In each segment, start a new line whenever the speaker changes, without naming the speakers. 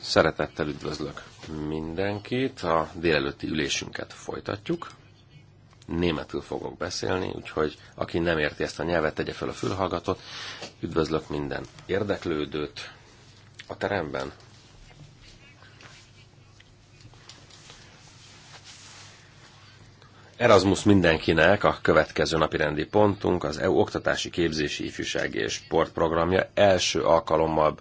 Szeretettel üdvözlök mindenkit. A délelőtti ülésünket folytatjuk. Németül fogok beszélni, úgyhogy aki nem érti ezt a nyelvet, tegye fel a fülhallgatót. Üdvözlök minden érdeklődőt a teremben, Erasmus mindenkinek a következő napi rendi pontunk az EU oktatási képzési ifjúsági és sportprogramja. Első alkalommal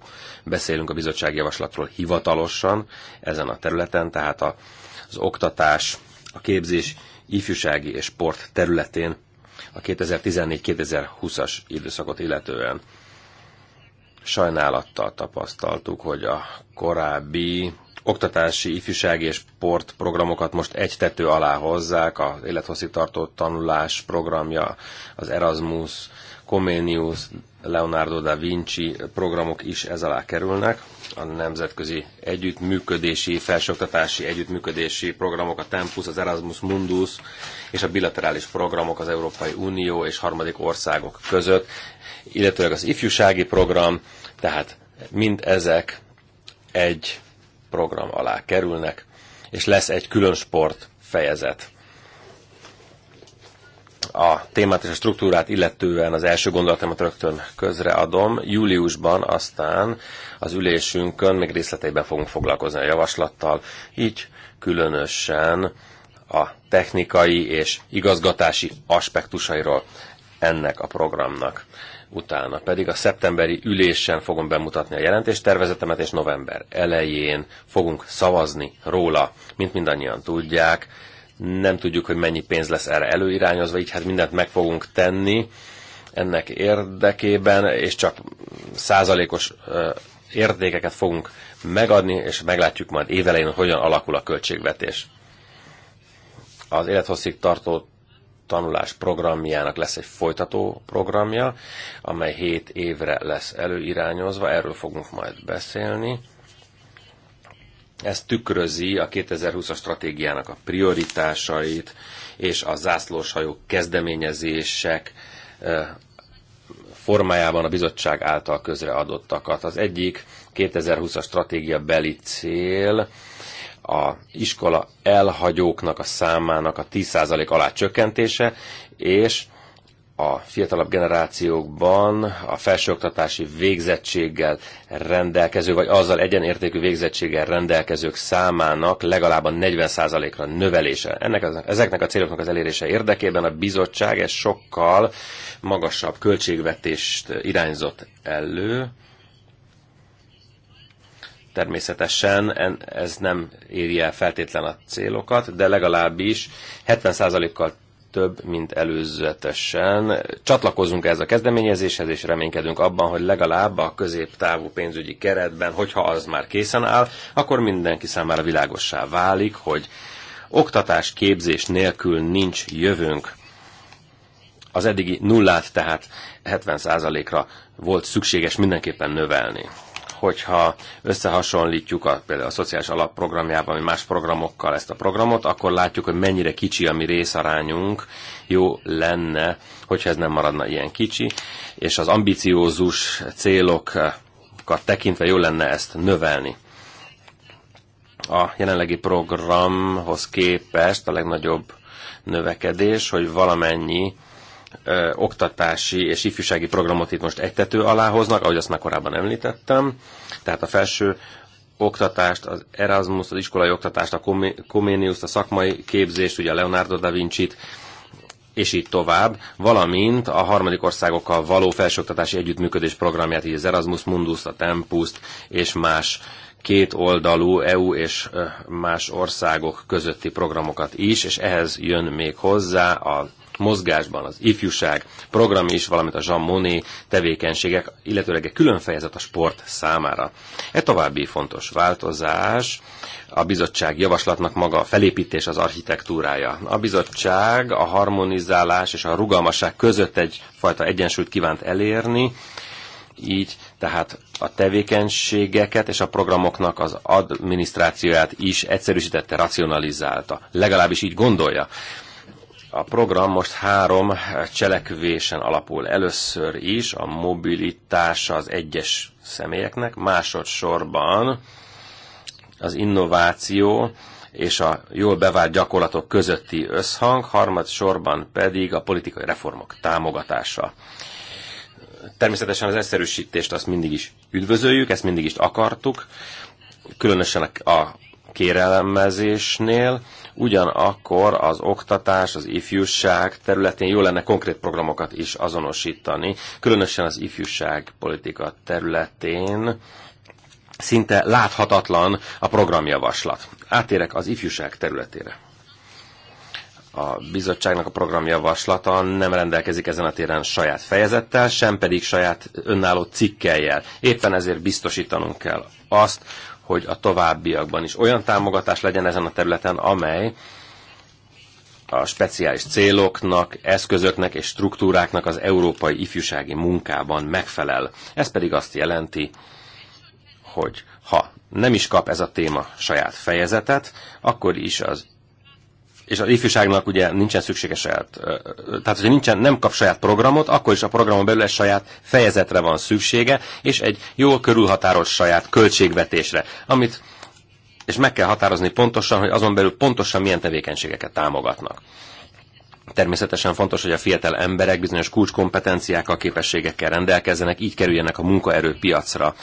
beszélünk a bizottsági javaslatról hivatalosan ezen a területen, tehát az oktatás, a képzés ifjúsági és sport területén a 2014-2020-as időszakot illetően. Sajnálattal tapasztaltuk, hogy a korábbi oktatási, ifjúsági és programokat most egy tető alá hozzák, az élethosszígtartó tanulás programja, az Erasmus, Comenius, Leonardo da Vinci programok is ez alá kerülnek. A nemzetközi együttműködési, felsőoktatási együttműködési programok, a Tempus, az Erasmus Mundus és a bilaterális programok az Európai Unió és harmadik országok között, illetőleg az ifjúsági program, tehát mind ezek egy program alá kerülnek, és lesz egy külön sport fejezet. A témát és a struktúrát illetően az első gondolatomat rögtön közreadom. Júliusban aztán az ülésünkön még részleteiben fogunk foglalkozni a javaslattal, így különösen a technikai és igazgatási aspektusairól ennek a programnak utána pedig a szeptemberi ülésen fogom bemutatni a jelentéstervezetemet, és november elején fogunk szavazni róla. Mint mindannyian tudják, nem tudjuk, hogy mennyi pénz lesz erre előirányozva, így hát mindent meg fogunk tenni ennek érdekében, és csak százalékos értékeket fogunk megadni, és meglátjuk majd évelején, hogyan alakul a költségvetés. Az élethosszig tartó tanulás programjának lesz egy folytató programja, amely 7 évre lesz előirányozva, erről fogunk majd beszélni. Ez tükrözi a 2020-as stratégiának a prioritásait, és a zászlóshajók kezdeményezések formájában a bizottság által közreadottakat. Az egyik 2020-as stratégia beli cél a iskola elhagyóknak a számának a 10% alá csökkentése, és a fiatalabb generációkban a felsőoktatási végzettséggel rendelkező, vagy azzal egyenértékű végzettséggel rendelkezők számának legalább a 40%-ra növelése. Ennek, az, ezeknek a céloknak az elérése érdekében a bizottság egy sokkal magasabb költségvetést irányzott elő, Természetesen ez nem éri el feltétlen a célokat, de legalábbis 70%-kal több, mint előzetesen. Csatlakozunk ez a kezdeményezéshez, és reménykedünk abban, hogy legalább a középtávú pénzügyi keretben, hogyha az már készen áll, akkor mindenki számára világossá válik, hogy oktatás, képzés nélkül nincs jövőnk. Az eddigi nullát tehát 70%-ra volt szükséges mindenképpen növelni hogyha összehasonlítjuk a, például a szociális alapprogramjában, vagy más programokkal ezt a programot, akkor látjuk, hogy mennyire kicsi a mi részarányunk. Jó lenne, hogyha ez nem maradna ilyen kicsi, és az ambiciózus célokat tekintve jó lenne ezt növelni a jelenlegi programhoz képest a legnagyobb növekedés, hogy valamennyi ö, oktatási és ifjúsági programot itt most egytető alá hoznak, ahogy azt már korábban említettem. Tehát a felső oktatást, az Erasmus, az iskolai oktatást, a Comenius, a szakmai képzést, ugye a Leonardo da Vinci-t, és így tovább, valamint a harmadik országokkal való felsőoktatási együttműködés programját, így az Erasmus Mundus, a Tempust és más két oldalú EU és más országok közötti programokat is, és ehhez jön még hozzá a mozgásban az ifjúság program is, valamint a Jean Monnet tevékenységek, illetőleg egy külön fejezet a sport számára. E további fontos változás a bizottság javaslatnak maga a felépítés az architektúrája. A bizottság a harmonizálás és a rugalmasság között egyfajta egyensúlyt kívánt elérni, így tehát a tevékenységeket és a programoknak az adminisztrációját is egyszerűsítette, racionalizálta. Legalábbis így gondolja a program most három cselekvésen alapul. Először is a mobilitása az egyes személyeknek, másodszorban az innováció és a jól bevált gyakorlatok közötti összhang, harmadsorban pedig a politikai reformok támogatása. Természetesen az egyszerűsítést azt mindig is üdvözöljük, ezt mindig is akartuk, különösen a kérelemmezésnél, Ugyanakkor az oktatás, az ifjúság területén jó lenne konkrét programokat is azonosítani, különösen az ifjúság politika területén szinte láthatatlan a programjavaslat. Átérek az ifjúság területére a bizottságnak a programjavaslata nem rendelkezik ezen a téren saját fejezettel, sem pedig saját önálló cikkeljel. Éppen ezért biztosítanunk kell azt, hogy a továbbiakban is olyan támogatás legyen ezen a területen, amely a speciális céloknak, eszközöknek és struktúráknak az európai ifjúsági munkában megfelel. Ez pedig azt jelenti, hogy ha nem is kap ez a téma saját fejezetet, akkor is az és az ifjúságnak ugye nincsen szüksége saját, tehát hogyha nincsen, nem kap saját programot, akkor is a programon belül egy saját fejezetre van szüksége, és egy jól körülhatáros saját költségvetésre, amit és meg kell határozni pontosan, hogy azon belül pontosan milyen tevékenységeket támogatnak. Természetesen fontos, hogy a fiatal emberek bizonyos kulcskompetenciákkal, képességekkel rendelkezzenek, így kerüljenek a munkaerőpiacra. piacra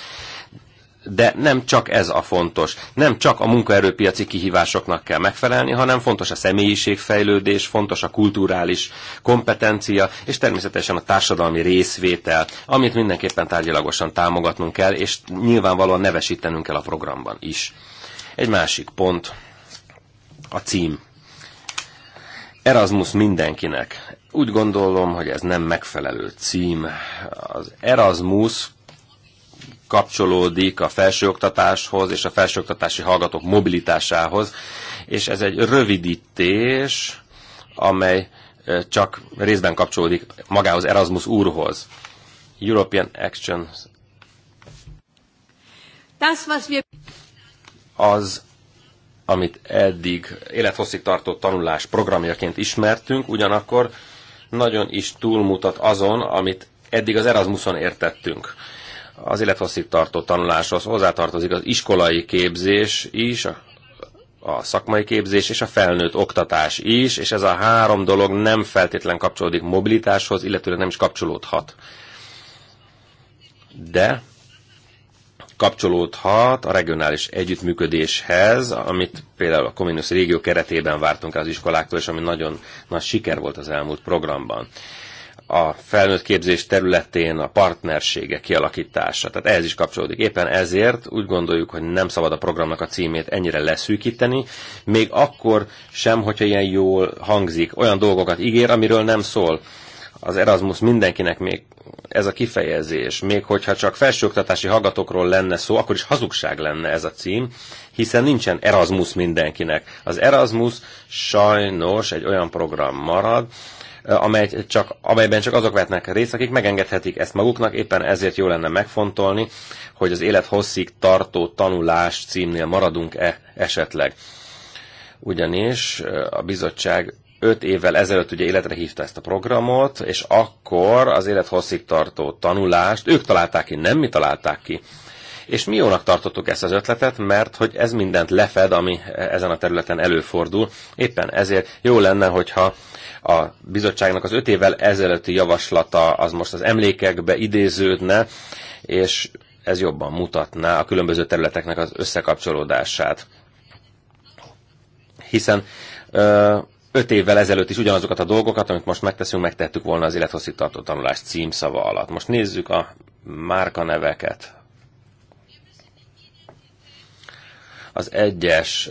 de nem csak ez a fontos. Nem csak a munkaerőpiaci kihívásoknak kell megfelelni, hanem fontos a személyiségfejlődés, fontos a kulturális kompetencia, és természetesen a társadalmi részvétel, amit mindenképpen tárgyalagosan támogatnunk kell, és nyilvánvalóan nevesítenünk kell a programban is. Egy másik pont, a cím. Erasmus mindenkinek. Úgy gondolom, hogy ez nem megfelelő cím. Az Erasmus kapcsolódik a felsőoktatáshoz és a felsőoktatási hallgatók mobilitásához, és ez egy rövidítés, amely csak részben kapcsolódik magához Erasmus úrhoz. European Action. Az, amit eddig élethosszig tartó tanulás programjaként ismertünk, ugyanakkor nagyon is túlmutat azon, amit eddig az Erasmuson értettünk. Az élethosszig tartó tanuláshoz hozzátartozik az iskolai képzés is, a szakmai képzés és a felnőtt oktatás is, és ez a három dolog nem feltétlen kapcsolódik mobilitáshoz, illetőleg nem is kapcsolódhat. De kapcsolódhat a regionális együttműködéshez, amit például a Comenius régió keretében vártunk el az iskoláktól, és ami nagyon nagy siker volt az elmúlt programban a felnőtt képzés területén a partnersége kialakítása. Tehát ehhez is kapcsolódik. Éppen ezért úgy gondoljuk, hogy nem szabad a programnak a címét ennyire leszűkíteni, még akkor sem, hogyha ilyen jól hangzik, olyan dolgokat ígér, amiről nem szól. Az Erasmus mindenkinek még ez a kifejezés, még hogyha csak felsőoktatási hallgatókról lenne szó, akkor is hazugság lenne ez a cím, hiszen nincsen Erasmus mindenkinek. Az Erasmus sajnos egy olyan program marad, Eh, amely csak, amelyben csak azok vetnek részt, akik megengedhetik ezt maguknak, éppen ezért jó lenne megfontolni, hogy az élet hosszig tartó tanulás címnél maradunk-e esetleg. Ugyanis eh, a bizottság öt évvel ezelőtt ugye életre hívta ezt a programot, és akkor az élet hosszig tartó tanulást ők találták ki, nem mi találták ki. És mi jónak tartottuk ezt az ötletet, mert hogy ez mindent lefed, ami eh, ezen a területen előfordul. Éppen ezért jó lenne, hogyha a bizottságnak az öt évvel ezelőtti javaslata az most az emlékekbe idéződne, és ez jobban mutatná a különböző területeknek az összekapcsolódását. Hiszen ö, öt évvel ezelőtt is ugyanazokat a dolgokat, amit most megteszünk, megtettük volna az élethosszígtartó tanulás címszava alatt. Most nézzük a márkaneveket. Az egyes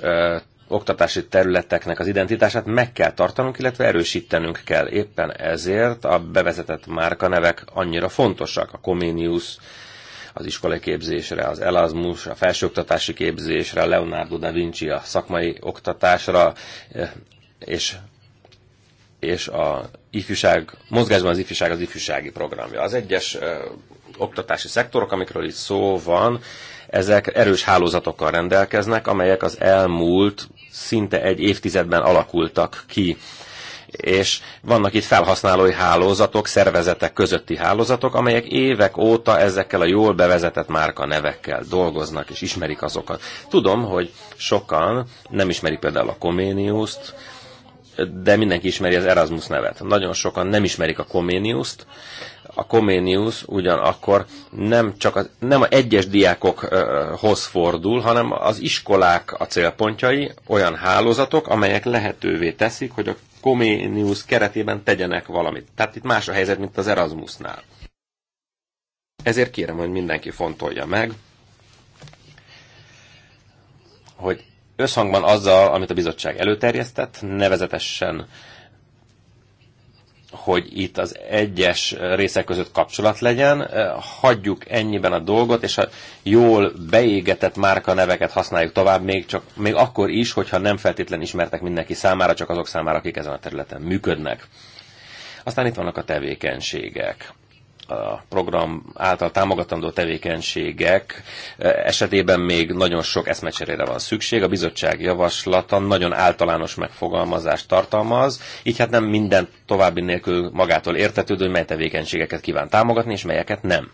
oktatási területeknek az identitását meg kell tartanunk, illetve erősítenünk kell. Éppen ezért a bevezetett márkanevek annyira fontosak. A Comenius, az iskolai képzésre, az Elasmus, a felsőoktatási képzésre, Leonardo da Vinci a szakmai oktatásra, és, és a ifjúság, mozgásban az ifjúság az ifjúsági programja. Az egyes ö, oktatási szektorok, amikről itt szó van, ezek erős hálózatokkal rendelkeznek, amelyek az elmúlt szinte egy évtizedben alakultak ki és vannak itt felhasználói hálózatok, szervezetek közötti hálózatok, amelyek évek óta ezekkel a jól bevezetett márka nevekkel dolgoznak, és ismerik azokat. Tudom, hogy sokan nem ismerik például a Comeniuszt, de mindenki ismeri az Erasmus nevet. Nagyon sokan nem ismerik a Comeniuszt, a Comenius ugyanakkor nem csak az, nem a egyes diákokhoz fordul, hanem az iskolák a célpontjai, olyan hálózatok, amelyek lehetővé teszik, hogy a Comenius keretében tegyenek valamit. Tehát itt más a helyzet, mint az Erasmusnál. Ezért kérem, hogy mindenki fontolja meg, hogy összhangban azzal, amit a bizottság előterjesztett, nevezetesen hogy itt az egyes részek között kapcsolat legyen. Eh, hagyjuk ennyiben a dolgot, és a jól beégetett márka neveket használjuk tovább, még, csak, még akkor is, hogyha nem feltétlen ismertek mindenki számára, csak azok számára, akik ezen a területen működnek. Aztán itt vannak a tevékenységek a program által támogatandó tevékenységek e, esetében még nagyon sok eszmecserére van szükség. A bizottság javaslata nagyon általános megfogalmazást tartalmaz, így hát nem minden további nélkül magától értetődő, hogy mely tevékenységeket kíván támogatni, és melyeket nem.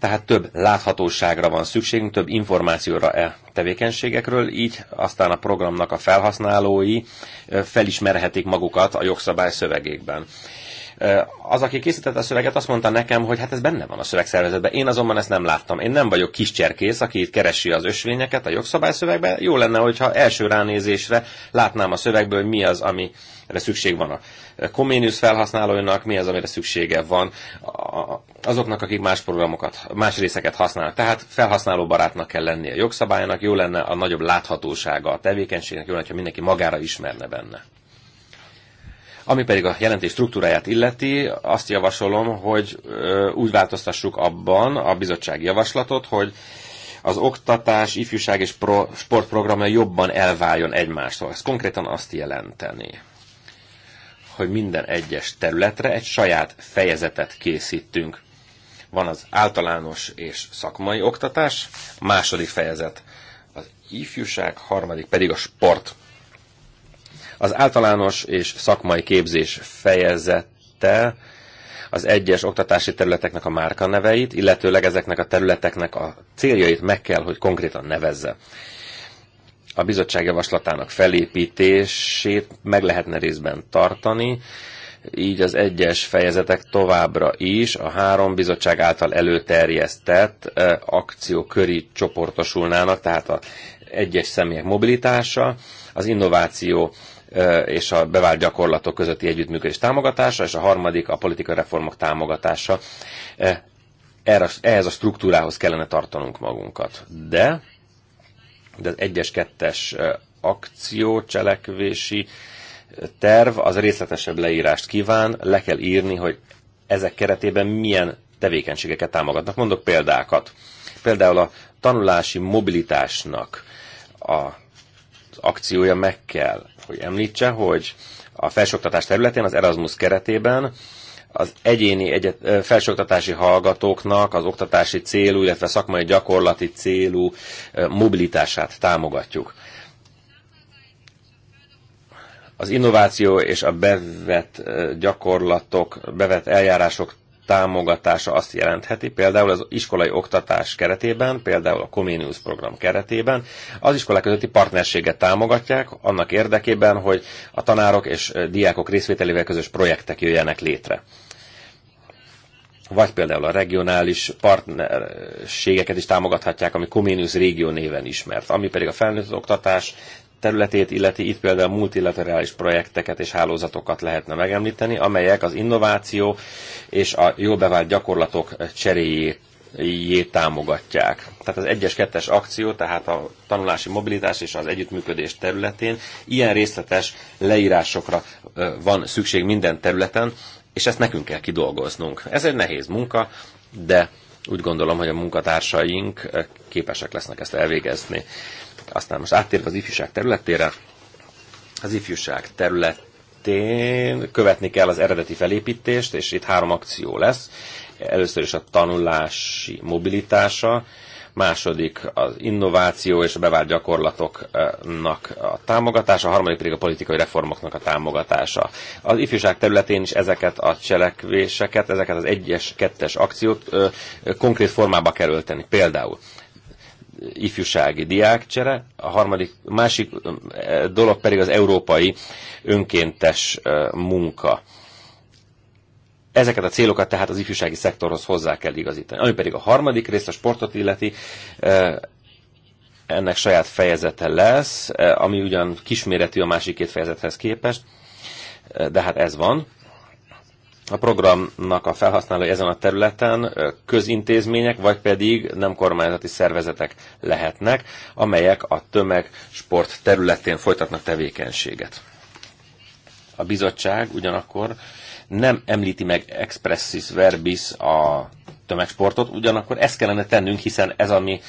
Tehát több láthatóságra van szükségünk, több információra e tevékenységekről, így aztán a programnak a felhasználói e, felismerhetik magukat a jogszabály szövegékben az, aki készítette a szöveget, azt mondta nekem, hogy hát ez benne van a szövegszervezetben. Én azonban ezt nem láttam. Én nem vagyok kis cserkész, aki itt keresi az ösvényeket a jogszabályszövegben. Jó lenne, hogyha első ránézésre látnám a szövegből, hogy mi az, ami erre szükség van a Comenius felhasználóinak, mi az, amire szüksége van azoknak, akik más programokat, más részeket használnak. Tehát felhasználó barátnak kell lennie a jogszabálynak, jó lenne a nagyobb láthatósága a tevékenységnek, jó lenne, ha mindenki magára ismerne benne. Ami pedig a jelentés struktúráját illeti, azt javasolom, hogy úgy változtassuk abban a bizottsági javaslatot, hogy az oktatás, ifjúság és pro, sportprogramja jobban elváljon egymástól. Ez konkrétan azt jelenteni, hogy minden egyes területre egy saját fejezetet készítünk. Van az általános és szakmai oktatás, második fejezet az ifjúság, harmadik pedig a sport. Az általános és szakmai képzés fejezette az egyes oktatási területeknek a neveit, illetőleg ezeknek a területeknek a céljait meg kell, hogy konkrétan nevezze. A bizottság javaslatának felépítését meg lehetne részben tartani, így az egyes fejezetek továbbra is a három bizottság által előterjesztett akcióköri csoportosulnának, tehát a egyes személyek mobilitása, az innováció és a bevált gyakorlatok közötti együttműködés támogatása, és a harmadik a politikai reformok támogatása. Erre, ehhez a struktúrához kellene tartanunk magunkat. De, de az egyes, kettes akció, cselekvési terv az részletesebb leírást kíván, le kell írni, hogy ezek keretében milyen tevékenységeket támogatnak. Mondok példákat. Például a tanulási mobilitásnak a akciója meg kell hogy említse, hogy a felsőoktatás területén, az Erasmus keretében az egyéni egyet, felsőoktatási hallgatóknak az oktatási célú, illetve szakmai gyakorlati célú mobilitását támogatjuk. Az innováció és a bevett gyakorlatok, bevett eljárások támogatása azt jelentheti, például az iskolai oktatás keretében, például a Comenius program keretében, az iskolák közötti partnerséget támogatják annak érdekében, hogy a tanárok és diákok részvételével közös projektek jöjjenek létre vagy például a regionális partnerségeket is támogathatják, ami Comenius régió néven ismert. Ami pedig a felnőtt oktatás területét illeti, itt például multilaterális projekteket és hálózatokat lehetne megemlíteni, amelyek az innováció és a jó bevált gyakorlatok cseréjét támogatják. Tehát az 1-es, 2-es akció, tehát a tanulási mobilitás és az együttműködés területén ilyen részletes leírásokra van szükség minden területen, és ezt nekünk kell kidolgoznunk. Ez egy nehéz munka, de úgy gondolom, hogy a munkatársaink képesek lesznek ezt elvégezni. Aztán most áttérve az ifjúság területére, az ifjúság területén követni kell az eredeti felépítést, és itt három akció lesz. Először is a tanulási mobilitása, második az innováció és a bevált gyakorlatoknak a támogatása, a harmadik pedig a politikai reformoknak a támogatása. Az ifjúság területén is ezeket a cselekvéseket, ezeket az egyes, kettes akciót ö, konkrét formába kell ölteni. Például ifjúsági diákcsere, a harmadik, másik dolog pedig az európai önkéntes munka. Ezeket a célokat tehát az ifjúsági szektorhoz hozzá kell igazítani. Ami pedig a harmadik részt, a sportot illeti, ennek saját fejezete lesz, ami ugyan kisméretű a másik két fejezethez képest, de hát ez van a programnak a felhasználói ezen a területen közintézmények, vagy pedig nem kormányzati szervezetek lehetnek, amelyek a tömegsport területén folytatnak tevékenységet. A bizottság ugyanakkor nem említi meg expressis verbis a tömegsportot, ugyanakkor ezt kellene tennünk, hiszen ez a, mi,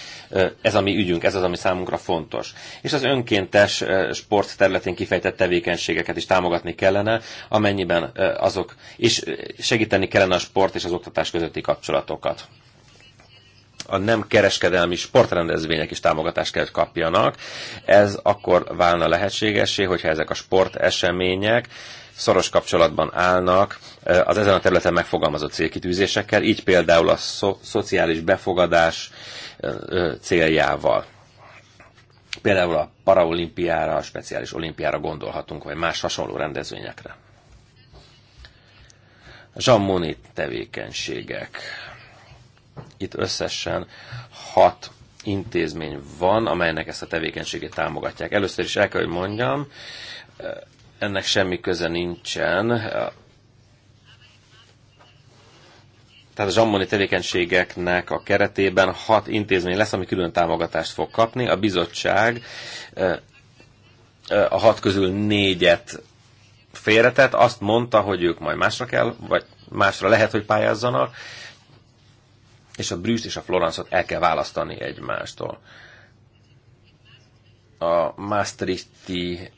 ez a mi ügyünk, ez az, ami számunkra fontos. És az önkéntes sport területén kifejtett tevékenységeket is támogatni kellene, amennyiben azok, és segíteni kellene a sport és az oktatás közötti kapcsolatokat a nem kereskedelmi sportrendezvények is támogatást kell kapjanak. Ez akkor válna lehetségesé, hogyha ezek a sportesemények szoros kapcsolatban állnak eh, az ezen a területen megfogalmazott célkitűzésekkel, így például a szo- szociális befogadás eh, eh, céljával. Például a paraolimpiára, a speciális olimpiára gondolhatunk, vagy más hasonló rendezvényekre. Jean Monnet tevékenységek. Itt összesen hat intézmény van, amelynek ezt a tevékenységét támogatják. Először is el kell, hogy mondjam, ennek semmi köze nincsen. Tehát a zsammoni tevékenységeknek a keretében hat intézmény lesz, ami külön támogatást fog kapni. A bizottság a hat közül négyet félretett, azt mondta, hogy ők majd másra kell, vagy másra lehet, hogy pályázzanak, és a Brüsszt és a Florence-ot el kell választani egymástól. A Maastrichti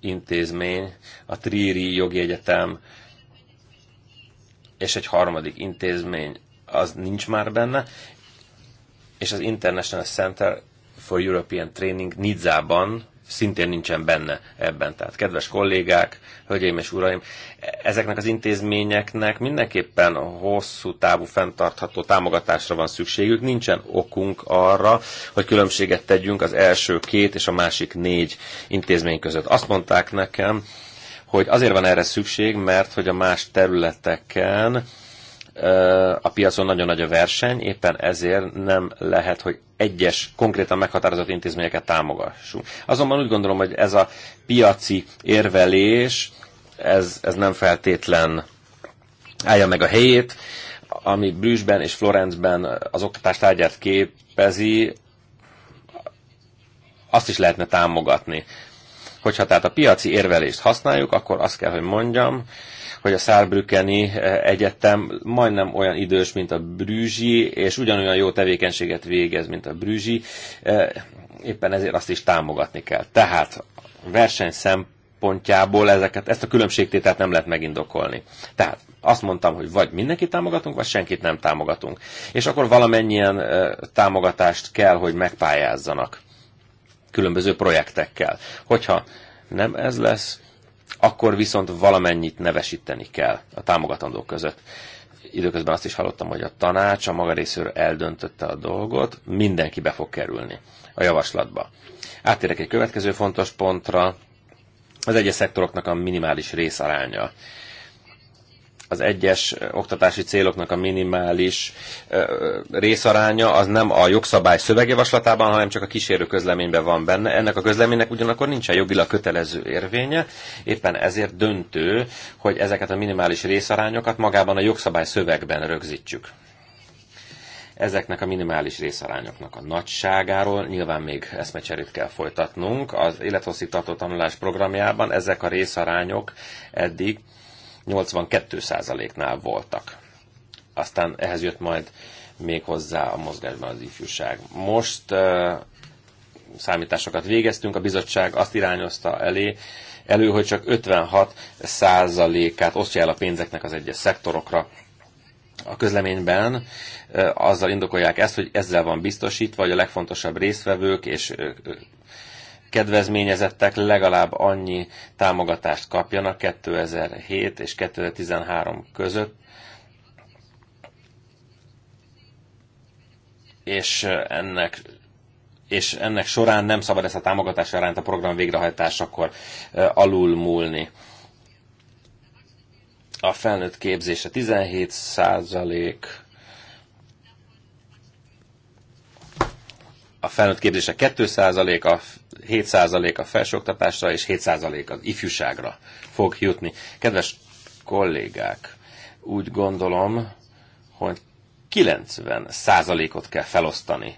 intézmény, a Tríri Jogi Egyetem és egy harmadik intézmény, az nincs már benne, és az International Center for European Training Nidzában szintén nincsen benne ebben. Tehát kedves kollégák, hölgyeim és uraim, ezeknek az intézményeknek mindenképpen hosszú távú fenntartható támogatásra van szükségük. Nincsen okunk arra, hogy különbséget tegyünk az első két és a másik négy intézmény között. Azt mondták nekem, hogy azért van erre szükség, mert hogy a más területeken a piacon nagyon nagy a verseny, éppen ezért nem lehet, hogy egyes konkrétan meghatározott intézményeket támogassunk. Azonban úgy gondolom, hogy ez a piaci érvelés, ez, ez nem feltétlen állja meg a helyét, ami Brüsszben és Florencben az oktatástárgyát képezi, azt is lehetne támogatni. Hogyha tehát a piaci érvelést használjuk, akkor azt kell, hogy mondjam, hogy a Szárbrückeni eh, Egyetem majdnem olyan idős, mint a Brüzsi, és ugyanolyan jó tevékenységet végez, mint a Brüzsi. Eh, éppen ezért azt is támogatni kell. Tehát verseny szempontjából ezeket, ezt a különbségtételt nem lehet megindokolni. Tehát azt mondtam, hogy vagy mindenkit támogatunk, vagy senkit nem támogatunk. És akkor valamennyien eh, támogatást kell, hogy megpályázzanak különböző projektekkel. Hogyha nem ez lesz, akkor viszont valamennyit nevesíteni kell a támogatandók között. Időközben azt is hallottam, hogy a tanács a maga részéről eldöntötte a dolgot, mindenki be fog kerülni a javaslatba. Áttérek egy következő fontos pontra, az egyes szektoroknak a minimális részaránya az egyes oktatási céloknak a minimális részaránya az nem a jogszabály szövegjavaslatában, hanem csak a kísérő közleményben van benne. Ennek a közleménynek ugyanakkor nincsen jogilag kötelező érvénye, éppen ezért döntő, hogy ezeket a minimális részarányokat magában a jogszabály szövegben rögzítsük. Ezeknek a minimális részarányoknak a nagyságáról nyilván még eszmecserét kell folytatnunk. Az élethosszígtartó tanulás programjában ezek a részarányok eddig 82%-nál voltak. Aztán ehhez jött majd még hozzá a mozgásban az ifjúság. Most uh, számításokat végeztünk, a bizottság azt irányozta elé, elő, hogy csak 56 százalékát osztja el a pénzeknek az egyes szektorokra. A közleményben azzal indokolják ezt, hogy ezzel van biztosítva, hogy a legfontosabb résztvevők és kedvezményezettek legalább annyi támogatást kapjanak 2007 és 2013 között, és ennek és ennek során nem szabad ezt a támogatás arányt a program végrehajtásakor alulmúlni. A felnőtt képzése 17 százalék, a felnőtt képzése 2%, a 7% a felsőoktatásra és 7% az ifjúságra fog jutni. Kedves kollégák, úgy gondolom, hogy 90%-ot kell felosztani.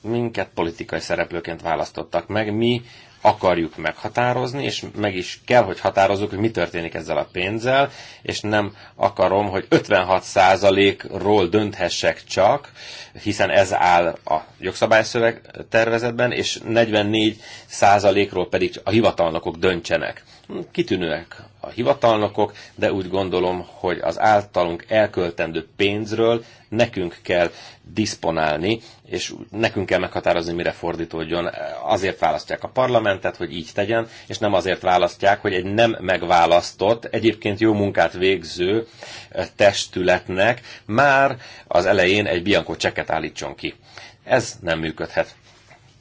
Minket politikai szereplőként választottak meg, mi akarjuk meghatározni, és meg is kell, hogy határozzuk, hogy mi történik ezzel a pénzzel, és nem akarom, hogy 56%-ról dönthessek csak, hiszen ez áll a jogszabályszöveg tervezetben, és 44%-ról pedig a hivatalnokok döntsenek. Kitűnőek a hivatalnokok, de úgy gondolom, hogy az általunk elköltendő pénzről nekünk kell diszponálni, és nekünk kell meghatározni, mire fordítódjon. Azért választják a parlamentet, hogy így tegyen, és nem azért választják, hogy egy nem megválasztott, egyébként jó munkát végző eh, testületnek már az elején egy bianco cseket állítson ki. Ez nem működhet.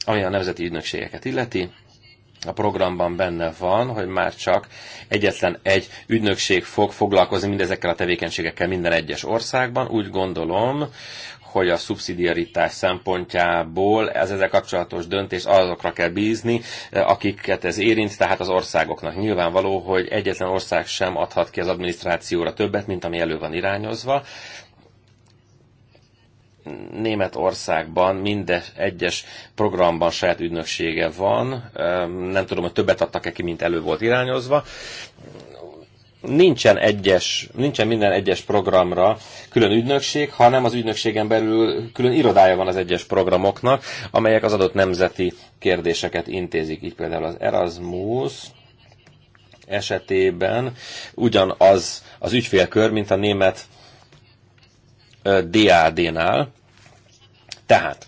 Ami a nemzeti ügynökségeket illeti, a programban benne van, hogy már csak egyetlen egy ügynökség fog foglalkozni mindezekkel a tevékenységekkel minden egyes országban. Úgy gondolom, hogy a szubszidiaritás szempontjából ez ezzel kapcsolatos döntés azokra kell bízni, eh, akiket ez érint, tehát az országoknak. Nyilvánvaló, hogy egyetlen ország sem adhat ki az adminisztrációra többet, mint ami elő van irányozva, Németországban minden egyes programban saját ügynöksége van. Nem tudom, hogy többet adtak-e ki, mint elő volt irányozva. Nincsen, egyes, nincsen minden egyes programra külön ügynökség, hanem az ügynökségen belül külön irodája van az egyes programoknak, amelyek az adott nemzeti kérdéseket intézik, így például az Erasmus, esetében ugyanaz az ügyfélkör, mint a német DAD-nál. Tehát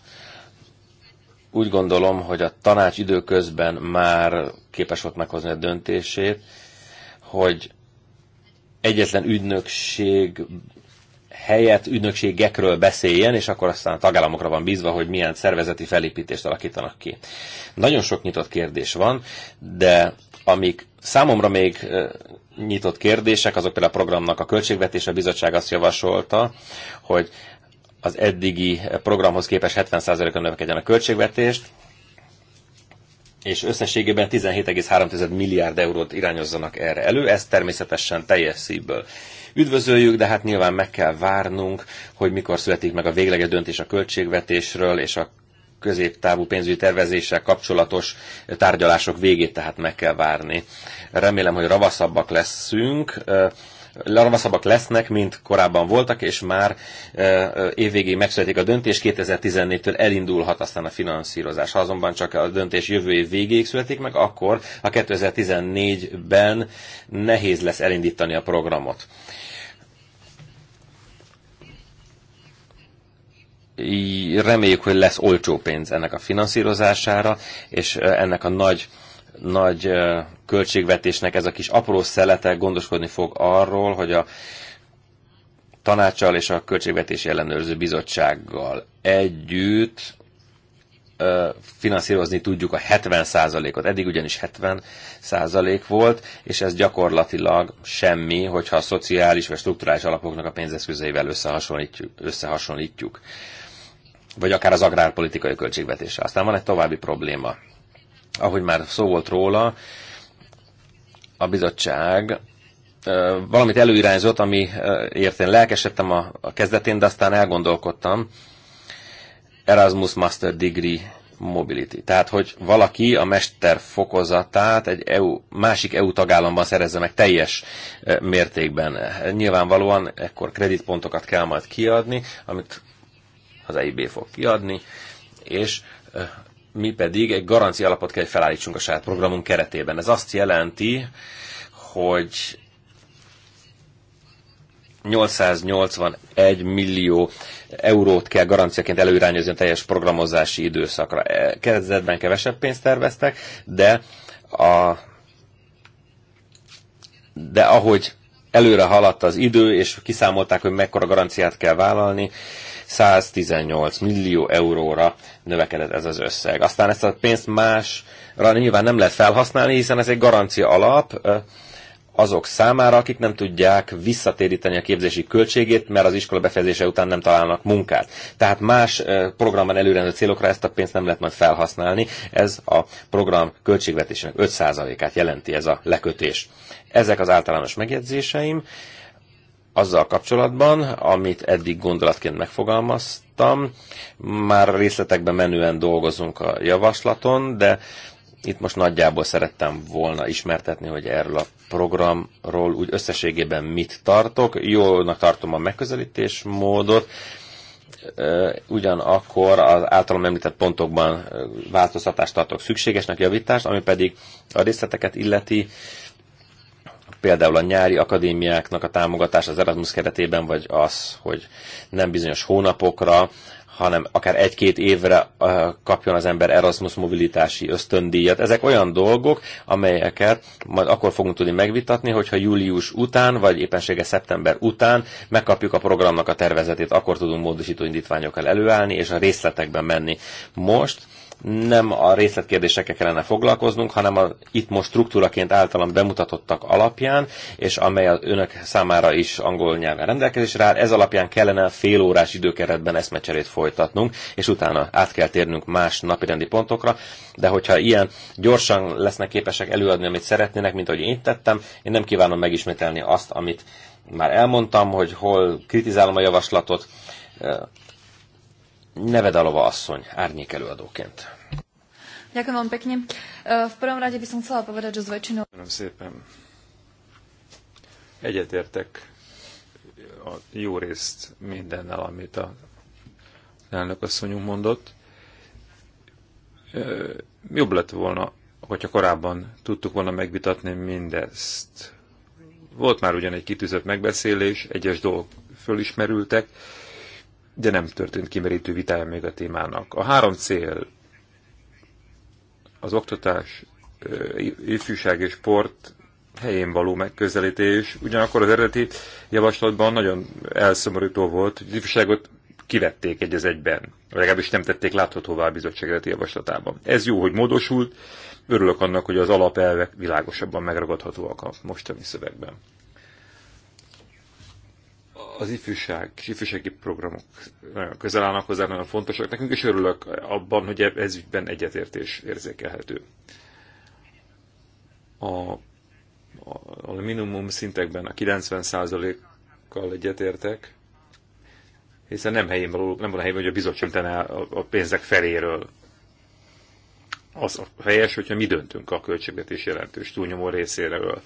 úgy gondolom, hogy a tanács időközben már képes volt meghozni a döntését, hogy egyetlen ügynökség helyett ügynökségekről beszéljen, és akkor aztán a tagállamokra van bízva, hogy milyen szervezeti felépítést alakítanak ki. Nagyon sok nyitott kérdés van, de amik számomra még nyitott kérdések, azok például a programnak a költségvetése, a bizottság azt javasolta, hogy az eddigi programhoz képest 70 a növekedjen a költségvetést, és összességében 17,3 milliárd eurót irányozzanak erre elő, ez természetesen teljes szívből üdvözöljük, de hát nyilván meg kell várnunk, hogy mikor születik meg a végleges döntés a költségvetésről és a középtávú pénzügyi tervezéssel kapcsolatos tárgyalások végét tehát meg kell várni. Remélem, hogy ravaszabbak leszünk ravaszabbak lesznek, mint korábban voltak, és már évvégén megszületik a döntés, 2014-től elindulhat aztán a finanszírozás. Ha azonban csak a döntés jövő év végéig születik meg, akkor a 2014-ben nehéz lesz elindítani a programot. reméljük, hogy lesz olcsó pénz ennek a finanszírozására, és ennek a nagy, nagy költségvetésnek ez a kis apró szelete gondoskodni fog arról, hogy a tanácsal és a Költségvetési Ellenőrző Bizottsággal együtt finanszírozni tudjuk a 70%-ot. Eddig ugyanis 70% volt, és ez gyakorlatilag semmi, hogyha a szociális vagy strukturális alapoknak a pénzeszközeivel összehasonlítjuk. összehasonlítjuk vagy akár az agrárpolitikai költségvetése. Aztán van egy további probléma. Ahogy már szó volt róla, a bizottság valamit előirányzott, ami értén lelkesedtem a, a kezdetén, de aztán elgondolkodtam. Erasmus Master Degree Mobility. Tehát, hogy valaki a mester fokozatát egy EU, másik EU tagállamban szerezze meg teljes mértékben. Nyilvánvalóan ekkor kreditpontokat kell majd kiadni, amit az EIB fog kiadni, és mi pedig egy garancia alapot kell, hogy felállítsunk a saját programunk keretében. Ez azt jelenti, hogy 881 millió eurót kell garanciaként előirányozni a teljes programozási időszakra. E, kezdetben kevesebb pénzt terveztek, de a de ahogy előre haladt az idő, és kiszámolták, hogy mekkora garanciát kell vállalni, 118 millió euróra növekedett ez az összeg. Aztán ezt a pénzt másra nyilván nem lehet felhasználni, hiszen ez egy garancia alap azok számára, akik nem tudják visszatéríteni a képzési költségét, mert az iskola befejezése után nem találnak munkát. Tehát más programban előrendezett célokra ezt a pénzt nem lehet majd felhasználni. Ez a program költségvetésének 5%-át jelenti ez a lekötés. Ezek az általános megjegyzéseim azzal kapcsolatban, amit eddig gondolatként megfogalmaztam. Már részletekben menően dolgozunk a javaslaton, de itt most nagyjából szerettem volna ismertetni, hogy erről a programról úgy összességében mit tartok. Jónak tartom a megközelítés módot, ugyanakkor az általam említett pontokban változtatást tartok szükségesnek, javítást, ami pedig a részleteket illeti, például a nyári akadémiáknak a támogatás az Erasmus keretében, vagy az, hogy nem bizonyos hónapokra, hanem akár egy-két évre kapjon az ember Erasmus mobilitási ösztöndíjat. Ezek olyan dolgok, amelyeket majd akkor fogunk tudni megvitatni, hogyha július után, vagy éppensége szeptember után megkapjuk a programnak a tervezetét, akkor tudunk módosító indítványokkal előállni, és a részletekben menni. Most nem a részletkérdésekkel kellene foglalkoznunk, hanem a, itt most struktúraként általam bemutatottak alapján, és amely az önök számára is angol nyelven rendelkezésre áll, ez alapján kellene fél órás időkeretben eszmecserét folytatnunk, és utána át kell térnünk más napirendi pontokra, de hogyha ilyen gyorsan lesznek képesek előadni, amit szeretnének, mint ahogy én tettem, én nem kívánom megismételni azt, amit már elmondtam, hogy hol kritizálom a javaslatot, Nevedalova asszony, árnyék előadóként.
Ďakujem pekne. E, v prvom rade by som chcela povedať, že Köszönöm
szépen. Egyetértek a jó részt mindennel, amit a elnök asszonyunk mondott. E, jobb lett volna, hogyha korábban tudtuk volna megvitatni mindezt. Volt már ugyan egy kitűzött megbeszélés, egyes dolgok fölismerültek, de nem történt kimerítő vitája még a témának. A három cél az oktatás, ifjúság és sport helyén való megközelítés. Ugyanakkor az eredeti javaslatban nagyon elszomorító volt, hogy az ifjúságot kivették egy az egyben, legalábbis nem tették láthatóvá a bizottság eredeti javaslatában. Ez jó, hogy módosult, örülök annak, hogy az alapelvek világosabban megragadhatóak a mostani szövegben az ifjúság az ifjúsági programok eh, közel állnak hozzá, nagyon fontosak nekünk, és örülök abban, hogy e- ez ügyben egyetértés érzékelhető. A, a minimum szintekben a 90%-kal egyetértek, hiszen nem helyén való, nem van a helyén, hogy a bizottság a pénzek feléről. Az a helyes, hogyha mi döntünk a költségvetés jelentős túlnyomó részéről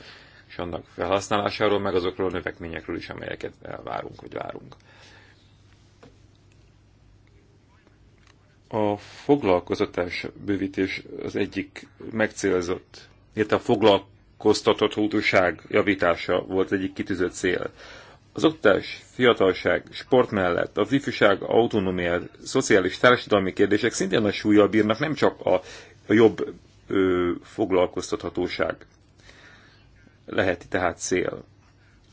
és annak felhasználásáról, meg azokról a növekményekről is, amelyeket elvárunk, vagy várunk. A foglalkozatás bővítés az egyik megcélzott, illetve a foglalkoztatott hódúság javítása volt egyik kitűzött cél. Az oktatás, fiatalság, sport mellett az ifjúság, autonómia, szociális, társadalmi kérdések szintén a súlyjal bírnak, nem csak a, a jobb ö, foglalkoztathatóság leheti tehát cél.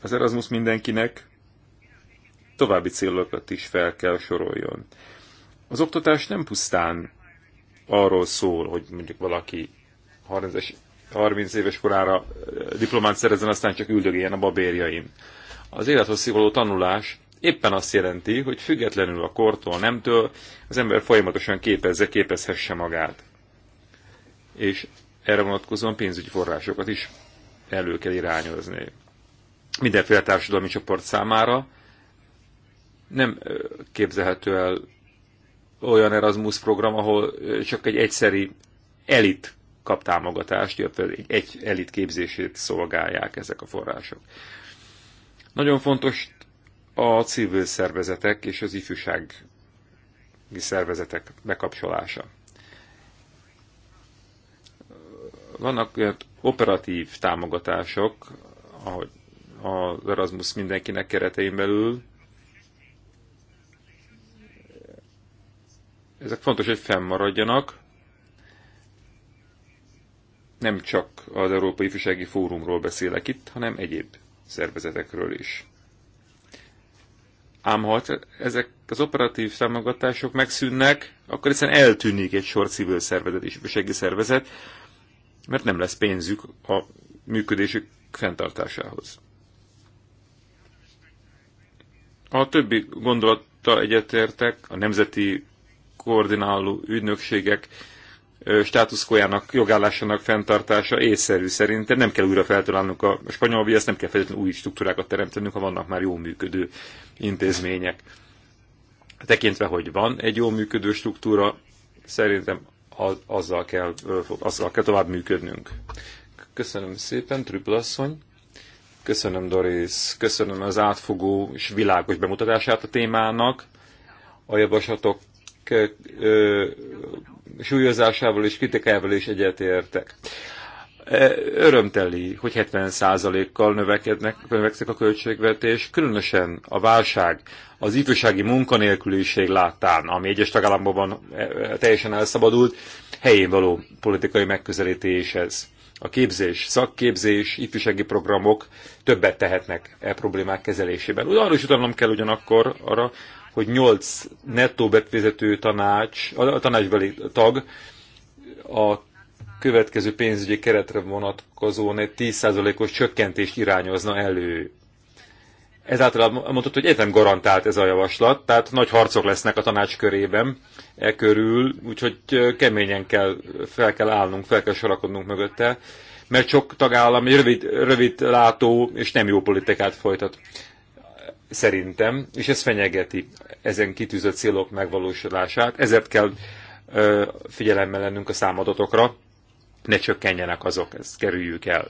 Az Erasmus mindenkinek további célokat is fel kell soroljon. Az oktatás nem pusztán arról szól, hogy mondjuk valaki 30, 30 éves korára diplomát szerezzen, aztán csak üldögéljen a babérjaim. Az élethosszí való tanulás éppen azt jelenti, hogy függetlenül a kortól, nemtől az ember folyamatosan képezze, képezhesse magát. És erre vonatkozóan pénzügyi forrásokat is elő kell irányozni. Mindenféle társadalmi csoport számára nem képzelhető el olyan Erasmus program, ahol csak egy egyszeri elit kap támogatást, illetve egy elit képzését szolgálják ezek a források. Nagyon fontos a civil szervezetek és az ifjúsági szervezetek bekapcsolása. vannak olyan operatív támogatások, ahogy az Erasmus mindenkinek keretein belül. Ezek fontos, hogy fennmaradjanak. Nem csak az Európai Ifjúsági Fórumról beszélek itt, hanem egyéb szervezetekről is. Ám ha ezek az operatív támogatások megszűnnek, akkor hiszen eltűnik egy sor civil szervezet és ifjúsági szervezet, mert nem lesz pénzük a működésük fenntartásához. A többi gondolattal egyetértek, a nemzeti koordináló ügynökségek státuszkójának, jogállásának fenntartása észszerű szerintem. Nem kell újra feltalálnunk a spanyol viaszt, nem kell feltétlenül új struktúrákat teremtenünk, ha vannak már jó működő intézmények. Tekintve, hogy van egy jó működő struktúra, szerintem azzal, kell, azzal kell tovább működnünk. Köszönöm szépen, Trüplasszony. Köszönöm, Doris. Köszönöm az átfogó és világos bemutatását a témának. A javaslatok súlyozásával és kritikával is egyetértek. E, örömteli, hogy 70%-kal növekednek, növekszik a költségvetés, különösen a válság, az ifjúsági munkanélküliség láttán, ami egyes tagállamokban e, e, teljesen elszabadult, helyén való politikai megközelítés ez. A képzés, szakképzés, ifjúsági programok többet tehetnek e problémák kezelésében. Arra is utalnom kell ugyanakkor arra, hogy 8 nettó befizető tanács, a tanácsbeli tag a következő pénzügyi keretre vonatkozóan egy 10%-os csökkentést irányozna elő. Ezáltal mondott, hogy egyetem garantált ez a javaslat, tehát nagy harcok lesznek a tanács körében e körül, úgyhogy keményen kell, fel kell állnunk, fel kell sorakodnunk mögötte, mert sok tagállam egy rövid, rövid látó és nem jó politikát folytat szerintem, és ez fenyegeti ezen kitűzött célok megvalósulását, ezért kell figyelemmel lennünk a számadatokra, ne csökkenjenek azok, ezt kerüljük el.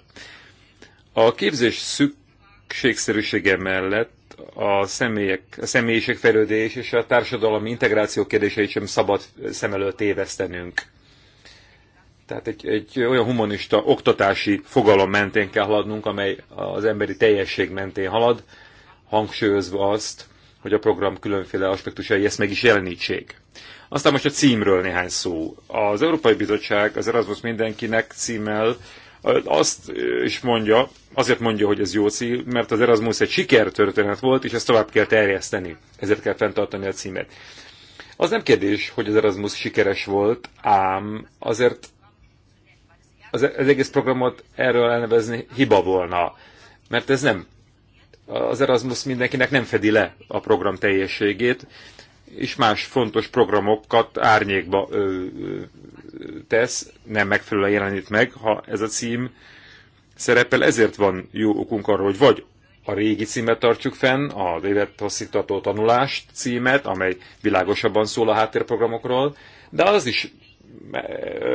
A képzés szükségszerűsége mellett a, személyek, a személyiségfejlődés és a társadalmi integráció kérdéseit sem szabad szem előtt évesztenünk. Tehát egy, egy olyan humanista oktatási fogalom mentén kell haladnunk, amely az emberi teljesség mentén halad, hangsúlyozva azt, hogy a program különféle aspektusai ezt meg is jelenítsék. Aztán most a címről néhány szó. Az Európai Bizottság az Erasmus mindenkinek címmel azt is mondja, azért mondja, hogy ez jó cím, mert az Erasmus egy sikertörténet volt, és ezt tovább kell terjeszteni, ezért kell fenntartani a címet. Az nem kérdés, hogy az Erasmus sikeres volt, ám azért az, az egész programot erről elnevezni hiba volna, mert ez nem az Erasmus mindenkinek nem fedi le a program teljességét, és más fontos programokat árnyékba ö, tesz, nem megfelelően jelenít meg, ha ez a cím szerepel. Ezért van jó okunk arra, hogy vagy a régi címet tartjuk fenn, az élethosszígtató tanulást címet, amely világosabban szól a háttérprogramokról, de az is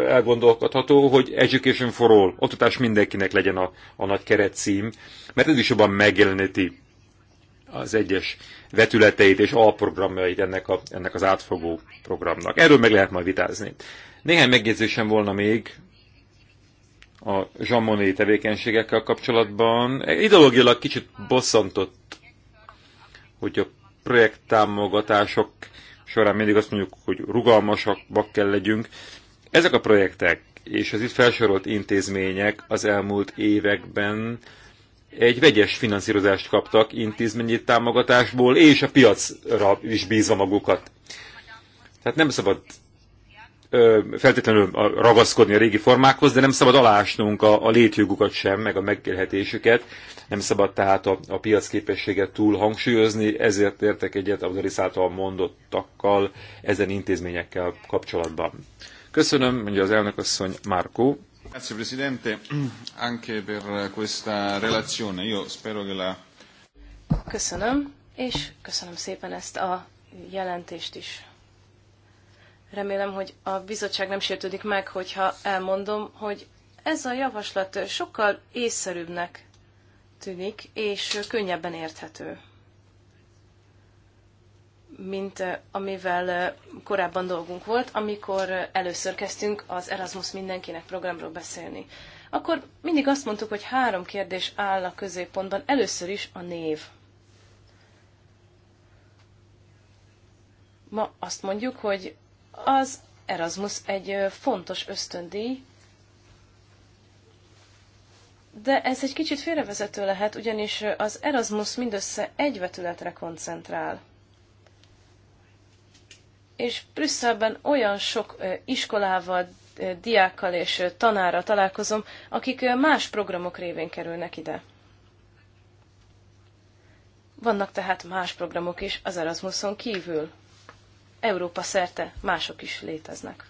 elgondolkodható, hogy Education for All, oktatás mindenkinek legyen a, a nagy keret cím, mert ez is jobban megjeleníti az egyes vetületeit és alprogramjait ennek, a, ennek az átfogó programnak. Erről meg lehet majd vitázni. Néhány megjegyzésem volna még a zsamoné tevékenységekkel kapcsolatban. Ideológilag kicsit bosszantott, hogy a projekttámogatások során mindig azt mondjuk, hogy rugalmasabbak kell legyünk. Ezek a projektek és az itt felsorolt intézmények az elmúlt években egy vegyes finanszírozást kaptak intézményi támogatásból, és a piacra is bízva magukat. Tehát nem szabad ö, feltétlenül ragaszkodni a régi formákhoz, de nem szabad alásnunk a, a létjogukat sem, meg a megkérhetésüket. Nem szabad tehát a, a piac képességet túl hangsúlyozni, ezért értek egyet a által mondottakkal ezen intézményekkel kapcsolatban. Köszönöm, mondja az elnökasszony Márkó. Grazie Presidente, anche per questa relazione. Io spero che la...
Köszönöm, és köszönöm szépen ezt a jelentést is. Remélem, hogy a bizottság nem sértődik meg, hogyha elmondom, hogy ez a javaslat sokkal észszerűbbnek tűnik, és könnyebben érthető mint amivel korábban dolgunk volt, amikor először kezdtünk az Erasmus mindenkinek programról beszélni. Akkor mindig azt mondtuk, hogy három kérdés áll a középpontban, először is a név. Ma azt mondjuk, hogy az Erasmus egy fontos ösztöndíj, de ez egy kicsit félrevezető lehet, ugyanis az Erasmus mindössze egy vetületre koncentrál és Brüsszelben olyan sok iskolával, diákkal és tanárral találkozom, akik más programok révén kerülnek ide. Vannak tehát más programok is az Erasmuson kívül. Európa szerte mások is léteznek.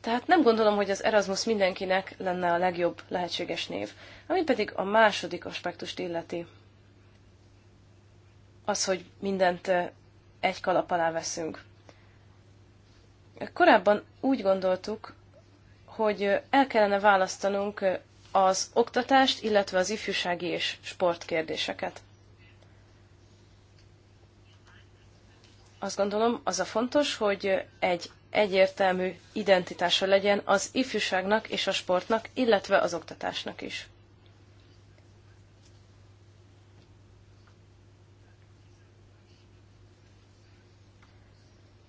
Tehát nem gondolom, hogy az Erasmus mindenkinek lenne a legjobb lehetséges név, ami pedig a második aspektust illeti az, hogy mindent egy kalap alá veszünk. Korábban úgy gondoltuk, hogy el kellene választanunk az oktatást, illetve az ifjúsági és sport kérdéseket. Azt gondolom, az a fontos, hogy egy egyértelmű identitása legyen az ifjúságnak és a sportnak, illetve az oktatásnak is.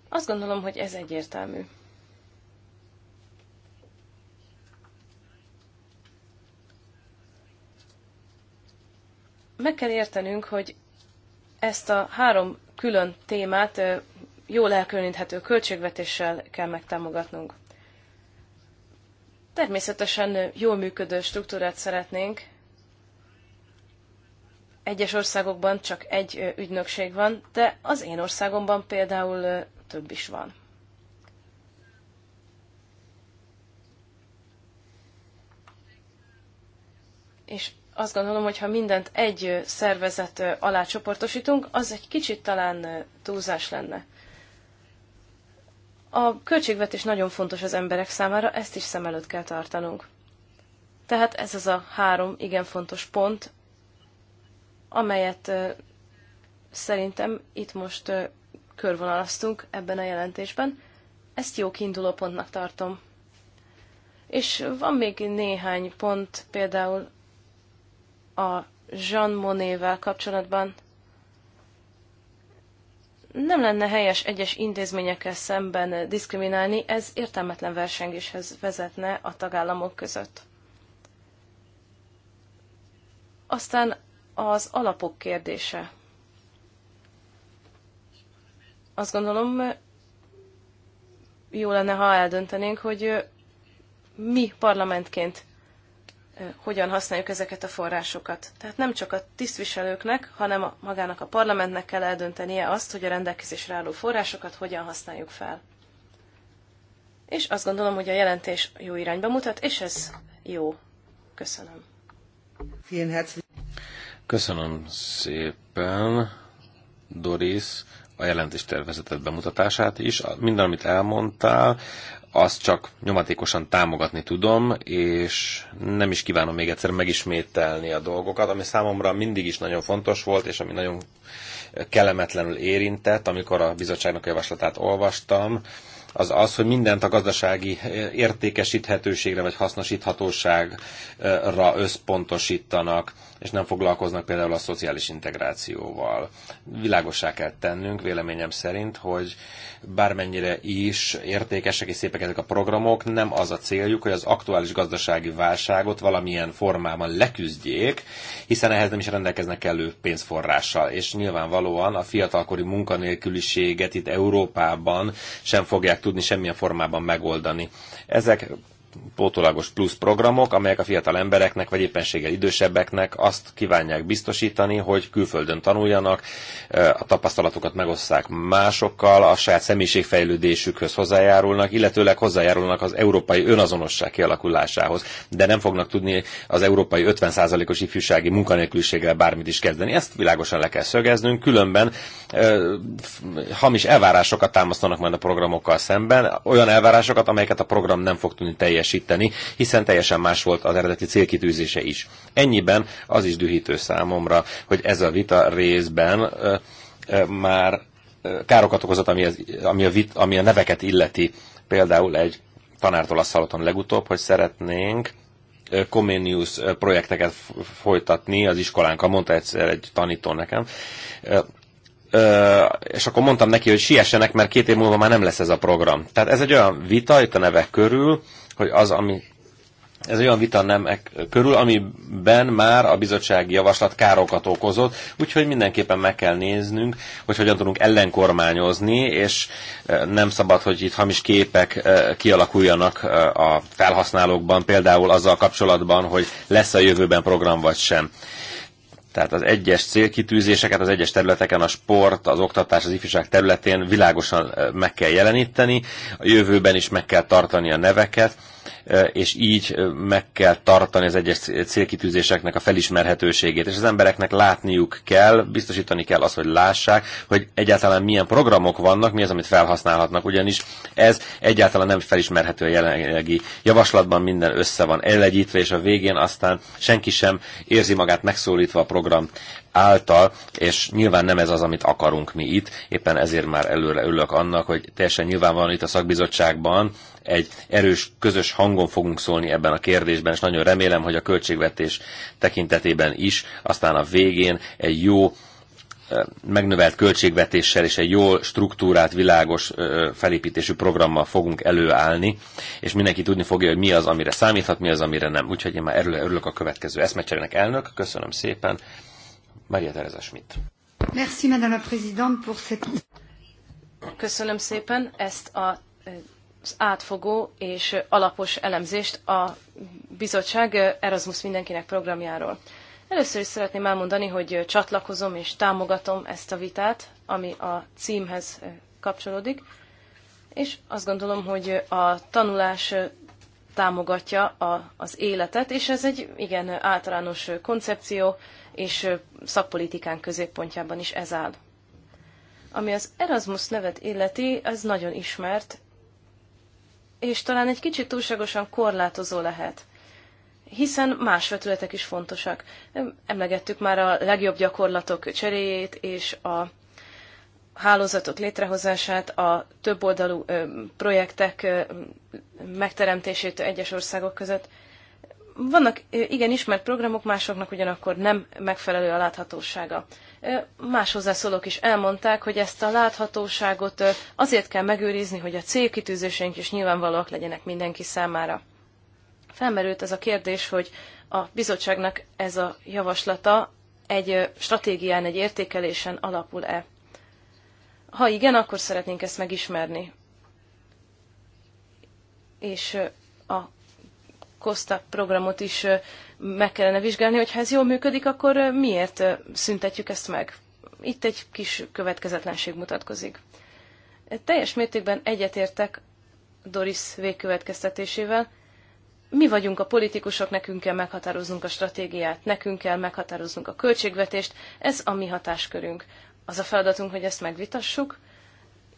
Azt gondolom, hogy ez egyértelmű. Meg kell értenünk, hogy ezt a három külön témát jól elkülöníthető költségvetéssel kell megtámogatnunk. Természetesen jól működő struktúrát szeretnénk. Egyes országokban csak egy ügynökség van, de az én országomban például több is van. És azt gondolom, hogy ha mindent egy szervezet alá csoportosítunk, az egy kicsit talán túlzás lenne. A költségvetés nagyon fontos az emberek számára, ezt is szem előtt kell tartanunk. Tehát ez az a három igen fontos pont, amelyet szerintem itt most körvonalaztunk ebben a jelentésben. Ezt jó kiinduló pontnak tartom. És van még néhány pont, például a Jean Monnet-vel kapcsolatban. Nem lenne helyes egyes intézményekkel szemben diszkriminálni, ez értelmetlen versengéshez vezetne a tagállamok között. Aztán az alapok kérdése. Azt gondolom, jó lenne, ha eldöntenénk, hogy mi parlamentként hogyan használjuk ezeket a forrásokat. Tehát nem csak a tisztviselőknek, hanem a, magának a parlamentnek kell eldöntenie azt, hogy a rendelkezésre álló forrásokat hogyan használjuk fel. És azt gondolom, hogy a jelentés jó irányba mutat, és ez jó. Köszönöm.
Köszönöm szépen, Doris a jelentéstervezetet bemutatását is. Minden, amit elmondtál, azt csak nyomatékosan támogatni tudom, és nem is kívánom még egyszer megismételni a dolgokat, ami számomra mindig is nagyon fontos volt, és ami nagyon kellemetlenül érintett, amikor a bizottságnak a javaslatát olvastam, az az, hogy mindent a gazdasági értékesíthetőségre vagy hasznosíthatóságra összpontosítanak és nem foglalkoznak például a szociális integrációval. Világossá kell tennünk véleményem szerint, hogy bármennyire is értékesek és szépek ezek a programok, nem az a céljuk, hogy az aktuális gazdasági válságot valamilyen formában leküzdjék, hiszen ehhez nem is rendelkeznek elő pénzforrással, és nyilvánvalóan a fiatalkori munkanélküliséget itt Európában sem fogják tudni semmilyen formában megoldani. Ezek pótolagos plusz programok, amelyek a fiatal embereknek, vagy éppenséggel idősebbeknek azt kívánják biztosítani, hogy külföldön tanuljanak, a tapasztalatokat megosszák másokkal, a saját személyiségfejlődésükhöz hozzájárulnak, illetőleg hozzájárulnak az európai önazonosság kialakulásához, de nem fognak tudni az európai 50%-os ifjúsági munkanélküliséggel bármit is kezdeni. Ezt világosan le kell szögeznünk, különben hamis elvárásokat támasztanak majd a programokkal szemben, olyan elvárásokat, amelyeket a program nem fog tudni teljesíteni teljesíteni, hiszen teljesen más volt az eredeti célkitűzése is. Ennyiben az is dühítő számomra, hogy ez a vita részben már károkat okozott, ami, az, ami, a vit, ami a neveket illeti. Például egy tanártól azt hallottam legutóbb, hogy szeretnénk Comenius projekteket folytatni az iskolánkkal, mondta egyszer egy tanító nekem. Ö, és akkor mondtam neki, hogy siessenek, mert két év múlva már nem lesz ez a program. Tehát ez egy olyan vita itt a nevek körül, hogy az, ami ez olyan vita nem körül, amiben már a bizottsági javaslat károkat okozott, úgyhogy mindenképpen meg kell néznünk, hogy hogyan tudunk ellenkormányozni, és e, nem szabad, hogy itt hamis képek e, kialakuljanak e, a felhasználókban, például azzal kapcsolatban, hogy lesz a jövőben program vagy sem. Tehát az egyes célkitűzéseket az egyes területeken, a sport, az oktatás, az ifjúság területén világosan meg kell jeleníteni, a jövőben is meg kell tartani a neveket, és így meg kell tartani az egyes célkitűzéseknek a felismerhetőségét, és az embereknek látniuk kell, biztosítani kell azt, hogy lássák, hogy egyáltalán milyen programok vannak, mi az, amit felhasználhatnak, ugyanis ez egyáltalán nem felismerhető a jelenlegi javaslatban, minden össze van elegyítve, és a végén aztán senki sem érzi magát megszólítva a program által, és nyilván nem ez az, amit akarunk mi itt, éppen ezért már előre ülök annak, hogy teljesen van itt a szakbizottságban egy erős, közös hangon fogunk szólni ebben a kérdésben, és nagyon remélem, hogy a költségvetés tekintetében is, aztán a végén egy jó megnövelt költségvetéssel és egy jól struktúrált, világos felépítésű programmal fogunk előállni, és mindenki tudni fogja, hogy mi az, amire számíthat, mi az, amire nem. Úgyhogy én már erről örülök a következő eszmecserének elnök. Köszönöm szépen. Maria Tereza Schmidt.
Merci, Madame la Présidente, pour cette...
Köszönöm szépen ezt a az átfogó és alapos elemzést a bizottság Erasmus mindenkinek programjáról. Először is szeretném elmondani, hogy csatlakozom és támogatom ezt a vitát, ami a címhez kapcsolódik, és azt gondolom, hogy a tanulás támogatja a, az életet, és ez egy igen általános koncepció, és szakpolitikán középpontjában is ez áll. Ami az Erasmus nevet illeti, ez nagyon ismert, és talán egy kicsit túlságosan korlátozó lehet hiszen más vetületek is fontosak. Emlegettük már a legjobb gyakorlatok cseréjét és a hálózatok létrehozását, a többoldalú projektek megteremtését egyes országok között. Vannak igen ismert programok, másoknak ugyanakkor nem megfelelő a láthatósága. Más hozzászólók is elmondták, hogy ezt a láthatóságot azért kell megőrizni, hogy a célkitűzéseink is nyilvánvalóak legyenek mindenki számára. Felmerült ez a kérdés, hogy a bizottságnak ez a javaslata egy stratégián, egy értékelésen alapul-e. Ha igen, akkor szeretnénk ezt megismerni. És a COSTA programot is meg kellene vizsgálni, hogy ha ez jól működik, akkor miért szüntetjük ezt meg? Itt egy kis következetlenség mutatkozik. Teljes mértékben egyetértek Doris végkövetkeztetésével. Mi vagyunk a politikusok, nekünk kell meghatároznunk a stratégiát, nekünk kell meghatároznunk a költségvetést, ez a mi hatáskörünk. Az a feladatunk, hogy ezt megvitassuk,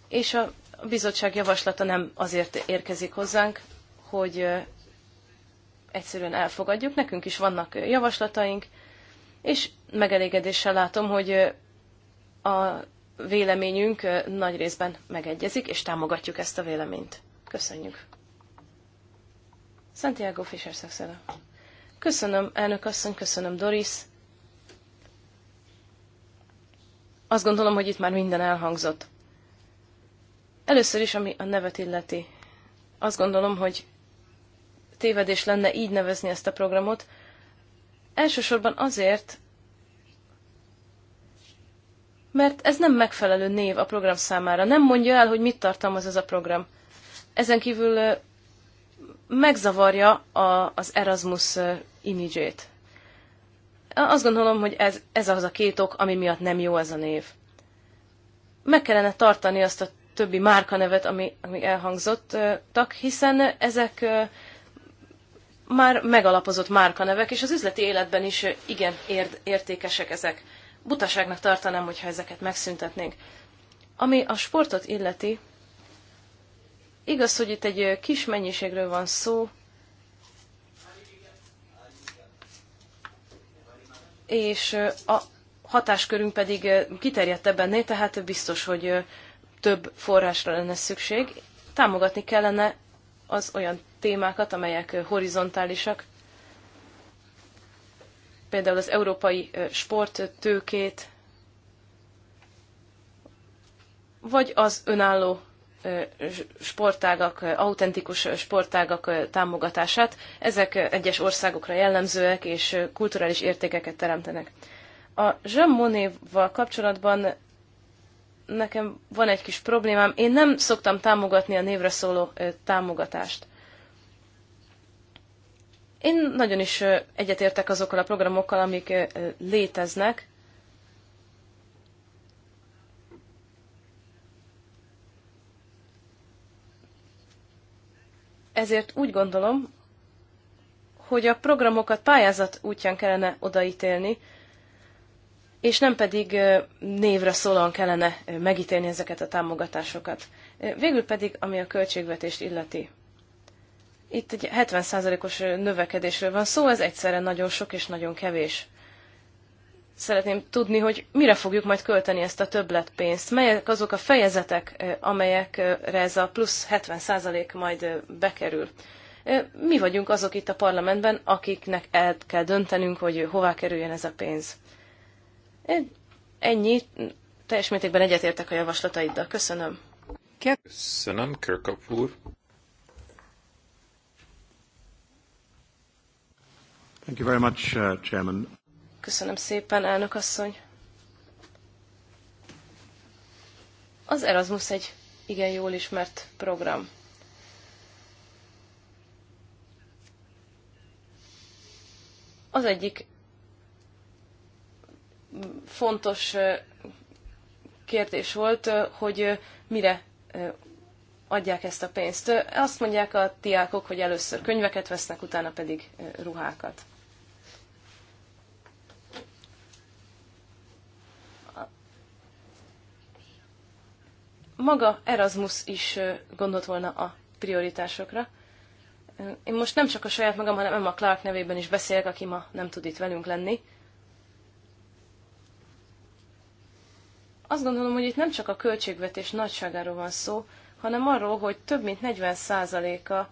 és a bizottság javaslata nem azért érkezik hozzánk, hogy egyszerűen elfogadjuk. Nekünk is vannak javaslataink, és megelégedéssel látom, hogy a véleményünk nagy részben megegyezik, és támogatjuk ezt a véleményt. Köszönjük. Santiago Fischer Szexela. Köszönöm, elnök asszony, köszönöm, Doris. Azt gondolom, hogy itt már minden elhangzott. Először is, ami a nevet illeti. Azt gondolom, hogy tévedés lenne így nevezni ezt a programot. Elsősorban azért, mert ez nem megfelelő név a program számára. Nem mondja el, hogy mit tartalmaz ez a program. Ezen kívül megzavarja a, az Erasmus imidzsét. Azt gondolom, hogy ez, ez az a két ok, ami miatt nem jó ez a név. Meg kellene tartani azt a többi márkanevet, ami, ami elhangzottak, hiszen ezek már megalapozott márkanevek, és az üzleti életben is igen ért- értékesek ezek. Butaságnak tartanám, hogyha ezeket megszüntetnénk. Ami a sportot illeti, igaz, hogy itt egy kis mennyiségről van szó, és a hatáskörünk pedig kiterjedt ennél, tehát biztos, hogy több forrásra lenne szükség. Támogatni kellene az olyan témákat, amelyek horizontálisak, például az európai sporttőkét, vagy az önálló sportágak, autentikus sportágak támogatását. Ezek egyes országokra jellemzőek és kulturális értékeket teremtenek. A Jean Monnet-val kapcsolatban nekem van egy kis problémám. Én nem szoktam támogatni a névre szóló támogatást. Én nagyon is egyetértek azokkal a programokkal, amik léteznek. Ezért úgy gondolom, hogy a programokat pályázat útján kellene odaítélni, és nem pedig névre szólóan kellene megítélni ezeket a támogatásokat. Végül pedig, ami a költségvetést illeti. Itt egy 70%-os növekedésről van szó, ez egyszerre nagyon sok és nagyon kevés. Szeretném tudni, hogy mire fogjuk majd költeni ezt a többletpénzt, melyek azok a fejezetek, eh, amelyekre ez a plusz 70% majd eh, bekerül. Eh, mi vagyunk azok itt a parlamentben, akiknek el kell döntenünk, hogy hová kerüljen ez a pénz. Ennyi, teljes mértékben egyetértek a javaslataiddal. Köszönöm.
Köszönöm, Kirkup úr. Thank you very much, uh, Chairman.
Köszönöm szépen, elnök asszony. Az Erasmus egy igen jól ismert program. Az egyik fontos kérdés volt, hogy mire adják ezt a pénzt. Azt mondják a diákok, hogy először könyveket vesznek, utána pedig ruhákat. maga Erasmus is gondolt volna a prioritásokra. Én most nem csak a saját magam, hanem Emma Clark nevében is beszélek, aki ma nem tud itt velünk lenni. Azt gondolom, hogy itt nem csak a költségvetés nagyságáról van szó, hanem arról, hogy több mint 40%-a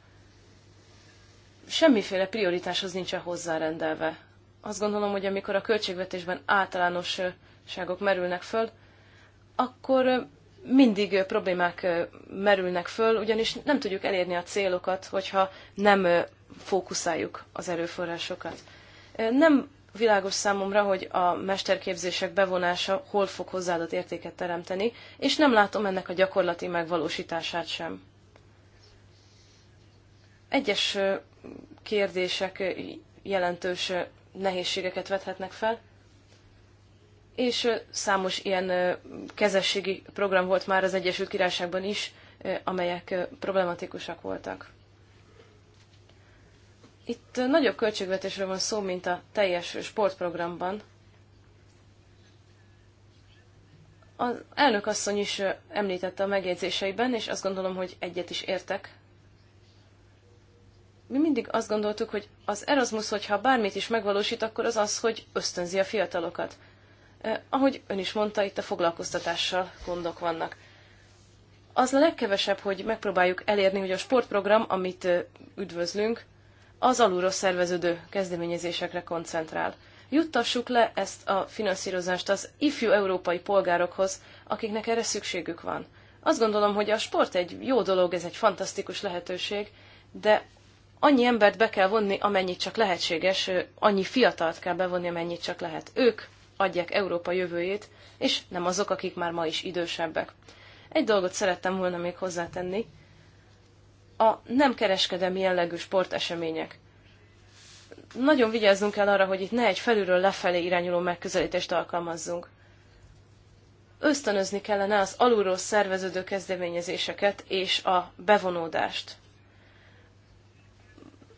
semmiféle prioritáshoz nincsen hozzárendelve. Azt gondolom, hogy amikor a költségvetésben általánosságok merülnek föl, akkor mindig problémák merülnek föl, ugyanis nem tudjuk elérni a célokat, hogyha nem fókuszáljuk az erőforrásokat. Nem világos számomra, hogy a mesterképzések bevonása hol fog hozzáadott értéket teremteni, és nem látom ennek a gyakorlati megvalósítását sem. Egyes kérdések jelentős nehézségeket vethetnek fel, és számos ilyen kezességi program volt már az Egyesült Királyságban is, amelyek problematikusak voltak. Itt nagyobb költségvetésről van szó, mint a teljes sportprogramban. Az elnök asszony is említette a megjegyzéseiben, és azt gondolom, hogy egyet is értek. Mi mindig azt gondoltuk, hogy az Erasmus, hogyha bármit is megvalósít, akkor az az, hogy ösztönzi a fiatalokat – Eh, ahogy ön is mondta, itt a foglalkoztatással gondok vannak. Az a legkevesebb, hogy megpróbáljuk elérni, hogy a sportprogram, amit eh, üdvözlünk, az alulról szerveződő kezdeményezésekre koncentrál. Juttassuk le ezt a finanszírozást az ifjú európai polgárokhoz, akiknek erre szükségük van. Azt gondolom, hogy a sport egy jó dolog, ez egy fantasztikus lehetőség, de annyi embert be kell vonni, amennyit csak lehetséges, eh, annyi fiatalt kell bevonni, amennyit csak lehet. Ők adják Európa jövőjét, és nem azok, akik már ma is idősebbek. Egy dolgot szerettem volna még hozzátenni. A nem kereskedelmi jellegű sportesemények. Nagyon vigyázzunk kell arra, hogy itt ne egy felülről lefelé irányuló megközelítést alkalmazzunk. Ösztönözni kellene az alulról szerveződő kezdeményezéseket és a bevonódást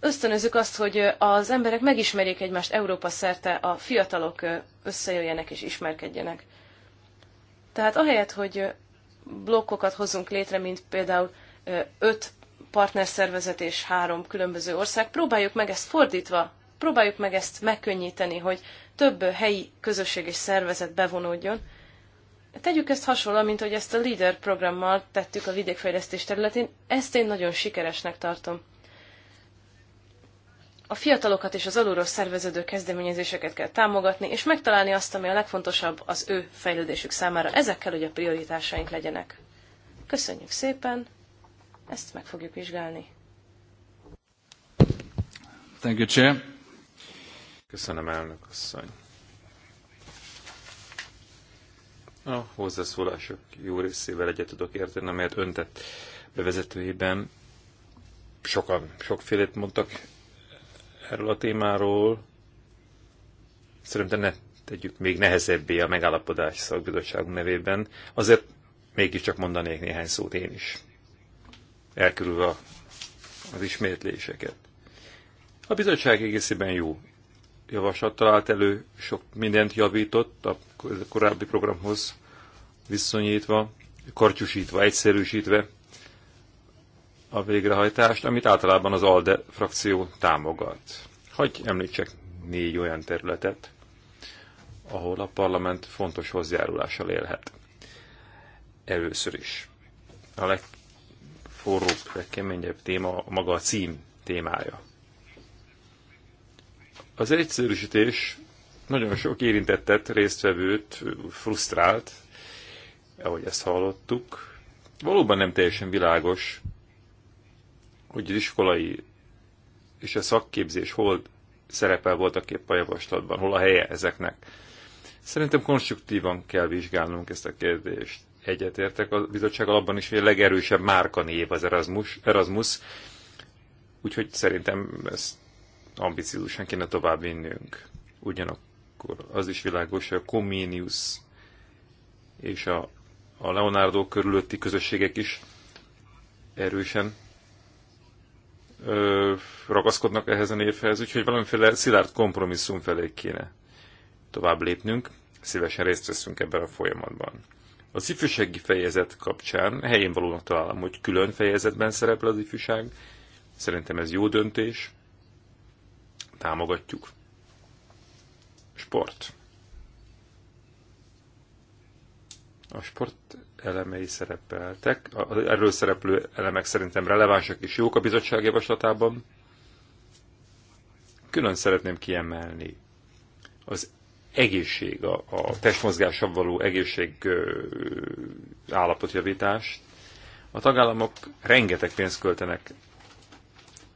ösztönözzük azt, hogy az emberek megismerjék egymást Európa szerte, a fiatalok összejöjjenek és ismerkedjenek. Tehát ahelyett, hogy blokkokat hozzunk létre, mint például öt partnerszervezet és három különböző ország, próbáljuk meg ezt fordítva, próbáljuk meg ezt megkönnyíteni, hogy több helyi közösség és szervezet bevonódjon. Tegyük ezt hasonlóan, mint hogy ezt a LEADER programmal tettük a vidékfejlesztés területén, ezt én nagyon sikeresnek tartom. A fiatalokat és az alulról szerveződő kezdeményezéseket kell támogatni, és megtalálni azt, ami a legfontosabb az ő fejlődésük számára. Ezek kell, hogy a prioritásaink legyenek. Köszönjük szépen, ezt meg fogjuk vizsgálni.
Thank you, Chair.
Köszönöm, elnök asszony. A hozzászólások jó részével egyet tudok érteni, amelyet öntett bevezetőjében sokan, sokfélét mondtak erről a témáról. Szerintem ne tegyük még nehezebbé a megállapodás szakbizottság nevében. Azért mégiscsak mondanék néhány szót én is, elkerülve az ismétléseket. A bizottság egészében jó javaslat talált elő, sok mindent javított a korábbi programhoz viszonyítva, karcsúsítva, egyszerűsítve a végrehajtást, amit általában az ALDE frakció támogat. Hogy említsek négy olyan területet, ahol a parlament fontos hozzájárulással élhet. Először is. A legforróbb, legkeményebb téma maga a cím témája. Az egyszerűsítés nagyon sok érintettet, résztvevőt frusztrált, ahogy ezt hallottuk. Valóban nem teljesen világos, hogy az iskolai és a szakképzés hol szerepel voltak épp a javaslatban, hol a helye ezeknek. Szerintem konstruktívan kell vizsgálnunk ezt a kérdést. Egyetértek a bizottság alapban is, hogy a legerősebb márka név az Erasmus, Erasmus úgyhogy szerintem ezt ambiciózusan kéne tovább vinnünk. Ugyanakkor az is világos, hogy a Comenius és a, a Leonardo körülötti közösségek is erősen ragaszkodnak ehhez a névhez, úgyhogy valamiféle szilárd kompromisszum felé kéne tovább lépnünk, szívesen részt veszünk ebben a folyamatban. Az ifjúsági fejezet kapcsán helyén valónak találom, hogy külön fejezetben szerepel az ifjúság. Szerintem ez jó döntés. Támogatjuk. Sport. A sport elemei szerepeltek. Az erről szereplő elemek szerintem relevánsak és jók a bizottság javaslatában. Külön szeretném kiemelni az egészség, a, a testmozgással való egészség ö, állapotjavítást. A tagállamok rengeteg pénzt költenek,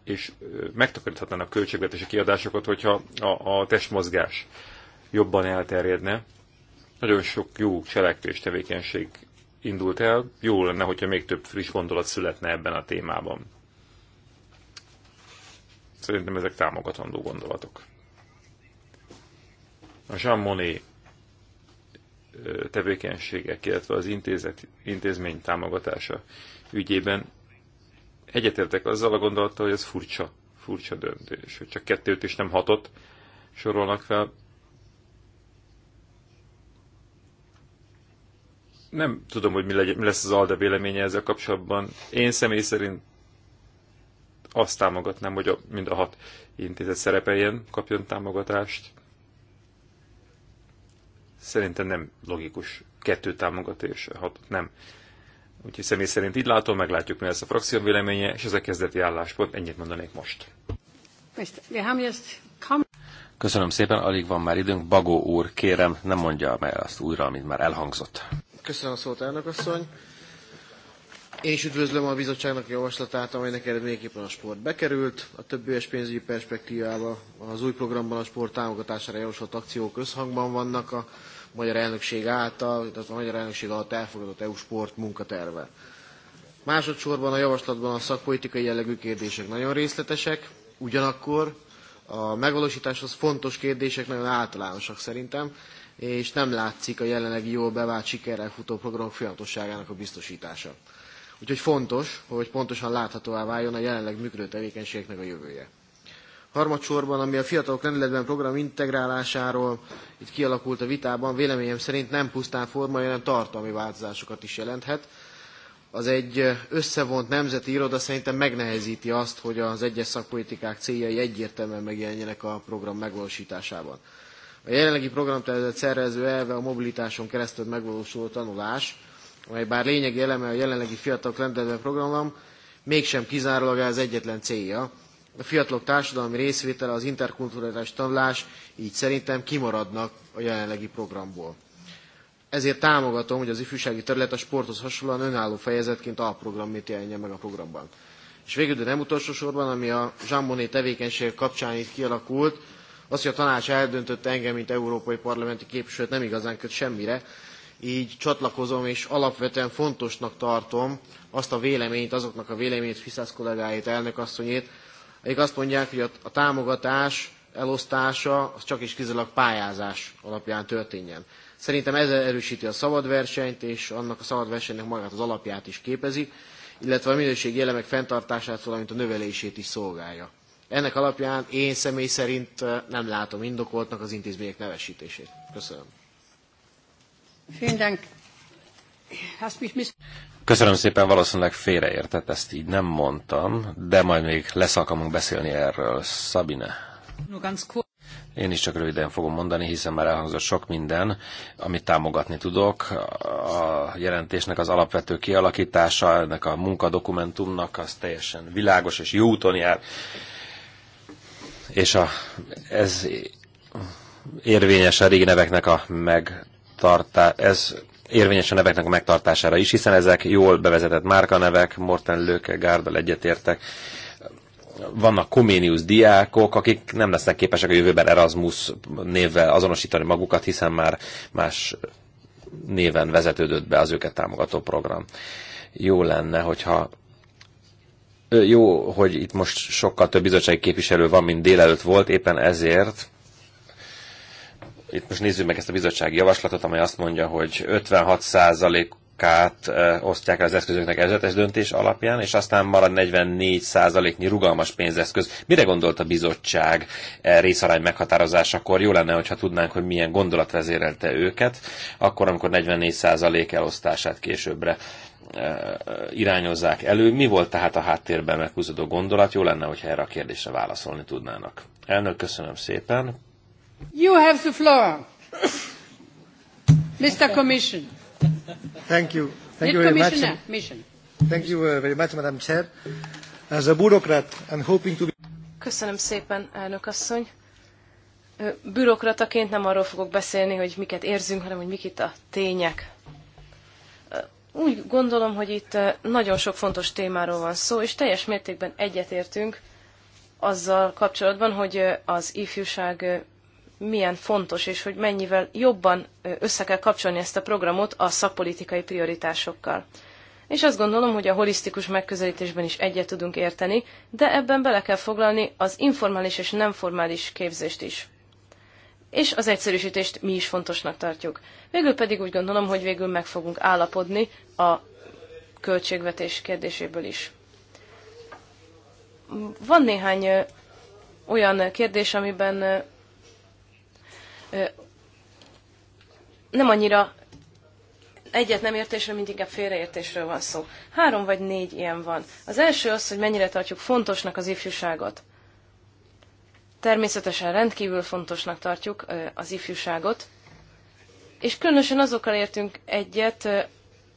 és megtakaríthatnának költségvetési kiadásokat, hogyha a, a testmozgás jobban elterjedne. Nagyon sok jó cselekvés tevékenység indult el. Jó lenne, hogyha még több friss gondolat születne ebben a témában. Szerintem ezek támogatandó gondolatok. A Jean Monnet tevékenységek, illetve az intézet, intézmény támogatása ügyében egyetértek azzal a gondolattal, hogy ez furcsa, furcsa döntés, hogy csak kettőt és nem hatot sorolnak fel. Nem tudom, hogy mi, legy- mi lesz az ALDE véleménye ezzel kapcsolatban. Én személy szerint azt támogatnám, hogy a, mind a hat intézet szerepeljen, kapjon támogatást. Szerintem nem logikus kettő támogatás, hatot nem. Úgyhogy személy szerint így látom, meglátjuk, mi lesz a frakció véleménye, és ez a kezdeti álláspont, ennyit mondanék most.
Köszönöm szépen, alig van már időnk. Bagó úr, kérem, nem mondja meg azt újra, amit már elhangzott.
Köszönöm a szót, elnök asszony. Én is üdvözlöm a bizottságnak a javaslatát, amelynek eredményeképpen a sport bekerült. A többi éves pénzügyi perspektívába az új programban a sport támogatására javasolt akciók összhangban vannak a magyar elnökség által, tehát a magyar elnökség alatt elfogadott EU sport munkaterve. Másodszorban a javaslatban a szakpolitikai jellegű kérdések nagyon részletesek, ugyanakkor a megvalósításhoz fontos kérdések nagyon általánosak szerintem, és nem látszik a jelenlegi jól bevált sikerrel futó programok folyamatosságának a biztosítása. Úgyhogy fontos, hogy pontosan láthatóvá váljon a jelenleg működő tevékenységeknek a jövője. Harmadsorban, ami a fiatalok rendeletben program integrálásáról itt kialakult a vitában, véleményem szerint nem pusztán forma, hanem tartalmi változásokat is jelenthet. Az egy összevont nemzeti iroda szerintem megnehezíti azt, hogy az egyes szakpolitikák céljai egyértelműen megjelenjenek a program megvalósításában. A jelenlegi programtervezet szervező elve a mobilitáson keresztül megvalósuló tanulás, amely bár lényegi eleme a jelenlegi fiatalok rendelve programnak, mégsem kizárólag az egyetlen célja. A fiatalok társadalmi részvétele, az interkulturális tanulás így szerintem kimaradnak a jelenlegi programból. Ezért támogatom, hogy az ifjúsági terület a sporthoz hasonlóan önálló fejezetként alprogrammét jelenjen meg a programban. És végül, de nem utolsó sorban, ami a Jean Monnet tevékenység kapcsán itt kialakult, az, hogy a tanács eldöntötte engem, mint európai parlamenti képviselőt, nem igazán köt semmire, így csatlakozom és alapvetően fontosnak tartom azt a véleményt, azoknak a véleményét, Fiszász kollégáit, elnökasszonyét, akik azt mondják, hogy a támogatás elosztása az csak és kizárólag pályázás alapján történjen. Szerintem ez erősíti a szabad versenyt, és annak a szabad versenynek magát az alapját is képezi, illetve a minőségi elemek fenntartását, valamint a növelését is szolgálja. Ennek alapján én személy szerint nem látom indokoltnak az intézmények nevesítését. Köszönöm.
Köszönöm szépen, valószínűleg félreértett, ezt így nem mondtam, de majd még lesz alkalmunk beszélni erről. Szabine. Én is csak röviden fogom mondani, hiszen már elhangzott sok minden, amit támogatni tudok. A jelentésnek az alapvető kialakítása, ennek a munkadokumentumnak az teljesen világos és jó úton jár és a, ez érvényes a régi neveknek a megtartá, ez érvényes a neveknek a megtartására is, hiszen ezek jól bevezetett márkanevek, Morten Lőke, Gárdal egyetértek, vannak Comenius diákok, akik nem lesznek képesek a jövőben Erasmus névvel azonosítani magukat, hiszen már más néven vezetődött be az őket támogató program. Jó lenne, hogyha jó, hogy itt most sokkal több bizottsági képviselő van, mint délelőtt volt, éppen ezért itt most nézzük meg ezt a bizottsági javaslatot, amely azt mondja, hogy 56%-át osztják el az eszközöknek előzetes döntés alapján, és aztán marad 44%-nyi rugalmas pénzeszköz. Mire gondolt a bizottság e részarány meghatározásakor? Jó lenne, hogyha tudnánk, hogy milyen gondolat vezérelte őket, akkor, amikor 44% elosztását későbbre irányozzák elő. Mi volt tehát a háttérben meghúzódó gondolat? Jó lenne, hogyha erre a kérdésre válaszolni tudnának. Elnök, köszönöm szépen.
You have the floor. Mr. Commission.
Thank you. Thank you very much. Thank you uh, very much, Madam Chair. As a bureaucrat, I'm hoping to be...
Köszönöm szépen, elnök asszony. Bürokrataként nem arról fogok beszélni, hogy miket érzünk, hanem hogy mik itt a tények. Úgy gondolom, hogy itt eh, nagyon sok fontos témáról van szó, és teljes mértékben egyetértünk azzal kapcsolatban, hogy eh, az ifjúság eh, milyen fontos, és hogy mennyivel jobban össze kell kapcsolni ezt a programot a szakpolitikai prioritásokkal. És azt gondolom, hogy a holisztikus megközelítésben is egyet tudunk érteni, de ebben bele kell foglalni az informális és nem formális képzést is és az egyszerűsítést mi is fontosnak tartjuk. Végül pedig úgy gondolom, hogy végül meg fogunk állapodni a költségvetés kérdéséből is. Van néhány olyan kérdés, amiben nem annyira egyet nem értésre, mint inkább félreértésről van szó. Három vagy négy ilyen van. Az első az, hogy mennyire tartjuk fontosnak az ifjúságot. Természetesen rendkívül fontosnak tartjuk az ifjúságot, és különösen azokkal értünk egyet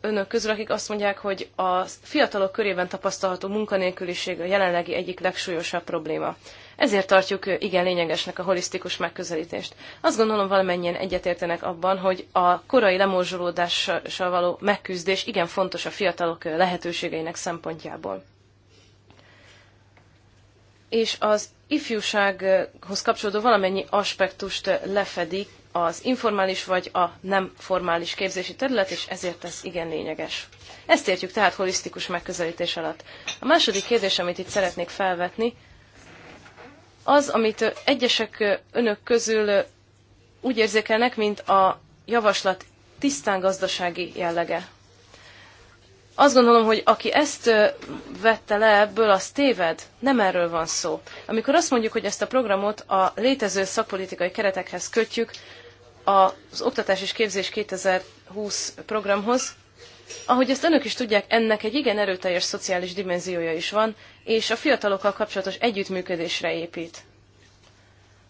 önök közül, akik azt mondják, hogy a fiatalok körében tapasztalható munkanélküliség a jelenlegi egyik legsúlyosabb probléma. Ezért tartjuk igen lényegesnek a holisztikus megközelítést. Azt gondolom valamennyien egyetértenek abban, hogy a korai lemorzsolódással való megküzdés igen fontos a fiatalok lehetőségeinek szempontjából és az ifjúsághoz kapcsolódó valamennyi aspektust lefedi az informális vagy a nem formális képzési terület, és ezért ez igen lényeges. Ezt értjük tehát holisztikus megközelítés alatt. A második kérdés, amit itt szeretnék felvetni, az, amit egyesek önök közül úgy érzékelnek, mint a javaslat tisztán gazdasági jellege. Azt gondolom, hogy aki ezt vette le ebből, az téved. Nem erről van szó. Amikor azt mondjuk, hogy ezt a programot a létező szakpolitikai keretekhez kötjük, az Oktatás és Képzés 2020 programhoz, ahogy ezt önök is tudják, ennek egy igen erőteljes szociális dimenziója is van, és a fiatalokkal kapcsolatos együttműködésre épít.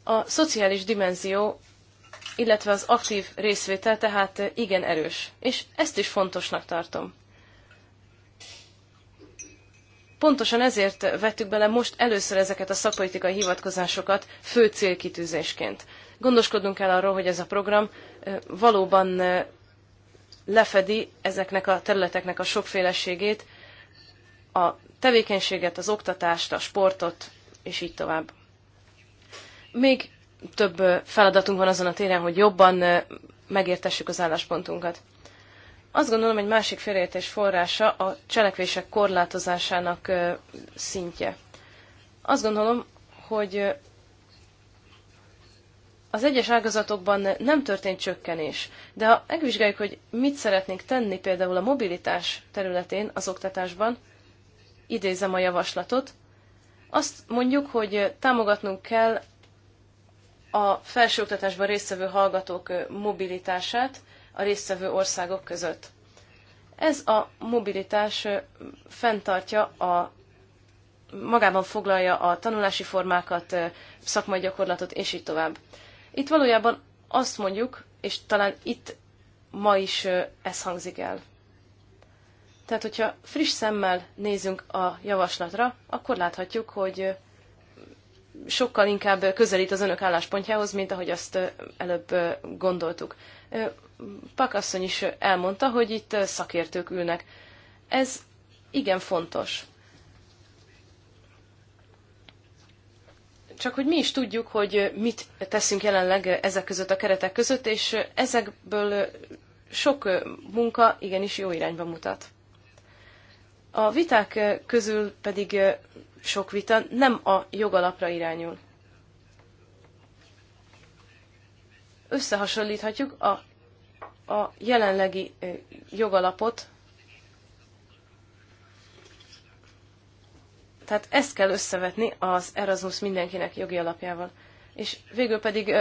A szociális dimenzió, illetve az aktív részvétel tehát igen erős, és ezt is fontosnak tartom. Pontosan ezért vettük bele most először ezeket a szakpolitikai hivatkozásokat fő célkitűzésként. Gondoskodnunk kell arról, hogy ez a program valóban lefedi ezeknek a területeknek a sokféleségét, a tevékenységet, az oktatást, a sportot, és így tovább. Még több feladatunk van azon a téren, hogy jobban megértessük az álláspontunkat. Azt gondolom, egy másik félreértés forrása a cselekvések korlátozásának szintje. Azt gondolom, hogy az egyes ágazatokban nem történt csökkenés, de ha megvizsgáljuk, hogy mit szeretnénk tenni például a mobilitás területén, az oktatásban, idézem a javaslatot, azt mondjuk, hogy támogatnunk kell a felsőoktatásban résztvevő hallgatók mobilitását, a résztvevő országok között. Ez a mobilitás fenntartja a magában foglalja a tanulási formákat, szakmai gyakorlatot, és így tovább. Itt valójában azt mondjuk, és talán itt ma is ez hangzik el. Tehát, hogyha friss szemmel nézünk a javaslatra, akkor láthatjuk, hogy sokkal inkább közelít az önök álláspontjához, mint ahogy azt előbb gondoltuk. Pakasszony is elmondta, hogy itt szakértők ülnek. Ez igen fontos. Csak hogy mi is tudjuk, hogy mit teszünk jelenleg ezek között a keretek között, és ezekből sok munka igenis jó irányba mutat. A viták közül pedig sok vita nem a jogalapra irányul. összehasonlíthatjuk a, a jelenlegi jogalapot, tehát ezt kell összevetni az Erasmus mindenkinek jogi alapjával. És végül pedig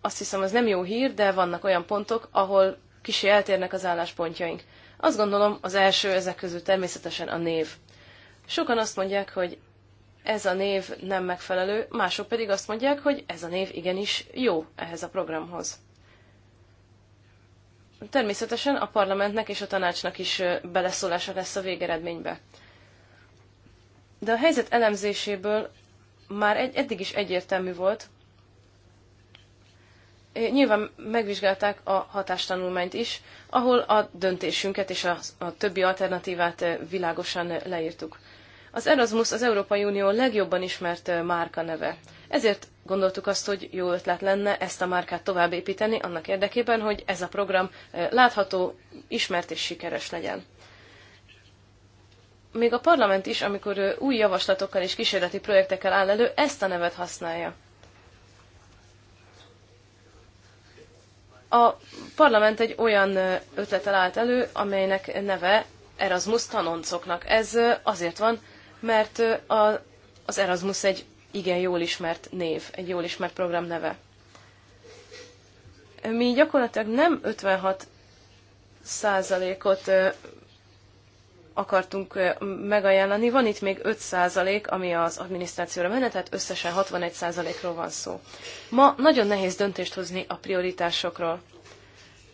azt hiszem, az nem jó hír, de vannak olyan pontok, ahol kicsi eltérnek az álláspontjaink. Azt gondolom, az első ezek közül természetesen a név. Sokan azt mondják, hogy ez a név nem megfelelő, mások pedig azt mondják, hogy ez a név igenis jó ehhez a programhoz. Természetesen a parlamentnek és a tanácsnak is beleszólása lesz a végeredménybe. De a helyzet elemzéséből már egy, eddig is egyértelmű volt, nyilván megvizsgálták a hatástanulmányt is, ahol a döntésünket és a, a többi alternatívát világosan leírtuk. Az Erasmus az Európai Unió legjobban ismert márka neve. Ezért gondoltuk azt, hogy jó ötlet lenne ezt a márkát tovább építeni annak érdekében, hogy ez a program látható, ismert és sikeres legyen. Még a parlament is, amikor új javaslatokkal és kísérleti projektekkel áll elő, ezt a nevet használja. A parlament egy olyan ötlettel állt elő, amelynek neve Erasmus tanoncoknak. Ez azért van, mert a, az Erasmus egy igen jól ismert név, egy jól ismert program neve. Mi gyakorlatilag nem 56 százalékot akartunk megajánlani. Van itt még 5 százalék, ami az adminisztrációra menne, tehát összesen 61 százalékról van szó. Ma nagyon nehéz döntést hozni a prioritásokról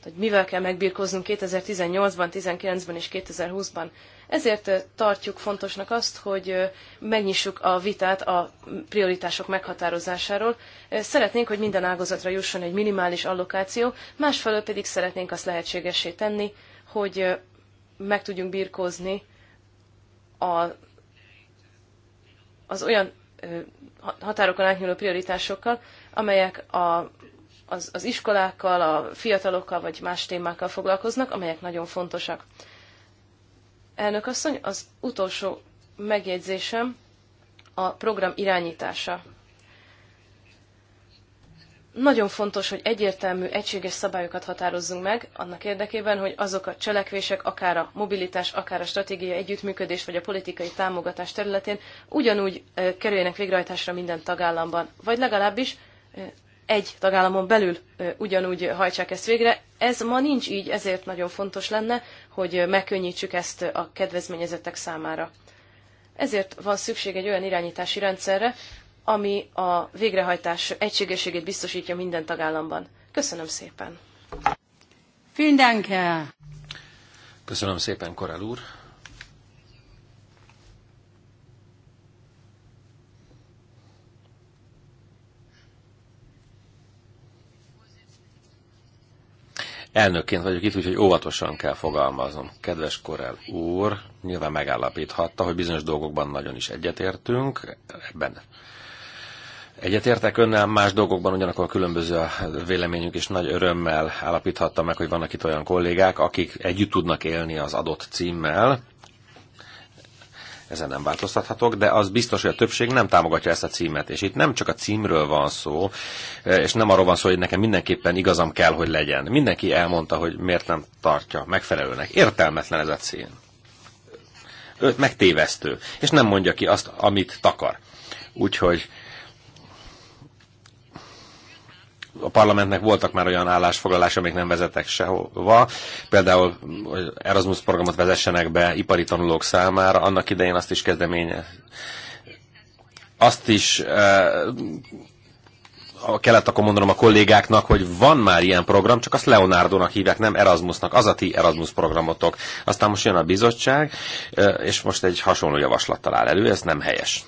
hogy mivel kell megbírkoznunk 2018-ban, 2019 ben és 2020-ban. Ezért tartjuk fontosnak azt, hogy megnyissuk a vitát a prioritások meghatározásáról. Szeretnénk, hogy minden ágazatra jusson egy minimális allokáció, másfelől pedig szeretnénk azt lehetségessé tenni, hogy meg tudjunk birkózni a, az olyan határokon átnyúló prioritásokkal, amelyek a az, az iskolákkal, a fiatalokkal vagy más témákkal foglalkoznak, amelyek nagyon fontosak. Elnök asszony, az utolsó megjegyzésem a program irányítása. Nagyon fontos, hogy egyértelmű, egységes szabályokat határozzunk meg, annak érdekében, hogy azok a cselekvések, akár a mobilitás, akár a stratégiai együttműködés, vagy a politikai támogatás területén ugyanúgy kerüljenek végrehajtásra minden tagállamban, vagy legalábbis egy tagállamon belül ugyanúgy hajtsák ezt végre. Ez ma nincs így, ezért nagyon fontos lenne, hogy megkönnyítsük ezt a kedvezményezettek számára. Ezért van szükség egy olyan irányítási rendszerre, ami a végrehajtás egységességét biztosítja minden tagállamban. Köszönöm szépen!
Köszönöm szépen, Korel úr! Elnökként vagyok itt, úgyhogy óvatosan kell fogalmaznom. Kedves Korel úr, nyilván megállapíthatta, hogy bizonyos dolgokban nagyon is egyetértünk, ebben Egyetértek önnel, más dolgokban ugyanakkor különböző a véleményünk, és nagy örömmel állapíthatta meg, hogy vannak itt olyan kollégák, akik együtt tudnak élni az adott címmel, ezen nem változtathatok, de az biztos, hogy a többség nem támogatja ezt a címet. És itt nem csak a címről van szó, eh, és nem arról van szó, hogy nekem mindenképpen igazam kell, hogy legyen. Mindenki elmondta, hogy miért nem tartja megfelelőnek. Értelmetlen ez a cím. Őt megtévesztő, és nem mondja ki azt, amit takar. Úgyhogy a parlamentnek voltak már olyan állásfoglalás, amik nem vezetek sehova. Például, hogy Erasmus programot vezessenek be ipari tanulók számára, annak idején azt is kezdeménye. Azt is eh, kellett akkor mondanom a kollégáknak, hogy van már ilyen program, csak azt Leonardonak hívják, nem Erasmusnak, az a ti Erasmus programotok. Aztán most jön a bizottság, eh, és most egy hasonló javaslat talál elő, ez nem helyes.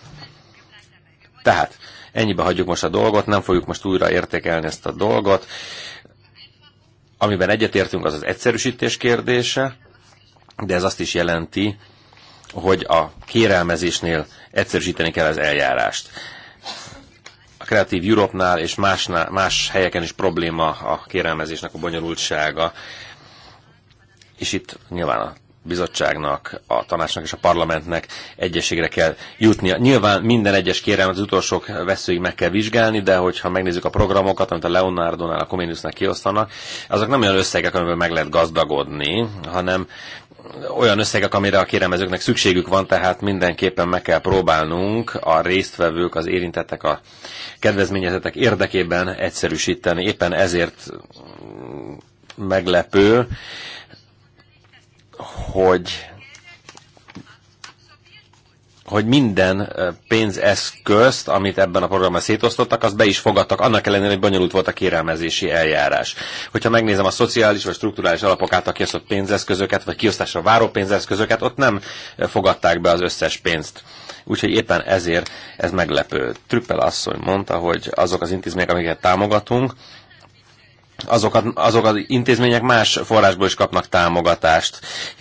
Tehát Ennyibe hagyjuk most a dolgot, nem fogjuk most újra értékelni ezt a dolgot. Amiben egyetértünk, az az egyszerűsítés kérdése, de ez azt is jelenti, hogy a kérelmezésnél egyszerűsíteni kell az eljárást. A kreatív Europe-nál és másnál, más helyeken is probléma a kérelmezésnek a bonyolultsága, és itt nyilván a bizottságnak, a tanácsnak és a parlamentnek egyességre kell jutnia. Nyilván minden egyes kérem az utolsók veszőig meg kell vizsgálni, de hogyha megnézzük a programokat, amit a Leonardo-nál, a Comeniusnak kiosztanak, azok nem olyan összegek, amiből meg lehet gazdagodni, hanem olyan összegek, amire a kérelmezőknek szükségük van, tehát mindenképpen meg kell próbálnunk a résztvevők, az érintettek, a kedvezményezetek érdekében egyszerűsíteni. Éppen ezért meglepő, hogy hogy minden pénzeszközt, amit ebben a programban szétosztottak, azt be is fogadtak, annak ellenére, hogy bonyolult volt a kérelmezési eljárás. Hogyha megnézem a szociális vagy strukturális alapok által kiosztott pénzeszközöket, vagy kiosztásra váró pénzeszközöket, ott nem fogadták be az összes pénzt. Úgyhogy éppen ezért ez meglepő. Trüppel asszony mondta, hogy azok az intézmények, amiket támogatunk, azokat, azok az intézmények más forrásból is kapnak támogatást.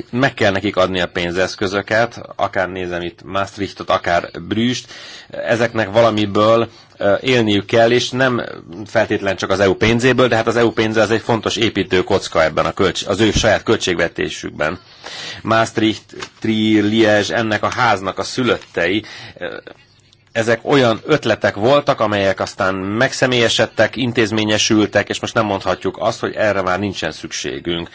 Meg kell nekik adni a pénzeszközöket, akár nézem itt Maastrichtot, akár Brüst, ezeknek valamiből élniük kell, és nem feltétlen csak az EU pénzéből, de hát az EU pénze az egy fontos építő kocka ebben a költs- az ő saját költségvetésükben. Maastricht, Trier, Liège, ennek a háznak a szülöttei, ezek olyan ötletek voltak, amelyek aztán megszemélyesedtek, intézményesültek, és most nem mondhatjuk azt, hogy erre már nincsen szükségünk.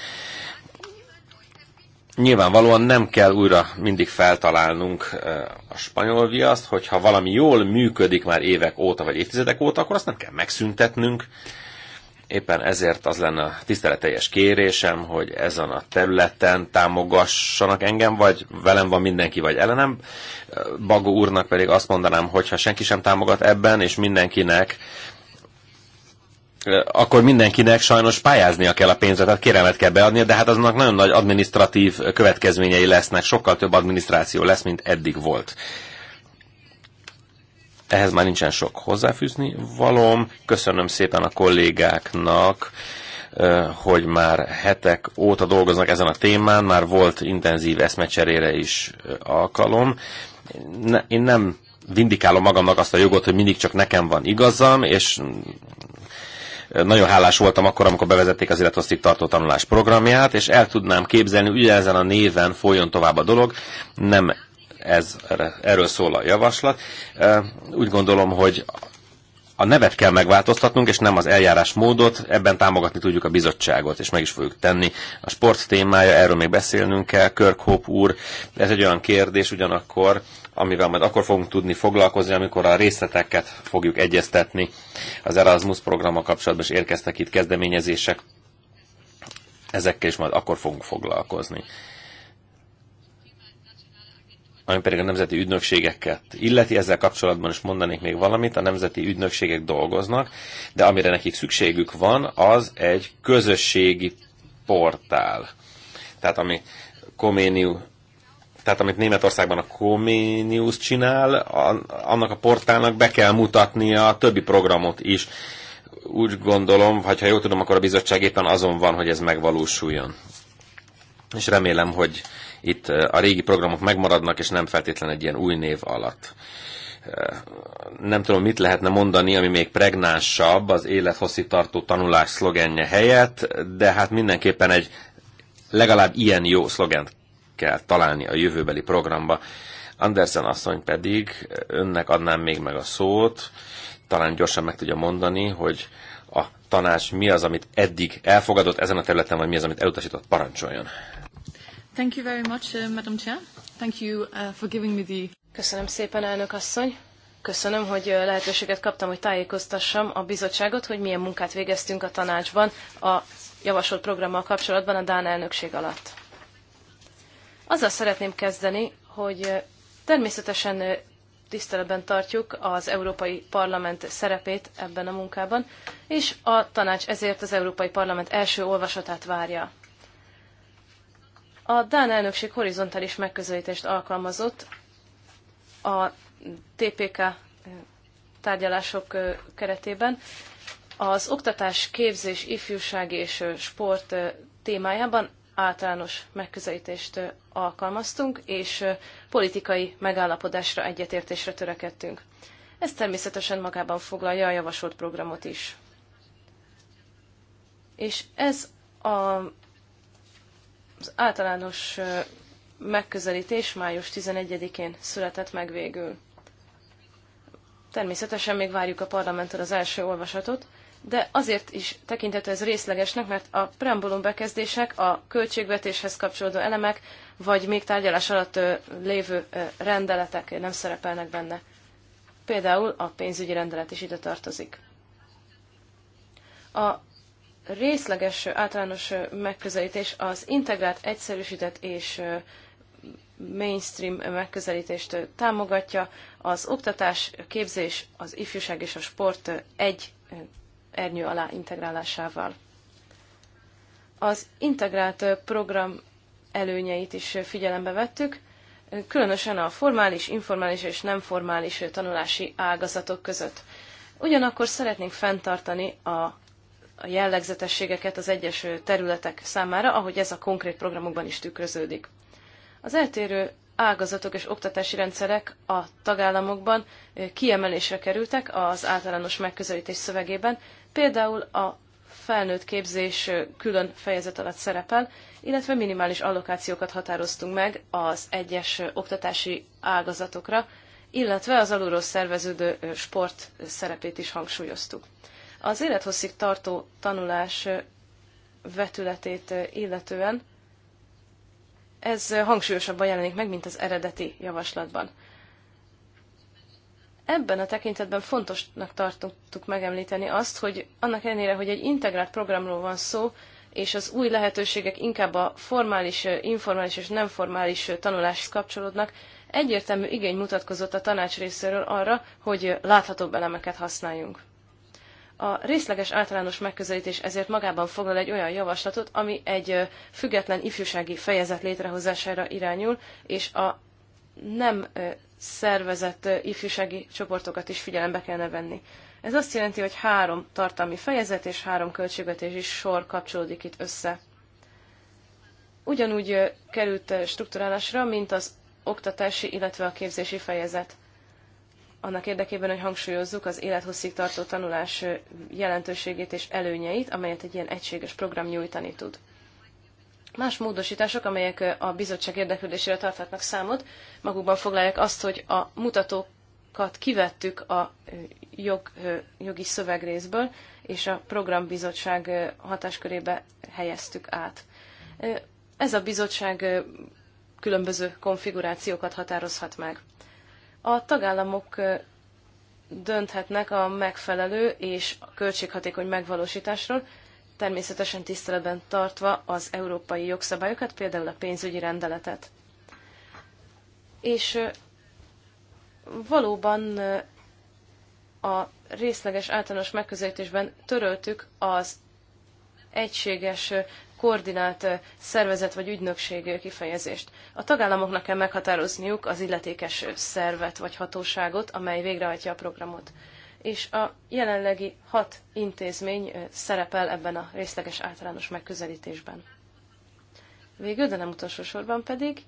Nyilvánvalóan nem kell újra mindig feltalálnunk eh, a spanyol viaszt, hogyha valami jól működik már évek óta, vagy évtizedek óta, akkor azt nem kell megszüntetnünk, Éppen ezért az lenne a tiszteleteljes kérésem, hogy ezen a területen támogassanak engem, vagy velem van mindenki, vagy ellenem. Bagó úrnak pedig azt mondanám, hogy ha senki sem támogat ebben, és mindenkinek akkor mindenkinek sajnos pályáznia kell a pénzre, tehát kérelmet kell beadnia, de hát aznak nagyon nagy administratív következményei lesznek, sokkal több adminisztráció lesz, mint eddig volt ehhez már nincsen sok hozzáfűzni valom. Köszönöm szépen a kollégáknak, hogy már hetek óta dolgoznak ezen a témán, már volt intenzív eszmecserére is alkalom. Én nem vindikálom magamnak azt a jogot, hogy mindig csak nekem van igazam, és nagyon hálás voltam akkor, amikor bevezették az élethosszig tartó tanulás programját, és el tudnám képzelni, hogy ezen a néven folyjon tovább a dolog. Nem ez, erről szól a javaslat. Úgy gondolom, hogy a nevet kell megváltoztatnunk, és nem az eljárás módot, ebben támogatni tudjuk a bizottságot, és meg is fogjuk tenni. A sport témája, erről még beszélnünk kell, Kirk Hope úr, ez egy olyan kérdés ugyanakkor, amivel majd akkor fogunk tudni foglalkozni, amikor a részleteket fogjuk egyeztetni. Az Erasmus programmal kapcsolatban is érkeztek itt kezdeményezések, ezekkel is majd akkor fogunk foglalkozni ami pedig a nemzeti ügynökségeket illeti. Ezzel kapcsolatban is mondanék még valamit. A nemzeti ügynökségek dolgoznak, de amire nekik szükségük van, az egy közösségi portál. Tehát ami Koméniu tehát amit Németországban a Comenius csinál, annak a portálnak be kell mutatnia a többi programot is. Úgy gondolom, ha jól tudom, akkor a bizottság éppen azon van, hogy ez megvalósuljon. És remélem, hogy itt a régi programok megmaradnak, és nem feltétlenül egy ilyen új név alatt. Nem tudom, mit lehetne mondani, ami még pregnánsabb az élethosszítartó tartó tanulás szlogenje helyett, de hát mindenképpen egy legalább ilyen jó szlogent kell találni a jövőbeli programba. Andersen asszony pedig, önnek adnám még meg a szót, talán gyorsan meg tudja mondani, hogy a tanács mi az, amit eddig elfogadott ezen a területen, vagy mi az, amit elutasított, parancsoljon.
Thank you very much, uh, Madam Chair. Thank you uh, for giving me the... Köszönöm szépen, elnök asszony. Köszönöm, hogy uh, lehetőséget kaptam, hogy tájékoztassam a bizottságot, hogy milyen munkát végeztünk a tanácsban a javasolt programmal kapcsolatban a Dán elnökség alatt. Azzal szeretném kezdeni, hogy uh, természetesen uh, tiszteletben tartjuk az Európai Parlament szerepét ebben a munkában, és a tanács ezért az Európai Parlament első olvasatát várja. A Dán elnökség horizontális megközelítést alkalmazott a TPK eh, tárgyalások eh, keretében. Az oktatás, képzés, ifjúság és eh, sport témájában általános megközelítést alkalmaztunk, és politikai megállapodásra, egyetértésre törekedtünk. Ez természetesen magában foglalja a javasolt programot is. És ez a az általános megközelítés május 11-én született meg végül. Természetesen még várjuk a parlamenttől az első olvasatot, de azért is tekintető ez részlegesnek, mert a preambulum bekezdések, a költségvetéshez kapcsolódó elemek, vagy még tárgyalás alatt lévő rendeletek nem szerepelnek benne. Például a pénzügyi rendelet is ide tartozik. A részleges általános megközelítés az integrált, egyszerűsített és mainstream megközelítést támogatja. Az oktatás, képzés, az ifjúság és a sport egy ernyő alá integrálásával. Az integrált program előnyeit is figyelembe vettük, különösen a formális, informális és nem formális tanulási ágazatok között. Ugyanakkor szeretnénk fenntartani a a jellegzetességeket az egyes területek számára, ahogy ez a konkrét programokban is tükröződik. Az eltérő ágazatok és oktatási rendszerek a tagállamokban eh, kiemelésre kerültek az általános megközelítés szövegében, például a felnőtt képzés eh, külön fejezet alatt szerepel, illetve minimális allokációkat határoztunk meg az egyes eh, oktatási ágazatokra, illetve az alulról szerveződő sport szerepét is hangsúlyoztuk. Az élethosszig tartó tanulás vetületét illetően ez hangsúlyosabban jelenik meg, mint az eredeti javaslatban. Ebben a tekintetben fontosnak tartottuk megemlíteni azt, hogy annak ellenére, hogy egy integrált programról van szó, és az új lehetőségek inkább a formális, informális és nem formális tanuláshoz kapcsolódnak, egyértelmű igény mutatkozott a tanács részéről arra, hogy láthatóbb elemeket használjunk. A részleges általános megközelítés ezért magában foglal egy olyan javaslatot, ami egy független ifjúsági fejezet létrehozására irányul, és a nem szervezett ifjúsági csoportokat is figyelembe kellene venni. Ez azt jelenti, hogy három tartalmi fejezet és három költségvetési sor kapcsolódik itt össze. Ugyanúgy került strukturálásra, mint az oktatási, illetve a képzési fejezet annak érdekében, hogy hangsúlyozzuk az élethosszig tartó tanulás jelentőségét és előnyeit, amelyet egy ilyen egységes program nyújtani tud. Más módosítások, amelyek a bizottság érdeklődésére tarthatnak számot, magukban foglalják azt, hogy a mutatókat kivettük a jog, jogi szövegrészből, és a programbizottság hatáskörébe helyeztük át. Ez a bizottság különböző konfigurációkat határozhat meg. A tagállamok dönthetnek a megfelelő és a költséghatékony megvalósításról, természetesen tiszteletben tartva az európai jogszabályokat, például a pénzügyi rendeletet. És valóban a részleges általános megközelítésben töröltük az egységes koordinált szervezet vagy ügynökség kifejezést. A tagállamoknak kell meghatározniuk az illetékes szervet vagy hatóságot, amely végrehajtja a programot. És a jelenlegi hat intézmény szerepel ebben a részleges általános megközelítésben. Végül, de nem utolsó sorban pedig,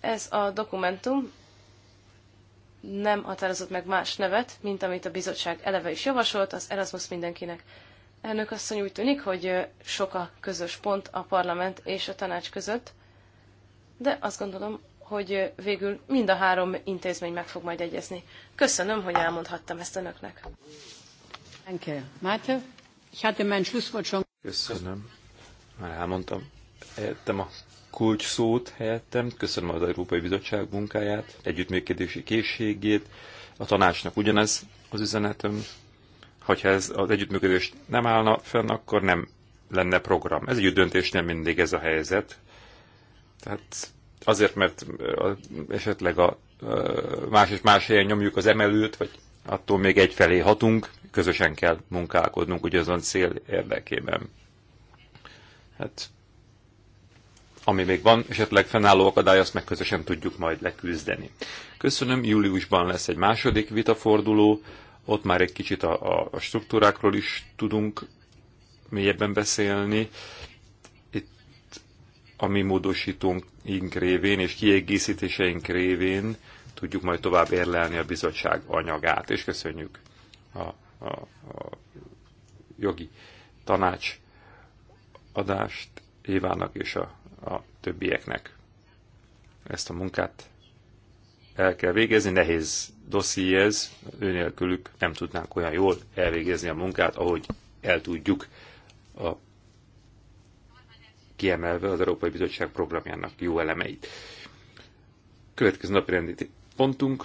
ez a dokumentum nem határozott meg más nevet, mint amit a bizottság eleve is javasolt, az Erasmus mindenkinek Elnök asszony úgy tűnik, hogy sok a közös pont a parlament és a tanács között, de azt gondolom, hogy végül mind a három intézmény meg fog majd egyezni. Köszönöm, hogy elmondhattam ezt önöknek.
Köszönöm. Már elmondtam. Helyettem a kulcs szót helyettem. Köszönöm az Európai Bizottság munkáját, együttműködési készségét. A tanácsnak ugyanez az üzenetem. Hogyha ez az együttműködés nem állna fenn, akkor nem lenne program. Ez együtt döntés nem mindig ez a helyzet. Tehát azért, mert esetleg a más és más helyen nyomjuk az emelőt, vagy attól még egyfelé hatunk, közösen kell munkálkodnunk ugyanazon cél érdekében. Hát, ami még van, esetleg fennálló akadály, azt meg közösen tudjuk majd leküzdeni. Köszönöm, júliusban lesz egy második vitaforduló, ott már egy kicsit a, a struktúrákról is tudunk mélyebben beszélni. Itt a mi módosítónk révén és kiegészítéseink révén tudjuk majd tovább érlelni a bizottság anyagát, és köszönjük a, a, a jogi tanács adást Évának és a, a többieknek. Ezt a munkát el kell végezni, nehéz dossziéhez, ez, ő nélkülük nem tudnánk olyan jól elvégezni a munkát, ahogy el tudjuk a kiemelve az Európai Bizottság programjának jó elemeit. Következő napi rendi pontunk.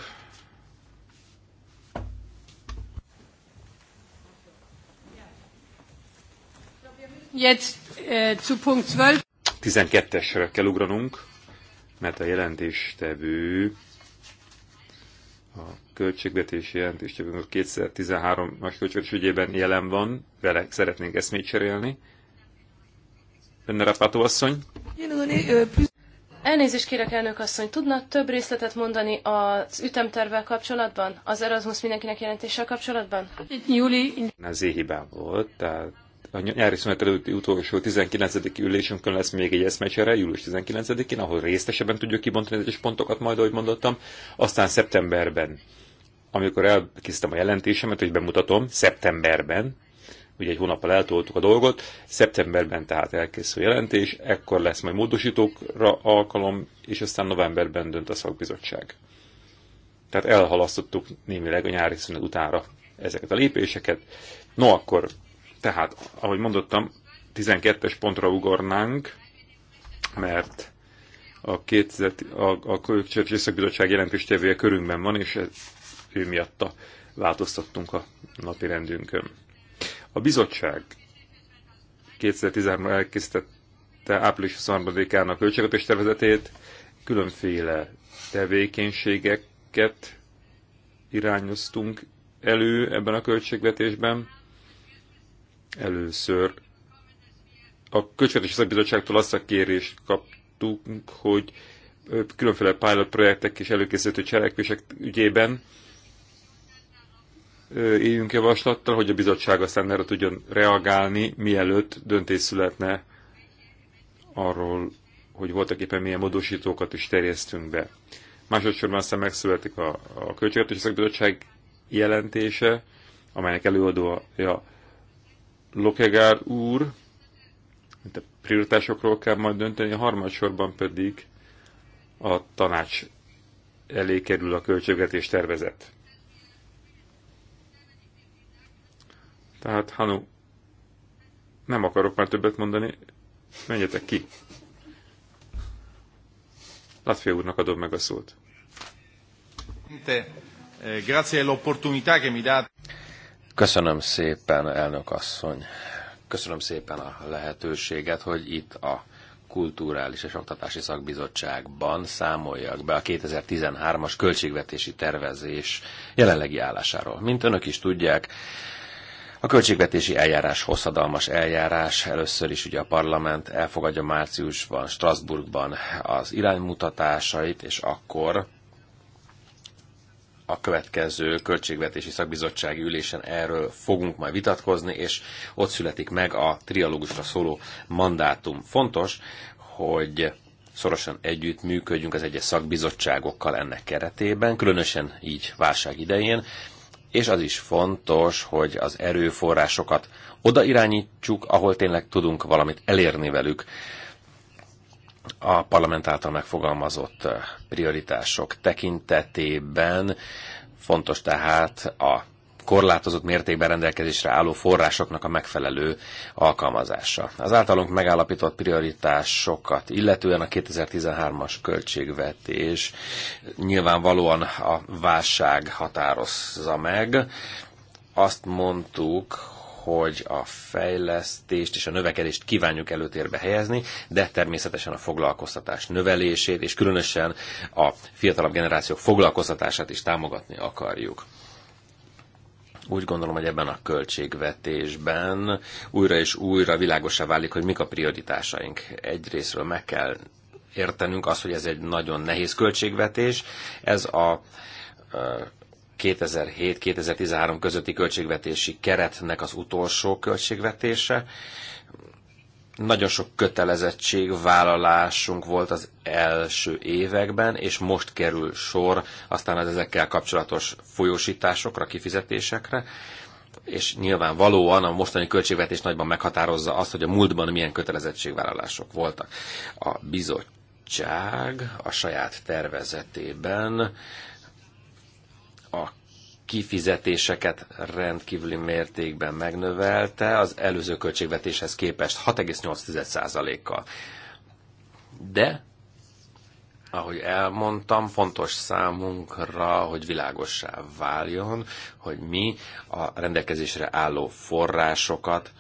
Jetzt äh, zu Punkt
12. 12-esre kell ugranunk, mert a jelentéstevő a költségvetési jelentéstevőnk 2013 nagy költségvetés ügyében jelen van, vele szeretnénk eszmét cserélni. Önne Rapátó asszony?
Elnézést kérek, elnök asszony, tudna több részletet mondani az ütemtervvel kapcsolatban? Az Erasmus mindenkinek jelentéssel kapcsolatban? Júli.
Ez hibám volt, tehát a nyári szünet előtti utolsó 19. ülésünkön lesz még egy eszmecsere, július 19-én, ahol részesebben tudjuk kibontani egyes pontokat majd, ahogy mondottam. Aztán szeptemberben, amikor elkészítem a jelentésemet, hogy bemutatom, szeptemberben, ugye egy hónappal eltoltuk a dolgot, szeptemberben tehát elkészül jelentés, ekkor lesz majd módosítókra alkalom, és aztán novemberben dönt a szakbizottság. Tehát elhalasztottuk némileg a nyári szünet utára ezeket a lépéseket. No, akkor tehát, ahogy mondottam, 12-es pontra ugornánk, mert a, 2000, a, a Költségvetési Szakbizottság jelentéstevője körünkben van, és ez, ő miatta változtattunk a napi rendünkön. A bizottság 2013-ban elkészítette április 23-án a költségvetés tervezetét, különféle tevékenységeket irányoztunk elő ebben a költségvetésben, Először a Költségvetési Szakbizottságtól azt a kérést kaptunk, hogy különféle pilot projektek és előkészítő cselekvések ügyében éljünk javaslattal, hogy a bizottság aztán erre tudjon reagálni, mielőtt döntés születne arról, hogy voltak éppen milyen módosítókat is terjesztünk be. Másodszorban aztán megszületik a, a Költségvetési Szakbizottság jelentése, amelynek előadója Lokegár úr, mint a prioritásokról kell majd dönteni, a harmadsorban pedig a tanács elé kerül a költségvetés tervezet. Tehát Hanu, nem akarok már többet mondani, menjetek ki. Latvia úrnak adom meg a szót. Grazie
all'opportunità che mi date.
Köszönöm szépen, elnök asszony.
Köszönöm szépen a lehetőséget, hogy itt a Kulturális és Oktatási Szakbizottságban számoljak be a 2013-as költségvetési tervezés jelenlegi állásáról. Mint önök is tudják, a költségvetési eljárás hosszadalmas eljárás. Először is ugye a parlament elfogadja márciusban, Strasbourgban az iránymutatásait, és akkor a következő költségvetési szakbizottsági ülésen erről fogunk majd vitatkozni, és ott születik meg a trialógusra szóló mandátum. Fontos, hogy szorosan együtt működjünk az egyes szakbizottságokkal ennek keretében, különösen így válság idején, és az is fontos, hogy az erőforrásokat oda irányítsuk, ahol tényleg tudunk valamit elérni velük a parlament által megfogalmazott eh, prioritások tekintetében fontos tehát a korlátozott mértékben rendelkezésre álló forrásoknak a megfelelő alkalmazása. Az általunk megállapított prioritásokat, illetően a 2013-as költségvetés nyilvánvalóan a válság határozza meg. Azt mondtuk, hogy a fejlesztést és a növekedést kívánjuk előtérbe helyezni, de természetesen a foglalkoztatás növelését, és különösen a fiatalabb generációk foglalkoztatását is támogatni akarjuk úgy gondolom, hogy ebben a költségvetésben újra és újra világosá válik, hogy mik a prioritásaink. Egyrésztről meg kell értenünk azt, hogy ez egy nagyon nehéz költségvetés. Ez a 2007-2013 közötti költségvetési keretnek az utolsó költségvetése. Nagyon sok vállalásunk volt az első években, és most kerül sor aztán az ezekkel kapcsolatos folyósításokra, kifizetésekre és nyilvánvalóan a mostani költségvetés nagyban meghatározza azt, hogy a múltban milyen kötelezettségvállalások voltak. A bizottság a saját tervezetében a kifizetéseket rendkívüli mértékben megnövelte az előző költségvetéshez képest 6,8%-kal. De, ahogy elmondtam, fontos számunkra, hogy világossá váljon, hogy mi a rendelkezésre álló forrásokat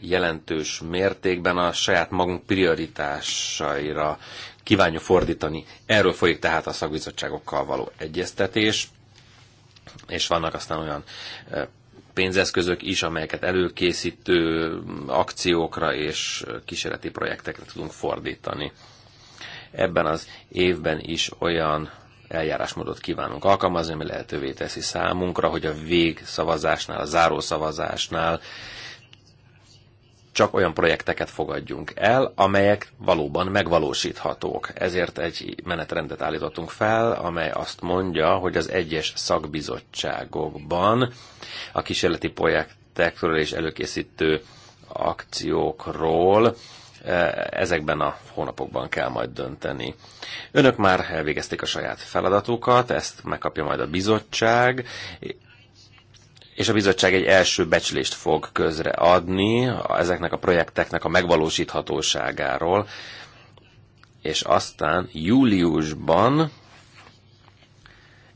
jelentős mértékben a saját magunk prioritásaira kívánjuk fordítani. Erről folyik tehát a szakbizottságokkal való egyeztetés és vannak aztán olyan pénzeszközök is, amelyeket előkészítő mm, akciókra és kísérleti projektekre tudunk fordítani. Ebben az évben is olyan eljárásmódot kívánunk alkalmazni, ami lehetővé teszi számunkra, hogy a végszavazásnál, a zárószavazásnál csak olyan projekteket fogadjunk el, amelyek valóban megvalósíthatók. Ezért egy menetrendet állítottunk fel, amely azt mondja, hogy az egyes szakbizottságokban a kísérleti projektekről és előkészítő akciókról e, ezekben a hónapokban kell majd dönteni. Önök már elvégezték a saját feladatukat, ezt megkapja majd a bizottság, és a bizottság egy első becslést fog közreadni ezeknek a projekteknek a megvalósíthatóságáról, és aztán júliusban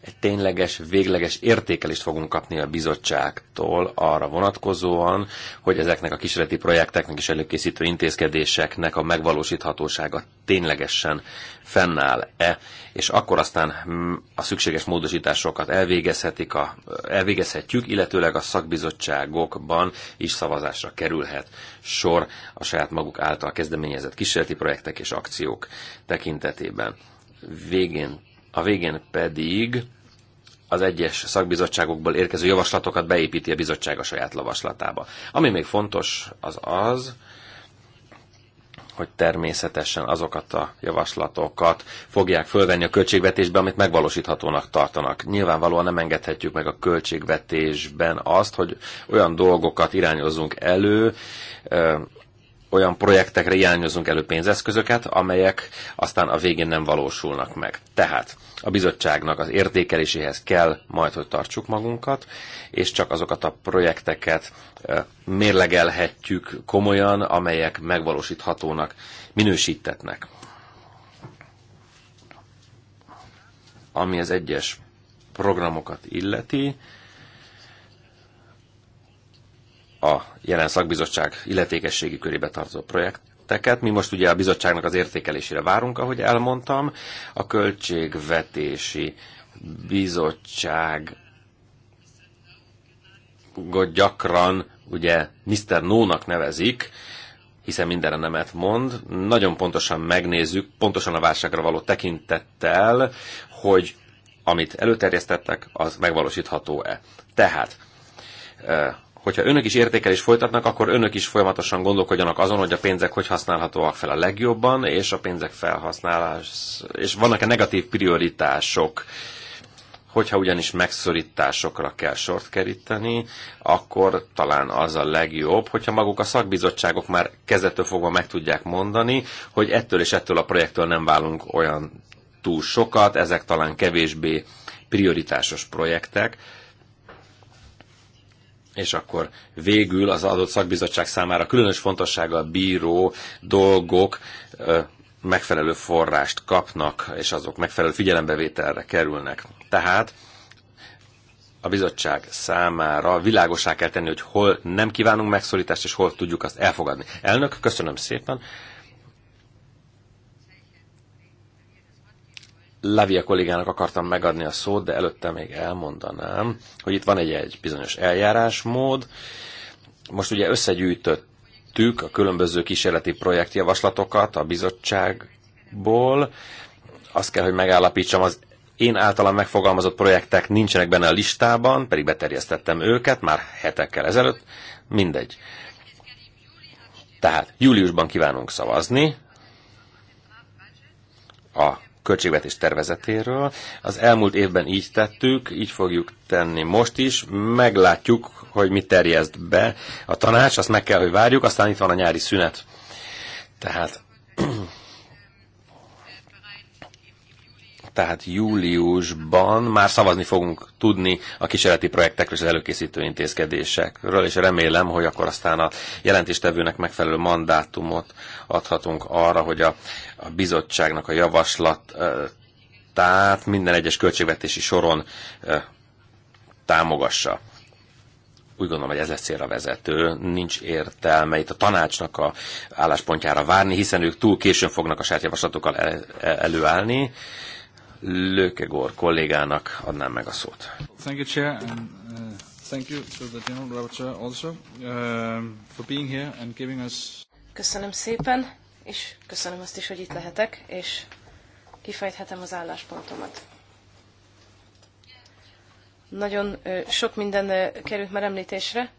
egy tényleges, végleges értékelést fogunk kapni a bizottságtól arra vonatkozóan, hogy ezeknek a kísérleti projekteknek és előkészítő intézkedéseknek a megvalósíthatósága ténylegesen fennáll-e, és akkor aztán hm, a szükséges módosításokat elvégezhetik a, elvégezhetjük, illetőleg a szakbizottságokban is szavazásra kerülhet sor a saját maguk által kezdeményezett kísérleti projektek és akciók tekintetében. Végén, a végén pedig az egyes szakbizottságokból érkező javaslatokat beépíti a bizottság a saját lavaslatába. Ami még fontos, az az, hogy természetesen azokat a javaslatokat fogják fölvenni a költségvetésbe, amit megvalósíthatónak tartanak. Nyilvánvalóan nem engedhetjük meg a költségvetésben azt, hogy olyan dolgokat irányozunk elő, olyan projektekre irányozunk elő pénzeszközöket, amelyek aztán a végén nem valósulnak meg. Tehát a bizottságnak az értékeléséhez kell majd, hogy tartsuk magunkat, és csak azokat a projekteket mérlegelhetjük komolyan, amelyek megvalósíthatónak minősítetnek. Ami az egyes programokat illeti, a jelen szakbizottság illetékességi körébe tartozó projekt tetteket. Mi most ugye a bizottságnak az értékelésére várunk, ahogy elmondtam. A költségvetési bizottság gyakran ugye Mr. Nónak nevezik, hiszen mindenre nemet mond. Nagyon pontosan megnézzük, pontosan a válságra való tekintettel, hogy amit előterjesztettek, az megvalósítható-e. Tehát hogyha önök is értékelés folytatnak, akkor önök is folyamatosan gondolkodjanak azon, hogy a pénzek hogy használhatóak fel a legjobban, és a pénzek felhasználás, és vannak-e negatív prioritások, Hogyha ugyanis megszorításokra kell sort keríteni, akkor talán az a legjobb, hogyha maguk a szakbizottságok már kezdettől fogva meg tudják mondani, hogy ettől és ettől a projektől nem válunk olyan túl sokat, ezek talán kevésbé prioritásos projektek, és akkor végül az adott szakbizottság számára különös fontossággal bíró dolgok megfelelő forrást kapnak, és azok megfelelő figyelembevételre kerülnek. Tehát a bizottság számára világosá kell tenni, hogy hol nem kívánunk megszorítást, és hol tudjuk azt elfogadni. Elnök, köszönöm szépen. Lavia kollégának akartam megadni a szót, de előtte még elmondanám, hogy itt van egy, egy bizonyos eljárásmód. Most ugye összegyűjtöttük a különböző kísérleti projektjavaslatokat a bizottságból. Azt kell, hogy megállapítsam, az én általam megfogalmazott projektek nincsenek benne a listában, pedig beterjesztettem őket már hetekkel ezelőtt, mindegy. Tehát júliusban kívánunk szavazni a költségvetés tervezetéről. Az elmúlt évben így tettük, így fogjuk tenni most is. Meglátjuk, hogy mit terjeszt be a tanács, azt meg kell, hogy várjuk, aztán itt van a nyári szünet. Tehát tehát júliusban már szavazni fogunk tudni a kísérleti projektekről és az előkészítő intézkedésekről, és remélem, hogy akkor aztán a jelentéstevőnek megfelelő mandátumot adhatunk arra, hogy a, a bizottságnak a javaslat tehát minden egyes költségvetési soron támogassa úgy gondolom, hogy ez lesz célra vezető. Nincs értelme itt a tanácsnak a álláspontjára várni, hiszen ők túl későn fognak a saját javaslatokkal előállni. Lökegor kollégának adnám meg a szót.
Thank you, Chair, and, uh, thank you to the General Rapporteur also uh, for being here and giving us...
Köszönöm szépen, és köszönöm azt is, hogy itt lehetek, és kifejthetem az álláspontomat. Nagyon sok minden került már említésre,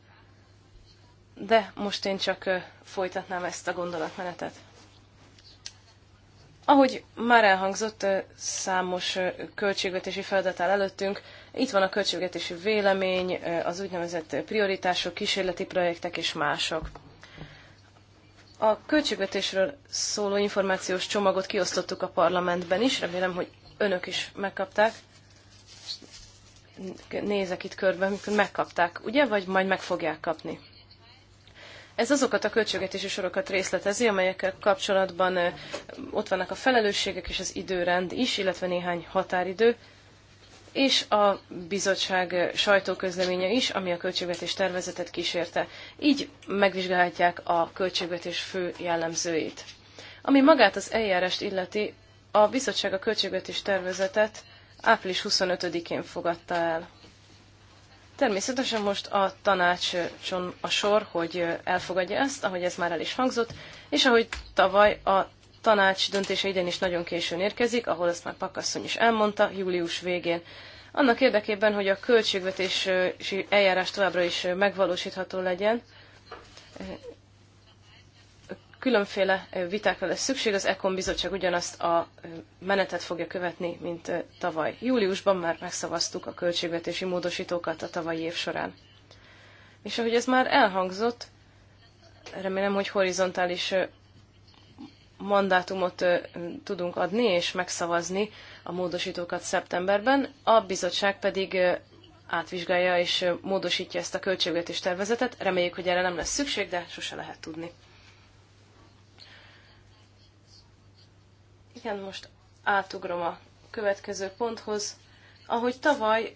de most én csak folytatnám ezt a gondolatmenetet. Ahogy már elhangzott, számos költségvetési feladat áll előttünk. Itt van a költségvetési vélemény, az úgynevezett prioritások, kísérleti projektek és mások. A költségvetésről szóló információs csomagot kiosztottuk a parlamentben is, remélem, hogy önök is megkapták. Nézek itt körben, amikor megkapták, ugye, vagy majd meg fogják kapni. Ez azokat a költségvetési sorokat részletezi, amelyekkel kapcsolatban ott vannak a felelősségek és az időrend is, illetve néhány határidő, és a bizottság sajtóközleménye is, ami a költségvetés tervezetet kísérte. Így megvizsgálhatják a költségvetés fő jellemzőit. Ami magát az eljárást illeti, a bizottság a költségvetés tervezetet április 25-én fogadta el. Természetesen most a tanácson a sor, hogy elfogadja ezt, ahogy ez már el is hangzott, és ahogy tavaly a tanács döntése idén is nagyon későn érkezik, ahol ezt már Pakasszony is elmondta, július végén. Annak érdekében, hogy a költségvetési eljárás továbbra is megvalósítható legyen, különféle vitákra lesz szükség. Az ECOM bizottság ugyanazt a menetet fogja követni, mint tavaly. Júliusban már megszavaztuk a költségvetési módosítókat a tavalyi év során. És ahogy ez már elhangzott, remélem, hogy horizontális mandátumot tudunk adni és megszavazni a módosítókat szeptemberben, a bizottság pedig átvizsgálja és módosítja ezt a költségvetés tervezetet. Reméljük, hogy erre nem lesz szükség, de sose lehet tudni. Igen, most átugrom a következő ponthoz. Ahogy tavaly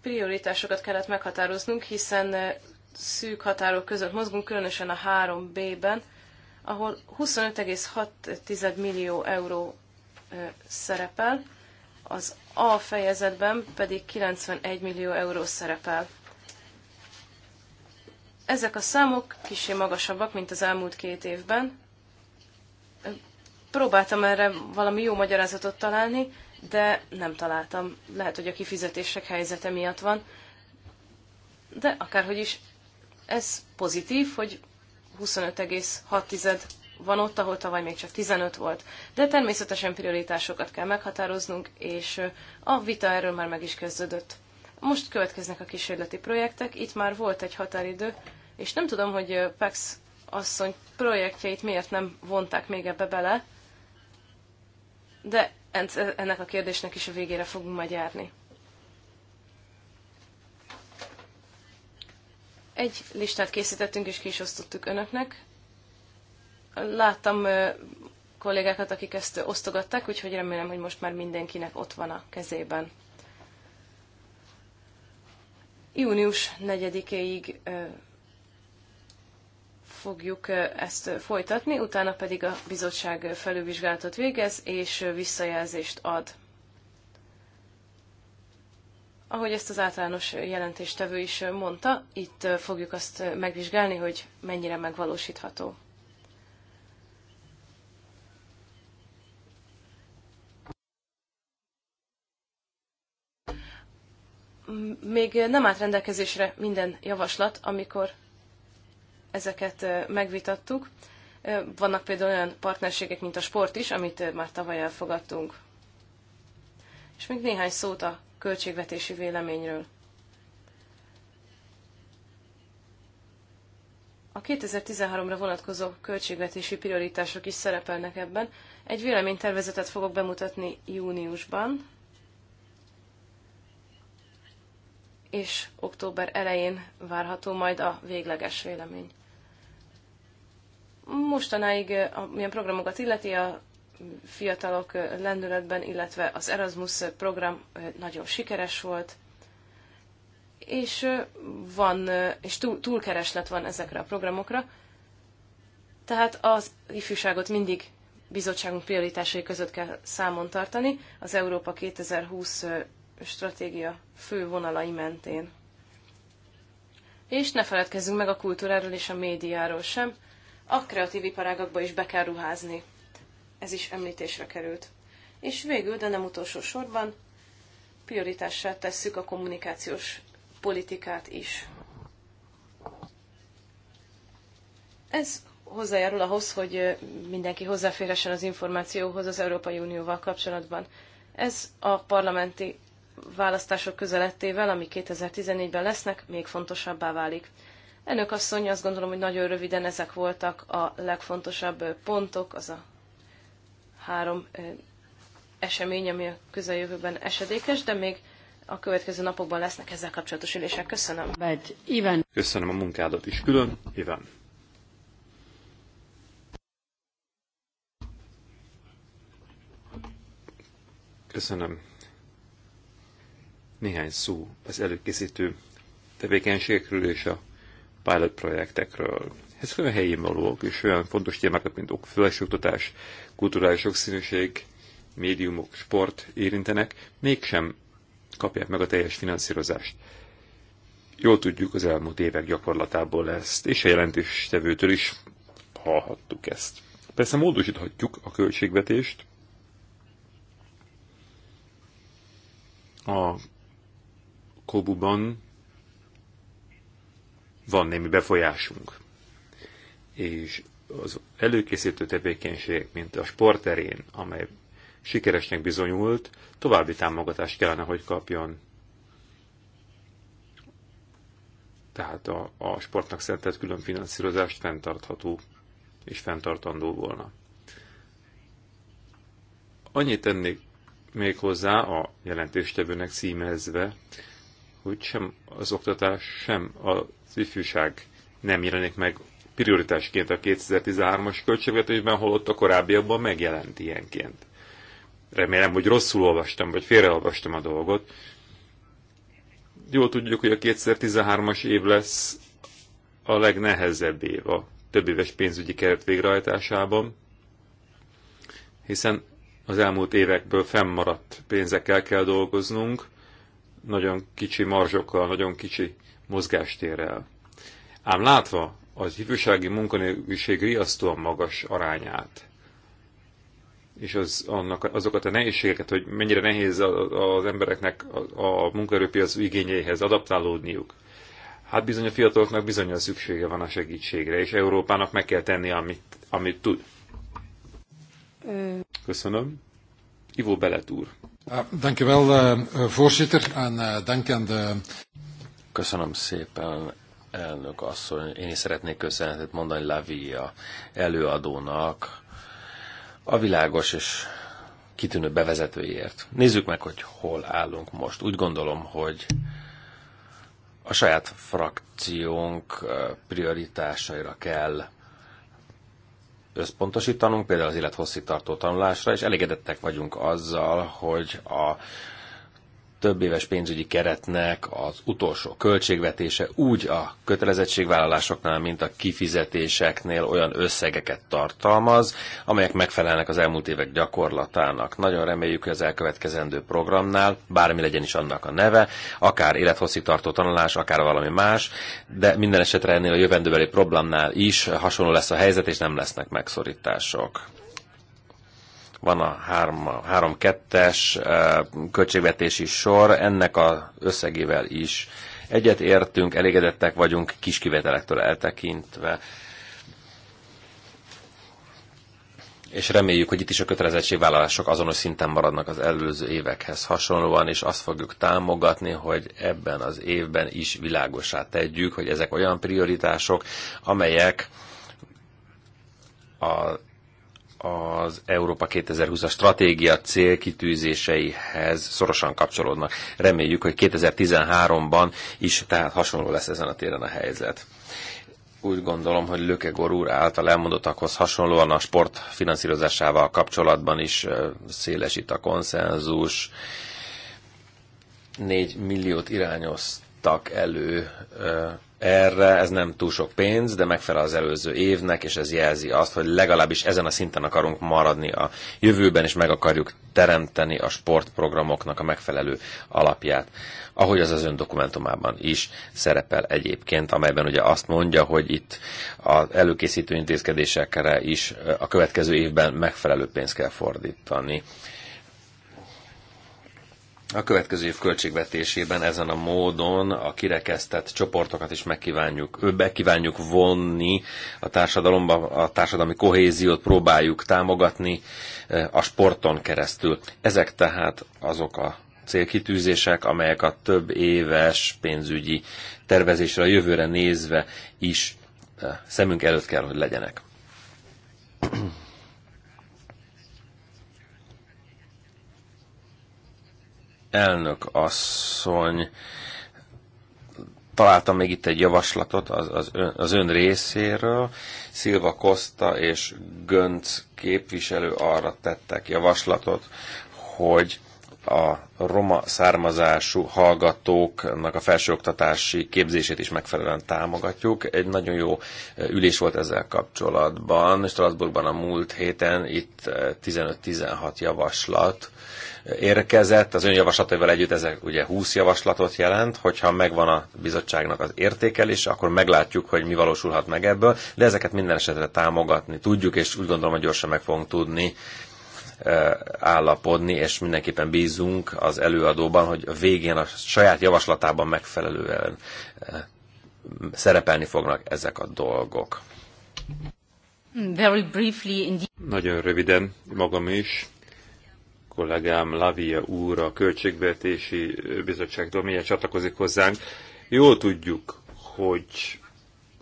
prioritásokat kellett meghatároznunk, hiszen szűk határok között mozgunk, különösen a 3B-ben, ahol 25,6 millió euró szerepel, az A fejezetben pedig 91 millió euró szerepel. Ezek a számok kicsi magasabbak, mint az elmúlt két évben, Próbáltam erre valami jó magyarázatot találni, de nem találtam. Lehet, hogy a kifizetések helyzete miatt van. De akárhogy is, ez pozitív, hogy 25,6 van ott, ahol tavaly még csak 15 volt. De természetesen prioritásokat kell meghatároznunk, és a vita erről már meg is kezdődött. Most következnek a kísérleti projektek, itt már volt egy határidő, és nem tudom, hogy Pax asszony projektjeit miért nem vonták még ebbe bele, de ennek a kérdésnek is a végére fogunk majd járni. Egy listát készítettünk és ki is osztottuk önöknek. Láttam kollégákat, akik ezt osztogatták, úgyhogy remélem, hogy most már mindenkinek ott van a kezében. Június 4-éig fogjuk ezt folytatni, utána pedig a bizottság felülvizsgálatot végez, és visszajelzést ad. Ahogy ezt az általános jelentéstevő is mondta, itt fogjuk azt megvizsgálni, hogy mennyire megvalósítható. még nem állt rendelkezésre minden javaslat, amikor ezeket megvitattuk. Vannak például olyan partnerségek, mint a sport is, amit már tavaly elfogadtunk. És még néhány szót a költségvetési véleményről. A 2013-ra vonatkozó költségvetési prioritások is szerepelnek ebben. Egy véleménytervezetet fogok bemutatni júniusban, és október elején várható majd a végleges vélemény. Mostanáig, eh, milyen programokat illeti, a fiatalok eh, lendületben, illetve az Erasmus program eh, nagyon sikeres volt, és van, és túl, túlkereslet van ezekre a programokra, tehát az ifjúságot mindig bizottságunk prioritásai között kell számon tartani, az Európa 2020 stratégia fő vonalai mentén. És ne feledkezzünk meg a kultúráról és a médiáról sem, a kreatív iparágakba is be kell ruházni. Ez is említésre került. És végül, de nem utolsó sorban, prioritássá tesszük a kommunikációs politikát is. Ez hozzájárul ahhoz, hogy mindenki hozzáférhessen az információhoz az Európai Unióval kapcsolatban. Ez a parlamenti választások közelettével, ami 2014-ben lesznek, még fontosabbá válik. Enök asszony, azt gondolom, hogy nagyon röviden ezek voltak a legfontosabb pontok, az a három esemény, ami a közeljövőben esedékes, de még a következő napokban lesznek ezzel kapcsolatos ülések. Köszönöm.
Köszönöm a munkádat is külön, Iván. Köszönöm. Néhány szó az előkészítő tevékenységekről és a pilot projektekről. Ez olyan helyén valók, és olyan fontos témákat, mint felsőoktatás, kulturális sokszínűség, médiumok, sport érintenek, mégsem kapják meg a teljes finanszírozást. Jól tudjuk az elmúlt évek gyakorlatából ezt, és a jelentéstevőtől is hallhattuk ezt. Persze módosíthatjuk a költségvetést, a Kobuban van némi befolyásunk. És az előkészítő tevékenységek, mint a sporterén, amely sikeresnek bizonyult, további támogatást kellene, hogy kapjon. Tehát a, a sportnak szentelt külön finanszírozást fenntartható és fenntartandó volna. Annyit tennék még hozzá a jelentéstevőnek címezve, hogy sem az oktatás, sem az ifjúság nem jelenik meg prioritásként a 2013-as költségvetésben, holott a korábbiakban megjelent ilyenként. Remélem, hogy rosszul olvastam, vagy félreolvastam a dolgot. Jól tudjuk, hogy a 2013-as év lesz a legnehezebb év a éves pénzügyi keret végrehajtásában, hiszen az elmúlt évekből fennmaradt pénzekkel kell dolgoznunk, nagyon kicsi marzsokkal, nagyon kicsi mozgástérrel. Ám látva az ifjúsági munkanélküliség riasztóan magas arányát, és az, annak, azokat a nehézségeket, hogy mennyire nehéz az embereknek a, a munkaerőpiac igényeihez adaptálódniuk. Hát bizony a fiataloknak bizony a szüksége van a segítségre, és Európának meg kell tenni, amit, amit tud. Köszönöm. Ivo Beletúr. Dank u wel, eh, eh, voorzitter, en eh, dank aan de...
Köszönöm szépen, elnök asszony. Én is szeretnék köszönetet mondani Lavia előadónak a világos és kitűnő bevezetőért. Nézzük meg, hogy hol állunk most. Úgy gondolom, hogy a saját frakciónk prioritásaira kell összpontosítanunk, például az élethosszígtartó tanulásra, és elégedettek vagyunk azzal, hogy a több éves pénzügyi keretnek az utolsó költségvetése úgy a kötelezettségvállalásoknál, mint a kifizetéseknél olyan összegeket tartalmaz, amelyek megfelelnek az elmúlt évek gyakorlatának. Nagyon reméljük, hogy az elkövetkezendő programnál, bármi legyen is annak a neve, akár élethosszígtartó tartó tanulás, akár valami más, de minden esetre ennél a jövendőbeli programnál is hasonló lesz a helyzet, és nem lesznek megszorítások. Van a 3-2-es költségvetési sor, ennek az összegével is egyet értünk, elégedettek vagyunk, kis kivételektől eltekintve. és reméljük, hogy itt is a kötelezettségvállalások azonos szinten maradnak az előző évekhez hasonlóan, és azt fogjuk támogatni, hogy ebben az évben is világosá tegyük, hogy ezek olyan prioritások, amelyek a az Európa 2020-as stratégia célkitűzéseihez szorosan kapcsolódnak. Reméljük, hogy 2013-ban is tehát hasonló lesz ezen a téren a helyzet. Úgy gondolom, hogy Lökegor úr által elmondottakhoz hasonlóan a sport finanszírozásával kapcsolatban is szélesít a konszenzus. 4 milliót irányoz írtak elő erre, ez nem túl sok pénz, de megfelel az előző évnek, és ez jelzi azt, hogy legalábbis ezen a szinten akarunk maradni a jövőben, és meg akarjuk teremteni a sportprogramoknak a megfelelő alapját, ahogy az az ön dokumentumában is szerepel egyébként, amelyben ugye azt mondja, hogy itt az előkészítő intézkedésekre is a következő évben megfelelő pénzt kell fordítani a következő év költségvetésében ezen a módon a kirekesztett csoportokat is megkívánjuk, bekívánjuk vonni a társadalomba, a társadalmi kohéziót próbáljuk támogatni a sporton keresztül. Ezek tehát azok a célkitűzések, amelyek a több éves pénzügyi tervezésre a jövőre nézve is szemünk előtt kell, hogy legyenek. elnök asszony, találtam még itt egy javaslatot az, az, ön, az ön részéről. Szilva Costa és Gönc képviselő arra tettek javaslatot, hogy a roma származású hallgatóknak a felsőoktatási képzését is megfelelően támogatjuk. Egy nagyon jó eh, ülés volt ezzel kapcsolatban. Strasbourgban a múlt héten itt 15-16 eh, javaslat eh, érkezett. Az önjavaslataival együtt ezek ugye 20 javaslatot jelent, hogyha megvan a bizottságnak az értékelés, akkor meglátjuk, hogy mi valósulhat meg ebből, de ezeket minden esetre támogatni tudjuk, és úgy gondolom, hogy gyorsan meg fogunk tudni állapodni, és mindenképpen bízunk az előadóban, hogy a végén a saját javaslatában megfelelően szerepelni fognak ezek a dolgok.
Very briefly
Nagyon röviden magam is kollégám Lavia úr a Költségvetési Bizottságtól milyen csatlakozik hozzánk. Jól tudjuk, hogy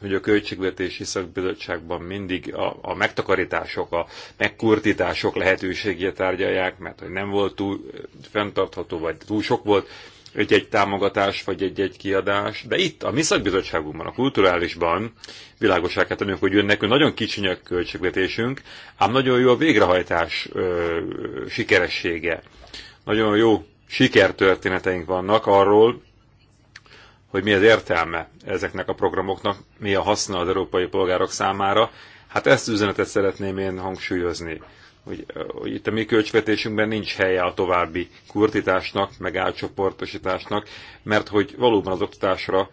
hogy a Költségvetési Szakbizottságban mindig a, a megtakarítások, a megkurtítások lehetőségét tárgyalják, mert hogy nem volt túl fenntartható, vagy túl sok volt egy-egy támogatás, vagy egy-egy kiadás, de itt a mi szakbizottságunkban, a kulturálisban világosá kell tennünk, hogy nekünk nagyon kicsiny a költségvetésünk, ám nagyon jó a végrehajtás ö, sikeressége. Nagyon jó sikertörténeteink vannak arról, hogy mi az értelme ezeknek a programoknak, mi a haszna az európai polgárok számára. Hát ezt üzenetet szeretném én hangsúlyozni, hogy, hogy itt a mi költségvetésünkben nincs helye a további kurtításnak, meg átcsoportosításnak, mert hogy valóban az oktatásra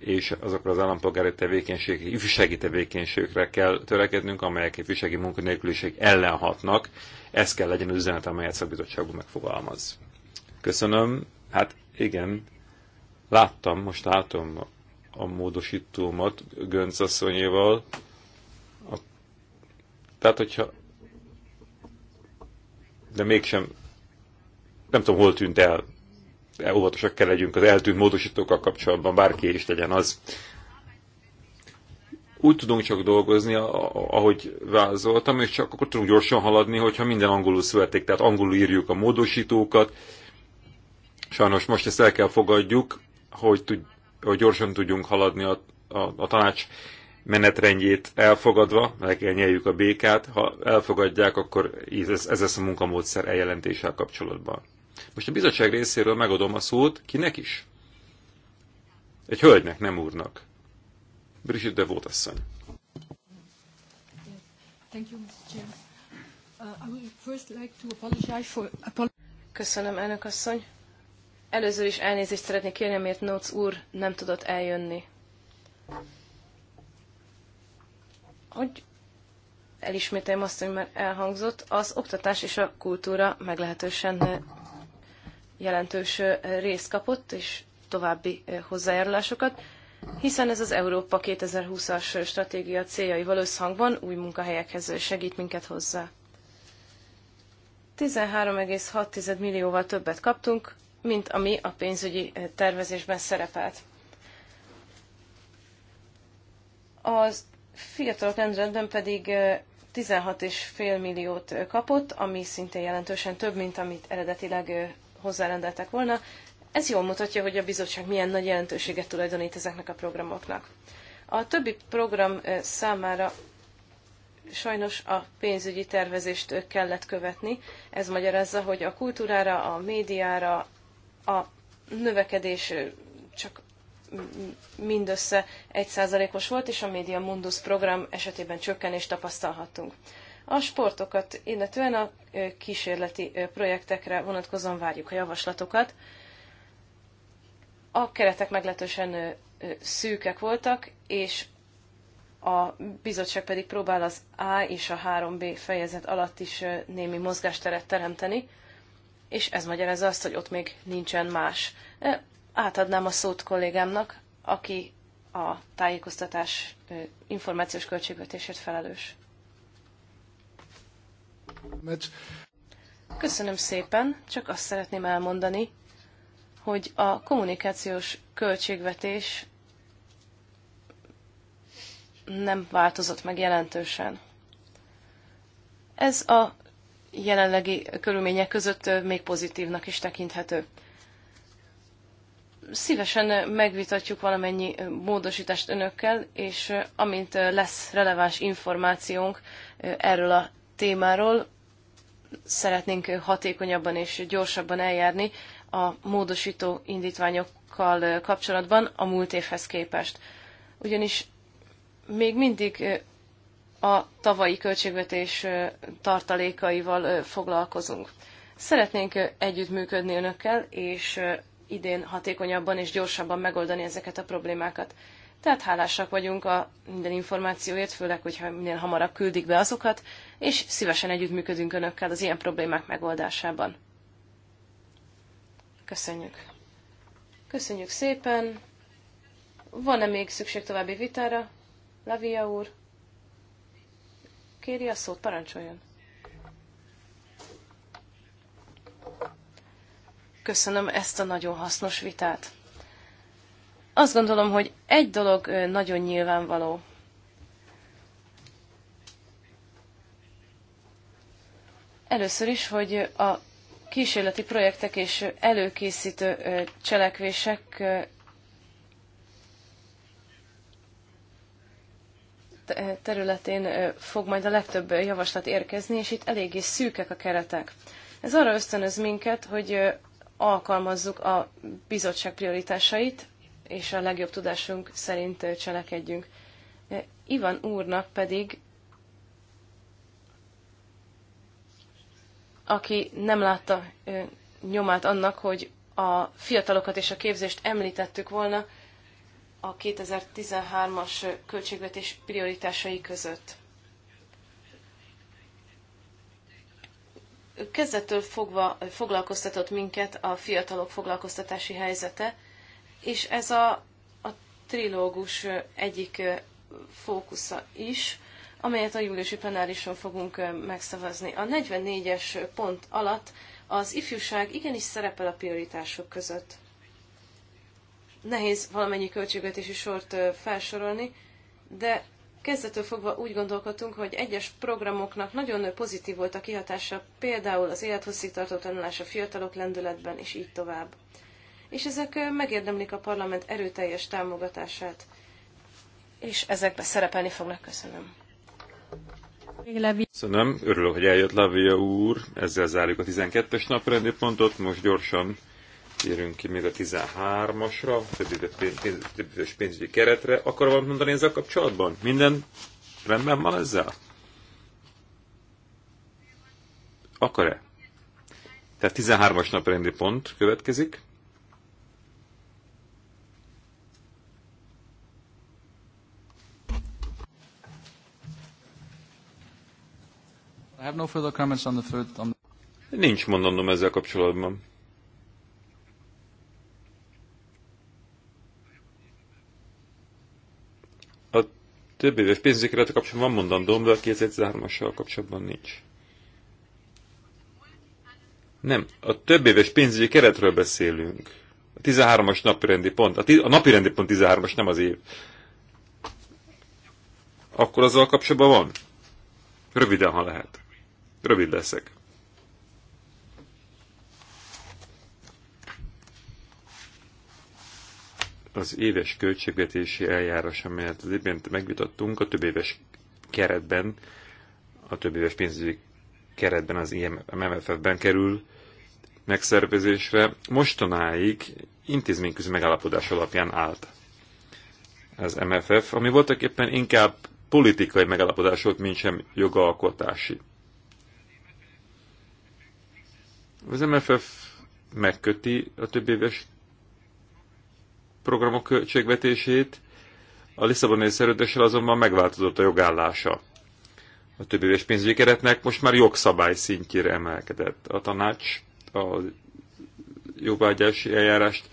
és azokra az állampolgári tevékenységek, ifjúsági tevékenységre kell törekednünk, amelyek ifjúsági munkanélküliség ellen hatnak. Ez kell legyen üzenet, amelyet szakbizottságban megfogalmaz. Köszönöm. Hát igen, Láttam, most látom a módosítómat Gönc asszonyéval. A, tehát, hogyha de mégsem nem tudom, hol tűnt el. E, óvatosak kell legyünk az eltűnt módosítókkal kapcsolatban, bárki is legyen az. Úgy tudunk csak dolgozni, ahogy vázoltam, és csak akkor tudunk gyorsan haladni, hogyha minden angolul születik, tehát angolul írjuk a módosítókat. Sajnos most ezt el kell fogadjuk, hogy, tud, hogy gyorsan tudjunk haladni a, a, a tanács menetrendjét elfogadva, nyeljük a békát, ha elfogadják, akkor ez, ez lesz a munkamódszer eljelentéssel kapcsolatban. Most a bizottság részéről megadom a szót, kinek is? Egy hölgynek, nem úrnak. Brigitte de Vótasszony.
Uh, Köszönöm, elnök asszony. Előző is elnézést szeretnék kérni, amiért Notes úr nem tudott eljönni. Hogy elismételjem azt, hogy már elhangzott, az oktatás és a kultúra meglehetősen jelentős részt kapott, és további hozzájárulásokat, hiszen ez az Európa 2020-as stratégia céljaival összhangban új munkahelyekhez segít minket hozzá. 13,6 millióval többet kaptunk, mint ami a pénzügyi eh, tervezésben szerepelt. Az fiatalok rendben pedig 16,5 eh, milliót eh, kapott, ami szintén jelentősen több, mint amit eredetileg hozzárendeltek volna. Ez jól mutatja, hogy a bizottság milyen nagy jelentőséget tulajdonít ezeknek a programoknak. A többi program számára sajnos a pénzügyi tervezést kellett követni. Ez magyarázza, hogy a kultúrára, a médiára, a növekedés csak mindössze 1%-os volt, és a Media Mundus program esetében csökkenést tapasztalhattunk. A sportokat, illetően a kísérleti projektekre vonatkozóan várjuk a javaslatokat. A keretek meglehetősen szűkek voltak, és a bizottság pedig próbál az A és a 3B fejezet alatt is némi mozgásteret teremteni és ez magyarázza azt, hogy ott még nincsen más. Átadnám a szót kollégámnak, aki a tájékoztatás információs költségvetésért felelős. Köszönöm szépen, csak azt szeretném elmondani, hogy a kommunikációs költségvetés nem változott meg jelentősen. Ez a jelenlegi körülmények között még pozitívnak is tekinthető. Szívesen megvitatjuk valamennyi módosítást önökkel, és amint lesz releváns információnk erről a témáról, szeretnénk hatékonyabban és gyorsabban eljárni a módosító indítványokkal kapcsolatban a múlt évhez képest. Ugyanis még mindig a tavalyi költségvetés tartalékaival foglalkozunk. Szeretnénk együttműködni önökkel, és idén hatékonyabban és gyorsabban megoldani ezeket a problémákat. Tehát hálásak vagyunk a minden információért, főleg, hogyha minél hamarabb küldik be azokat, és szívesen együttműködünk önökkel az ilyen problémák megoldásában. Köszönjük. Köszönjük szépen. Van-e még szükség további vitára? Lavia úr kéri a szót, parancsoljon. Köszönöm ezt a nagyon hasznos vitát. Azt gondolom, hogy egy dolog nagyon nyilvánvaló. Először is, hogy a kísérleti projektek és előkészítő cselekvések Eh, területén eh, fog majd a legtöbb eh, javaslat érkezni, és itt eléggé szűkek a keretek. Ez arra ösztönöz minket, hogy alkalmazzuk a bizottság prioritásait, és a legjobb tudásunk szerint cselekedjünk. Ivan úrnak pedig, aki nem látta nyomát annak, hogy a fiatalokat és a képzést említettük volna, a 2013-as költségvetés prioritásai között. Kezdettől fogva foglalkoztatott minket a fiatalok foglalkoztatási helyzete, és ez a, a trilógus egyik fókusza is, amelyet a júliusi plenárison fogunk megszavazni. A 44-es pont alatt az ifjúság igenis szerepel a prioritások között. Nehéz valamennyi költségvetési sort felsorolni, de kezdetől fogva úgy gondolkodtunk, hogy egyes programoknak nagyon pozitív volt a kihatása, például az élethosszígtartó tanulás a fiatalok lendületben, és így tovább. És ezek megérdemlik a parlament erőteljes támogatását. És ezekbe szerepelni fognak. Köszönöm.
Köszönöm.
Örülök, hogy eljött Lavia úr. Ezzel zárjuk a 12-es naprendi pontot. Most gyorsan térünk ki még a 13-asra, éves pénzügyi keretre, akar valamit mondani ezzel kapcsolatban? Minden rendben van ezzel? Akar-e? Tehát 13-as naprendi pont következik.
I have no further comments on the third, on
the... Nincs mondanom ezzel kapcsolatban. Több éves pénzügyi keretre kapcsolatban van mondandóm, de a 2013-assal kapcsolatban nincs. Nem, a több éves pénzügyi keretről beszélünk. A 13-as napirendi pont. A, a napirendi pont 13-as, nem az év. Akkor azzal kapcsolatban van? Röviden, ha lehet. Rövid leszek. az éves költségvetési eljárás, amelyet az évben megvitattunk, a több éves keretben, a több éves pénzügyi keretben az MFF-ben kerül megszervezésre, mostanáig intézményközi megállapodás alapján állt az MFF, ami voltak éppen inkább politikai megállapodás volt, mint sem jogalkotási. Az MFF megköti a több éves programok költségvetését, a Lisszaboni szerződéssel azonban megváltozott a jogállása. A több éves pénzügyi keretnek most már jogszabály szintjére emelkedett. A tanács a jóvágyási eljárást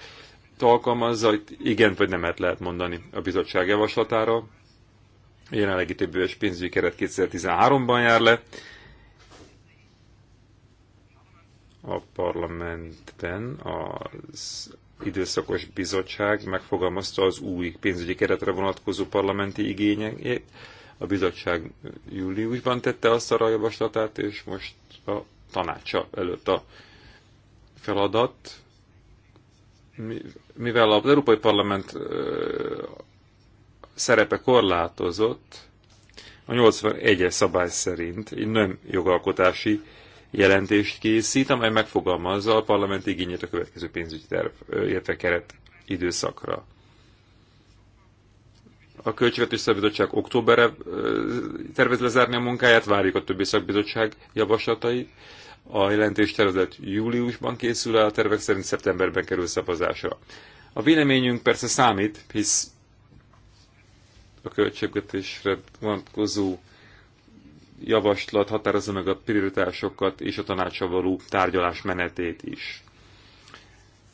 alkalmazza, hogy igen vagy nemet lehet mondani a bizottság javaslatára. A jelenlegi több éves pénzügyi keret 2013-ban jár le. A parlamentben az időszakos bizottság megfogalmazta az új pénzügyi keretre vonatkozó parlamenti igényeit. A bizottság júliusban tette azt a javaslatát, és most a tanácsa előtt a feladat. Mivel az Európai Parlament szerepe korlátozott, a 81-es szabály szerint nem jogalkotási jelentést készít, amely megfogalmazza a parlament igényét a következő pénzügyi terv, illetve keret időszakra. A Költségvetés Szakbizottság októberre tervez lezárni a munkáját, várjuk a többi szakbizottság javaslatait. A jelentés tervezett júliusban készül el, a tervek szerint szeptemberben kerül szavazásra. A véleményünk persze számít, hisz a költségvetésre vonatkozó javaslat határozza meg a prioritásokat és a tanácsa való tárgyalás menetét is.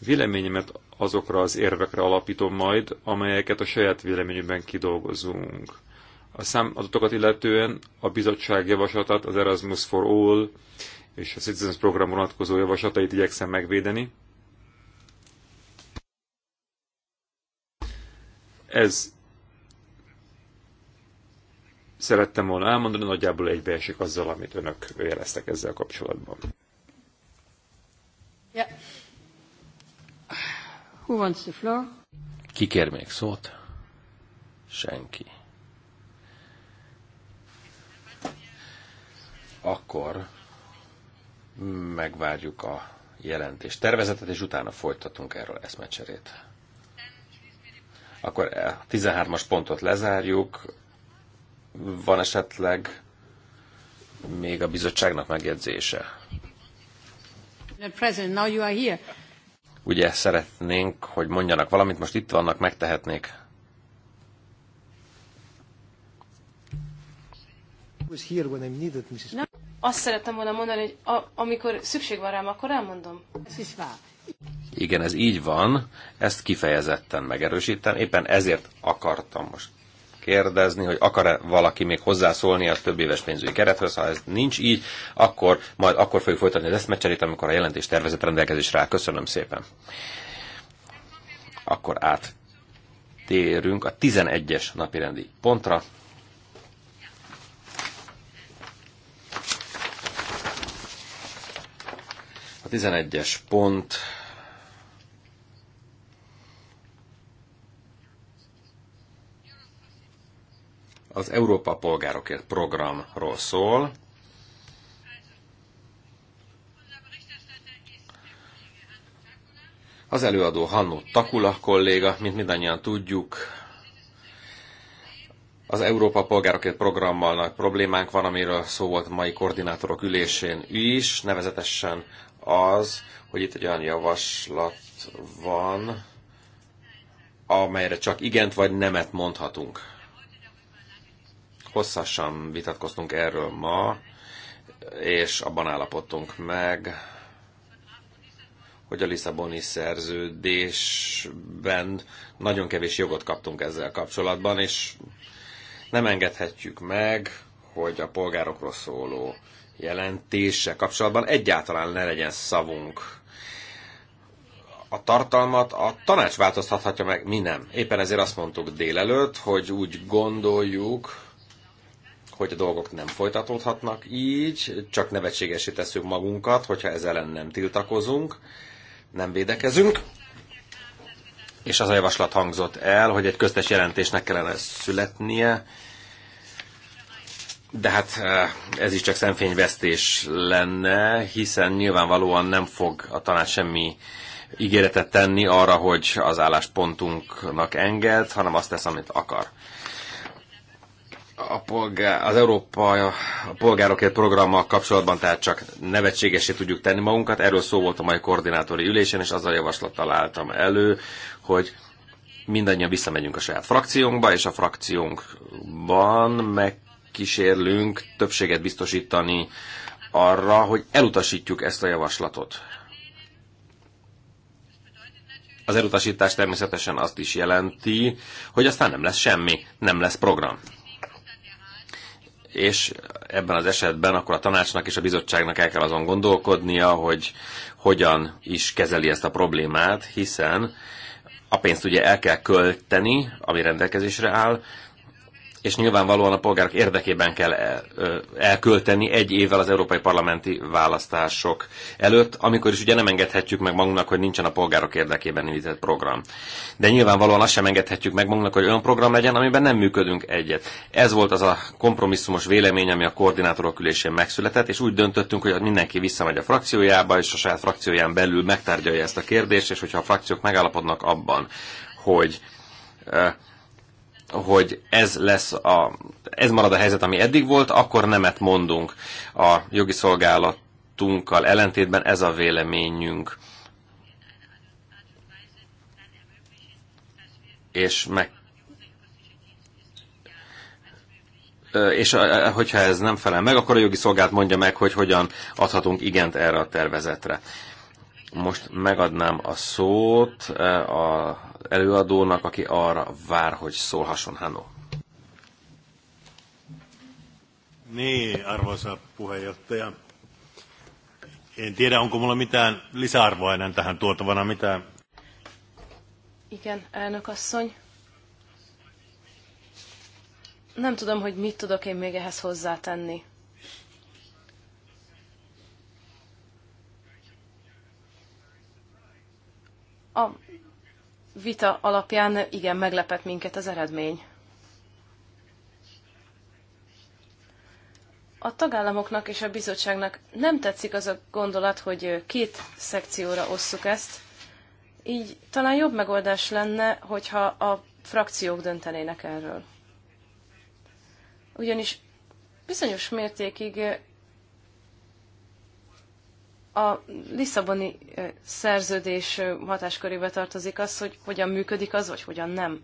Véleményemet azokra az érvekre alapítom majd, amelyeket a saját véleményünkben kidolgozunk. A számadatokat illetően a bizottság javaslatát, az Erasmus for All és a Citizens Program vonatkozó javaslatait igyekszem megvédeni. Ez szerettem volna elmondani, nagyjából egybeesik azzal, amit önök jeleztek ezzel kapcsolatban.
Yeah. Who wants the floor?
Ki kér
még szót? Senki. Akkor megvárjuk a jelentés tervezetet, és utána folytatunk erről eszmecserét. Akkor a 13-as pontot lezárjuk, van esetleg még a bizottságnak megjegyzése? Ugye szeretnénk, hogy mondjanak valamit, most itt vannak, megtehetnék.
azt szerettem volna mondani, hogy a, amikor szükség van rám, akkor elmondom.
Igen, ez így van, ezt kifejezetten megerősítem, éppen ezért akartam most kérdezni, hogy akar-e valaki még hozzászólni a több éves pénzügyi kerethez. Ha ez nincs így, akkor majd akkor fogjuk folytatni az eszmecserét, amikor a jelentés tervezett rendelkezésre áll. Köszönöm szépen. Akkor át térünk a 11-es napirendi pontra. A 11-es pont az Európa Polgárokért programról szól. Az előadó Hannu Takula kolléga, mint mindannyian tudjuk, az Európa Polgárokért programmal nagy problémánk van, amiről szó volt mai koordinátorok ülésén is, nevezetesen az, hogy itt egy olyan javaslat van, amelyre csak igent vagy nemet mondhatunk. Hosszasan vitatkoztunk erről ma, és abban állapodtunk meg, hogy a Lisszaboni szerződésben nagyon kevés jogot kaptunk ezzel kapcsolatban, és nem engedhetjük meg, hogy a polgárokról szóló jelentése kapcsolatban egyáltalán ne legyen szavunk. A tartalmat a tanács változtathatja meg, mi nem. Éppen ezért azt mondtuk délelőtt, hogy úgy gondoljuk, hogy a dolgok nem folytatódhatnak így, csak nevetségesé tesszük magunkat, hogyha ez ellen nem tiltakozunk, nem védekezünk. És az a javaslat hangzott el, hogy egy köztes jelentésnek kellene születnie, de hát eh, ez is csak szemfényvesztés lenne, hiszen nyilvánvalóan nem fog a tanács semmi ígéretet tenni arra, hogy az álláspontunknak enged, hanem azt tesz, amit akar a polgár, az Európa a polgárokért programmal kapcsolatban, tehát csak nevetségesé tudjuk tenni magunkat. Erről szó volt a mai koordinátori ülésen, és azzal javaslattal álltam elő, hogy mindannyian visszamegyünk a saját frakciónkba, és a frakciónkban megkísérlünk többséget biztosítani arra, hogy elutasítjuk ezt a javaslatot. Az elutasítás természetesen azt is jelenti, hogy aztán nem lesz semmi, nem lesz program és ebben az esetben akkor a tanácsnak és a bizottságnak el kell azon gondolkodnia, hogy hogyan is kezeli ezt a problémát, hiszen a pénzt ugye el kell költeni, ami rendelkezésre áll, és nyilvánvalóan a polgárok érdekében kell el, elkölteni egy évvel az európai parlamenti választások előtt, amikor is ugye nem engedhetjük meg magunknak, hogy nincsen a polgárok érdekében indított program. De nyilvánvalóan azt sem engedhetjük meg magunknak, hogy olyan program legyen, amiben nem működünk egyet. Ez volt az a kompromisszumos vélemény, ami a koordinátorok ülésén megszületett, és úgy döntöttünk, hogy mindenki visszamegy a frakciójába, és a saját frakcióján belül megtárgyalja ezt a kérdést, és hogyha a frakciók megállapodnak abban, hogy hogy ez lesz a, ez marad a helyzet, ami eddig volt, akkor nemet mondunk a jogi szolgálatunkkal ellentétben, ez a véleményünk. És meg és hogyha ez nem felel meg, akkor a jogi szolgált mondja meg, hogy hogyan adhatunk igent erre a tervezetre. Most megadnám a szót a előadónak, aki arra vár, hogy szólhasson Hanó.
Né, arvoisa puheenjohtaja. En tiedä, onko mulla mitään lisäarvoa enää tähän tuotavana, mitään.
Igen, elnök asszony. Nem tudom, hogy mit tudok én még ehhez hozzátenni. A vita alapján igen meglepett minket az eredmény. A tagállamoknak és a bizottságnak nem tetszik az a gondolat, hogy két szekcióra osszuk ezt, így talán jobb megoldás lenne, hogyha a frakciók döntenének erről. Ugyanis bizonyos mértékig a Lisszaboni szerződés hatáskörébe tartozik az, hogy hogyan működik az, vagy hogyan nem.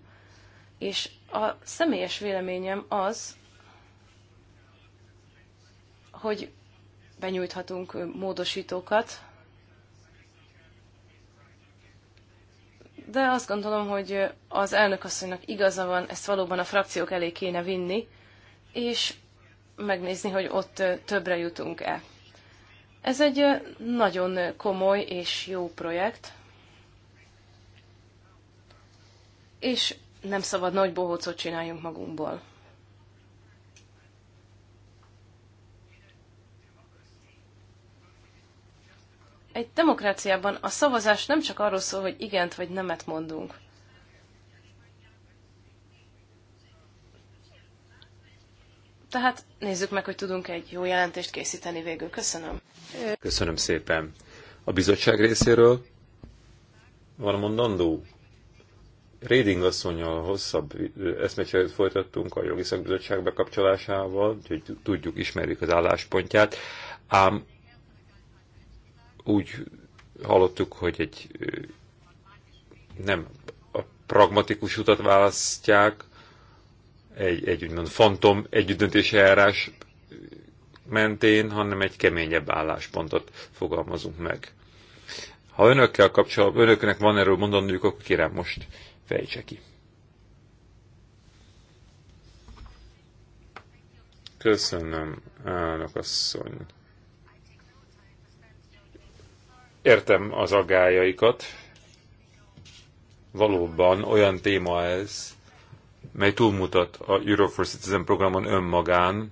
És a személyes véleményem az, hogy benyújthatunk módosítókat, de azt gondolom, hogy az elnökasszonynak igaza van, ezt valóban a frakciók elé kéne vinni, és megnézni, hogy ott többre jutunk-e. Ez egy nagyon komoly és jó projekt, és nem szabad nagy bohócot csináljunk magunkból. Egy demokráciában a szavazás nem csak arról szól, hogy igent vagy nemet mondunk. Tehát nézzük meg, hogy tudunk egy jó jelentést készíteni végül. Köszönöm.
Köszönöm szépen. A bizottság részéről van mondandó? Réding asszonyal hosszabb eszmecserét folytattunk a jogi szakbizottság bekapcsolásával, hogy tudjuk, ismerjük az álláspontját, ám úgy hallottuk, hogy egy nem a pragmatikus utat választják, egy, egy úgymond fantom együttdöntési eljárás mentén, hanem egy keményebb álláspontot fogalmazunk meg. Ha önökkel kapcsolatban, önöknek van erről mondaniuk, akkor kérem most fejtse ki. Köszönöm, elnök asszony. Értem az agályaikat. Valóban olyan téma ez, mely túlmutat a Euro for Citizen programon önmagán,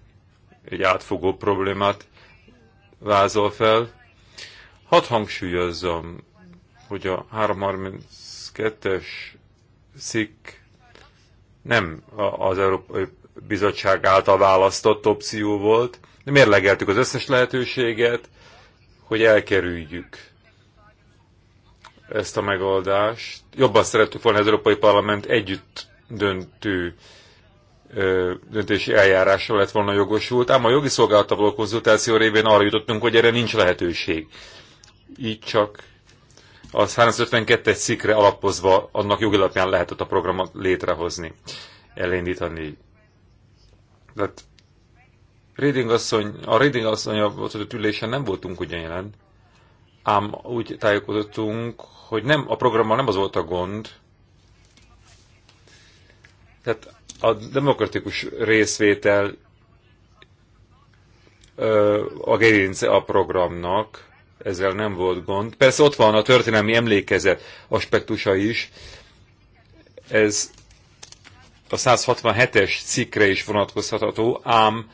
egy átfogó problémát vázol fel. Hadd hangsúlyozzam, hogy a 332-es szik nem az Európai Bizottság által választott opció volt, de mérlegeltük az összes lehetőséget, hogy elkerüljük ezt a megoldást. Jobban szerettük volna az Európai Parlament együtt döntő döntési eljárásra lett volna jogosult, ám a jogi szolgálata való konzultáció révén arra jutottunk, hogy erre nincs lehetőség. Így csak a 352-es szikre alapozva annak alapján lehetett a programot létrehozni, elindítani. Tehát Reading asszony, a Reading asszony a ülésen nem voltunk ugyan jelen, ám úgy tájékozottunk, hogy nem, a programmal nem az volt a gond, tehát a demokratikus részvétel a gerince a programnak, ezzel nem volt gond. Persze ott van a történelmi emlékezet aspektusa is, ez a 167-es cikkre is vonatkozható, ám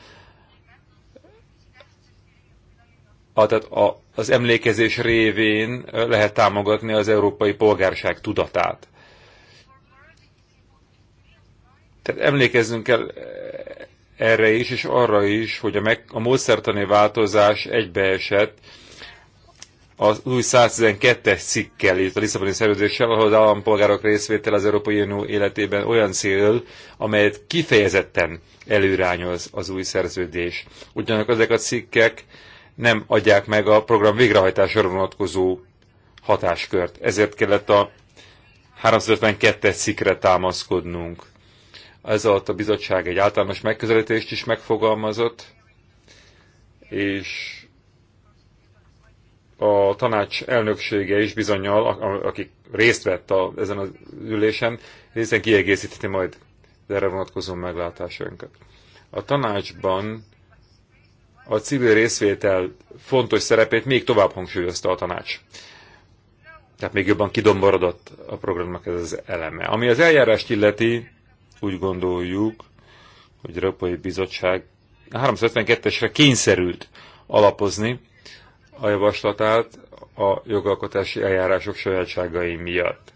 a, tehát a, az emlékezés révén lehet támogatni az európai polgárság tudatát. Tehát emlékezzünk el erre is, és arra is, hogy a, meg, a módszertani változás egybeesett az új 112-es cikkel, itt a Lisszaboni szerződéssel, ahol az állampolgárok részvétel az Európai Unió életében olyan cél, amelyet kifejezetten előrányoz az új szerződés. Ugyanakkor ezek a cikkek nem adják meg a program végrehajtására vonatkozó hatáskört. Ezért kellett a 352-es cikkre támaszkodnunk alatt a bizottság egy általános megközelítést is megfogalmazott, és a tanács elnöksége is bizonyal, akik részt vett a, ezen az ülésen, részen kiegészíti majd erre vonatkozó meglátásainkat. A tanácsban a civil részvétel fontos szerepét még tovább hangsúlyozta a tanács. Tehát még jobban kidomborodott a programnak ez az eleme. Ami az eljárást illeti, úgy gondoljuk, hogy az Európai Bizottság 352-esre kényszerült alapozni a javaslatát a jogalkotási eljárások sajátságai miatt.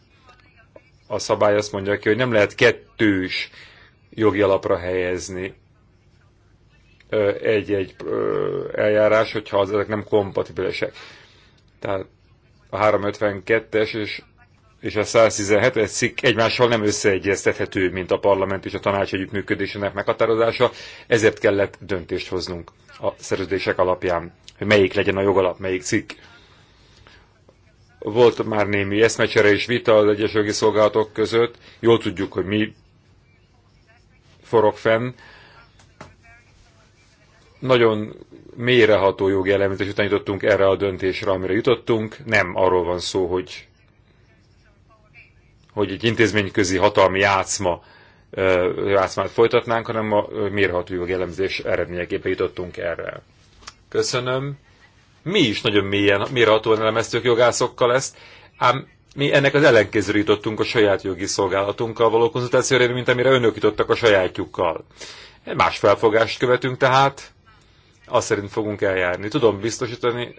A szabály azt mondja ki, hogy nem lehet kettős jogi alapra helyezni egy-egy eljárás, hogyha ezek nem kompatibilisek. Tehát a 352-es és és a 117 cikk egymással nem összeegyeztethető, mint a parlament és a tanács együttműködésének meghatározása, ezért kellett döntést hoznunk a szerződések alapján, hogy melyik legyen a jogalap, melyik cikk. Volt már némi eszmecsere és vita az egyes jogi szolgálatok között, jól tudjuk, hogy mi forog fenn. Nagyon mélyreható jogi elemet, és után jutottunk erre a döntésre, amire jutottunk. Nem arról van szó, hogy hogy egy intézményközi hatalmi játszma játszmát folytatnánk, hanem a mérható jogelemzés eredményeképpen jutottunk erre. Köszönöm. Mi is nagyon mélyen, mérhatóan elemeztük jogászokkal ezt, ám mi ennek az ellenkezőre jutottunk a saját jogi szolgálatunkkal való konzultációra, mint amire önök jutottak a sajátjukkal. Más felfogást követünk tehát, azt szerint fogunk eljárni. Tudom biztosítani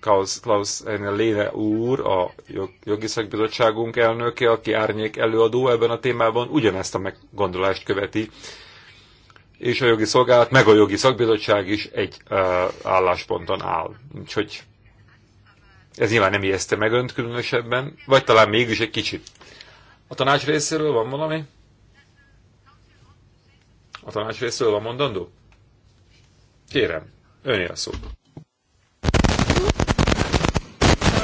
Klaus, Klaus Léne úr, a Jogi Szakbizottságunk elnöke, aki árnyék előadó ebben a témában, ugyanezt a meggondolást követi, és a jogi szolgálat, meg a jogi szakbizottság is egy uh, állásponton áll. Úgyhogy ez nyilván nem ijeszte meg önt különösebben, vagy talán mégis egy kicsit. A tanács részéről van valami? A tanács részéről van mondandó? Kérem, önél a szót.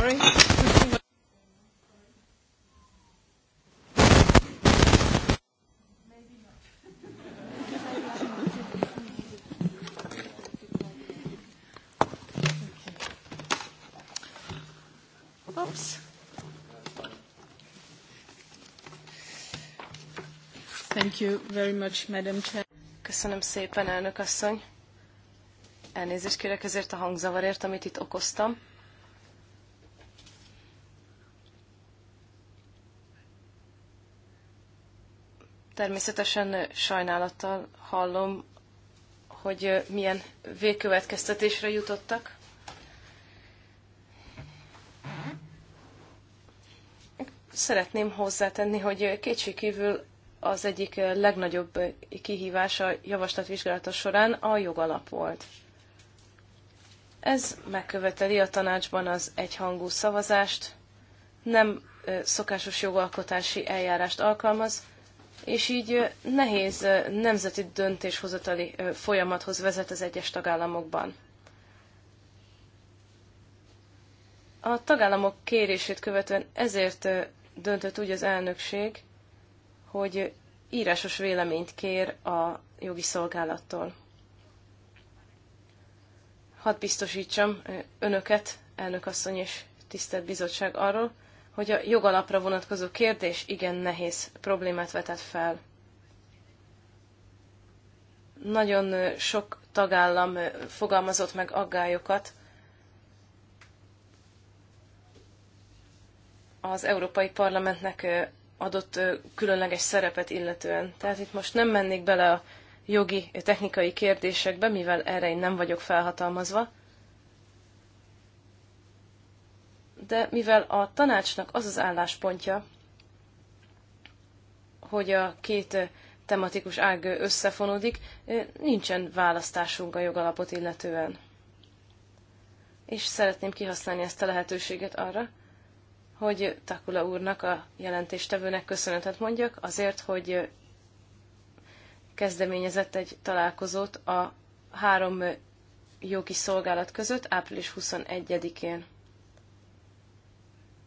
sorry. Oops. Thank you very much, Madam Chair. Köszönöm szépen, elnök asszony. Elnézést kérek ezért a hangzavarért, amit itt okoztam. Természetesen sajnálattal hallom, hogy milyen végkövetkeztetésre jutottak. Szeretném hozzátenni, hogy kétségkívül az egyik legnagyobb kihívás a javaslatvizsgálata során a jogalap volt. Ez megköveteli a tanácsban az egyhangú szavazást, nem szokásos jogalkotási eljárást alkalmaz, és így nehéz nemzeti döntéshozatali folyamathoz vezet az egyes tagállamokban. A tagállamok kérését követően ezért döntött úgy az elnökség, hogy írásos véleményt kér a jogi szolgálattól. Hadd biztosítsam önöket, elnök asszony és tisztelt bizottság arról, hogy a jogalapra vonatkozó kérdés igen nehéz problémát vetett fel. Nagyon sok tagállam fogalmazott meg aggályokat az Európai Parlamentnek adott különleges szerepet illetően. Tehát itt most nem mennék bele a jogi, technikai kérdésekbe, mivel erre én nem vagyok felhatalmazva. de mivel a tanácsnak az az álláspontja, hogy a két tematikus ág összefonódik, eh, nincsen választásunk a jogalapot illetően. És szeretném kihasználni ezt a lehetőséget arra, hogy Takula úrnak, a jelentéstevőnek köszönetet mondjak azért, hogy kezdeményezett egy találkozót a három jogi szolgálat között április 21-én.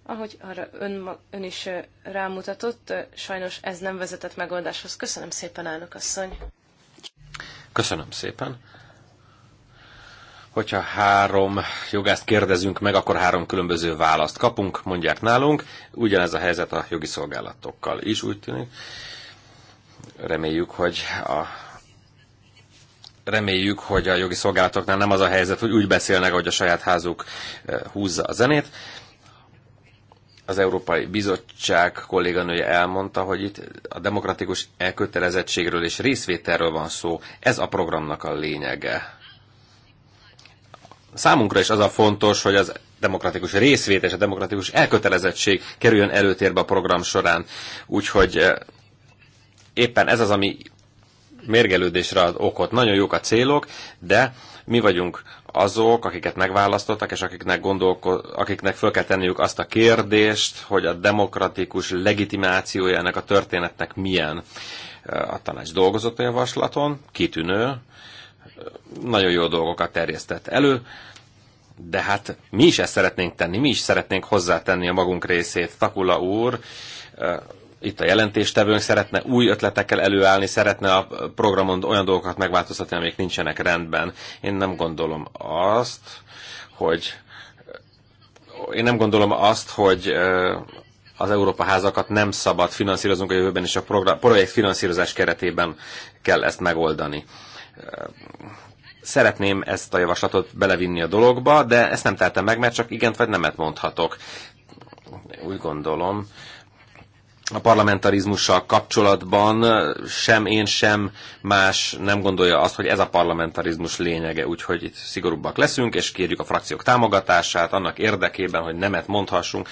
Ahogy arra ön, ön is rámutatott, sajnos ez nem vezetett megoldáshoz. Köszönöm szépen, elnök asszony!
Köszönöm szépen! hogyha három jogást kérdezünk meg, akkor három különböző választ kapunk, mondják nálunk. Ugyanez a helyzet a jogi szolgálatokkal is, úgy tűnik. Reméljük, hogy a reméljük, hogy a jogi szolgálatoknál nem az a helyzet, hogy úgy beszélnek, hogy a saját házuk húzza a zenét az Európai Bizottság kolléganője elmondta, hogy itt a demokratikus elkötelezettségről és részvételről van szó. Ez a programnak a lényege. Számunkra is az a fontos, hogy az demokratikus részvétel és a demokratikus elkötelezettség kerüljön előtérbe a program során. Úgyhogy eh, éppen ez az, ami mérgelődésre ad okot. Nagyon jók a célok, de mi vagyunk azok, akiket megválasztottak, és akiknek, gondolko- akiknek föl kell tenniük azt a kérdést, hogy a demokratikus legitimációja ennek a történetnek milyen. Eh, a tanács dolgozott a javaslaton, kitűnő, nagyon jó dolgokat terjesztett elő, de hát mi is ezt szeretnénk tenni, mi is szeretnénk hozzátenni a magunk részét. Takula úr eh, itt a jelentéstevőnk szeretne új ötletekkel előállni, szeretne a programon olyan dolgokat megváltoztatni, amik nincsenek rendben. Én nem gondolom azt, hogy én nem gondolom azt, hogy az Európa házakat nem szabad finanszírozunk a jövőben, és a program, projekt finanszírozás keretében kell ezt megoldani. Szeretném ezt a javaslatot belevinni a dologba, de ezt nem tettem meg, mert csak igent vagy nemet mondhatok. Úgy gondolom, a parlamentarizmussal kapcsolatban sem én, sem más nem gondolja azt, hogy ez a parlamentarizmus lényege, úgyhogy itt szigorúbbak leszünk, és kérjük a frakciók támogatását annak érdekében, hogy nemet mondhassunk.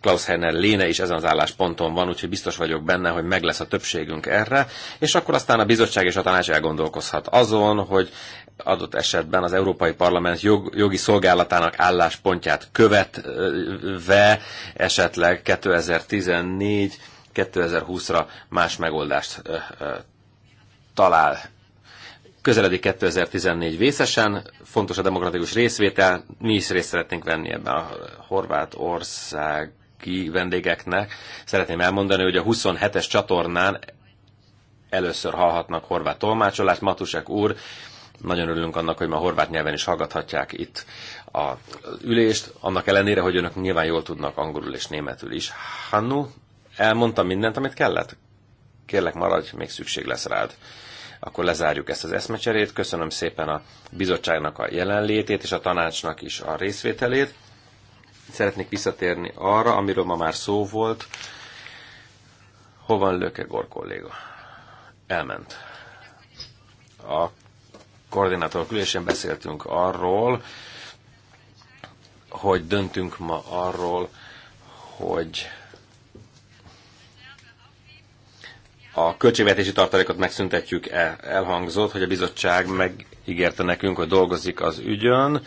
Klaus Heiner léne is ezen az állásponton van, úgyhogy biztos vagyok benne, hogy meg lesz a többségünk erre, és akkor aztán a bizottság és a tanács elgondolkozhat azon, hogy adott esetben az Európai Parlament jog, jogi szolgálatának álláspontját követve esetleg 2014 2020-ra más megoldást talál. Közeledik 2014 vészesen, fontos a demokratikus részvétel, mi is részt szeretnénk venni ebben a horvát horvátországi vendégeknek. Szeretném elmondani, hogy a 27-es csatornán először hallhatnak horvát tolmácsolást. Matusek úr, nagyon örülünk annak, hogy ma horvát nyelven is hallgathatják itt a ülést, annak ellenére, hogy önök nyilván jól tudnak angolul és németül is. Hannu Elmondtam mindent, amit kellett? Kérlek, maradj, még szükség lesz rád. Akkor lezárjuk ezt az eszmecserét. Köszönöm szépen a bizottságnak a jelenlétét és a tanácsnak is a részvételét. Szeretnék visszatérni arra, amiről ma már szó volt. Hovan Löke Gor kolléga? Elment. A koordinátor külésén beszéltünk arról, hogy döntünk ma arról, hogy a költségvetési tartalékot megszüntetjük -e? Elhangzott, hogy a bizottság megígérte nekünk, hogy dolgozik az ügyön,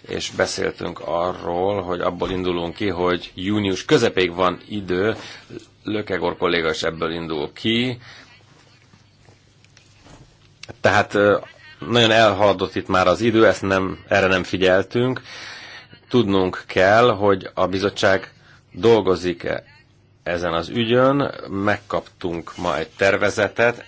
és beszéltünk arról, hogy abból indulunk ki, hogy június közepéig van idő, Lökegor kolléga is ebből indul ki, tehát nagyon elhaladott itt már az idő, ezt nem, erre nem figyeltünk. Tudnunk kell, hogy a bizottság dolgozik-e ezen az ügyön. Megkaptunk ma egy tervezetet,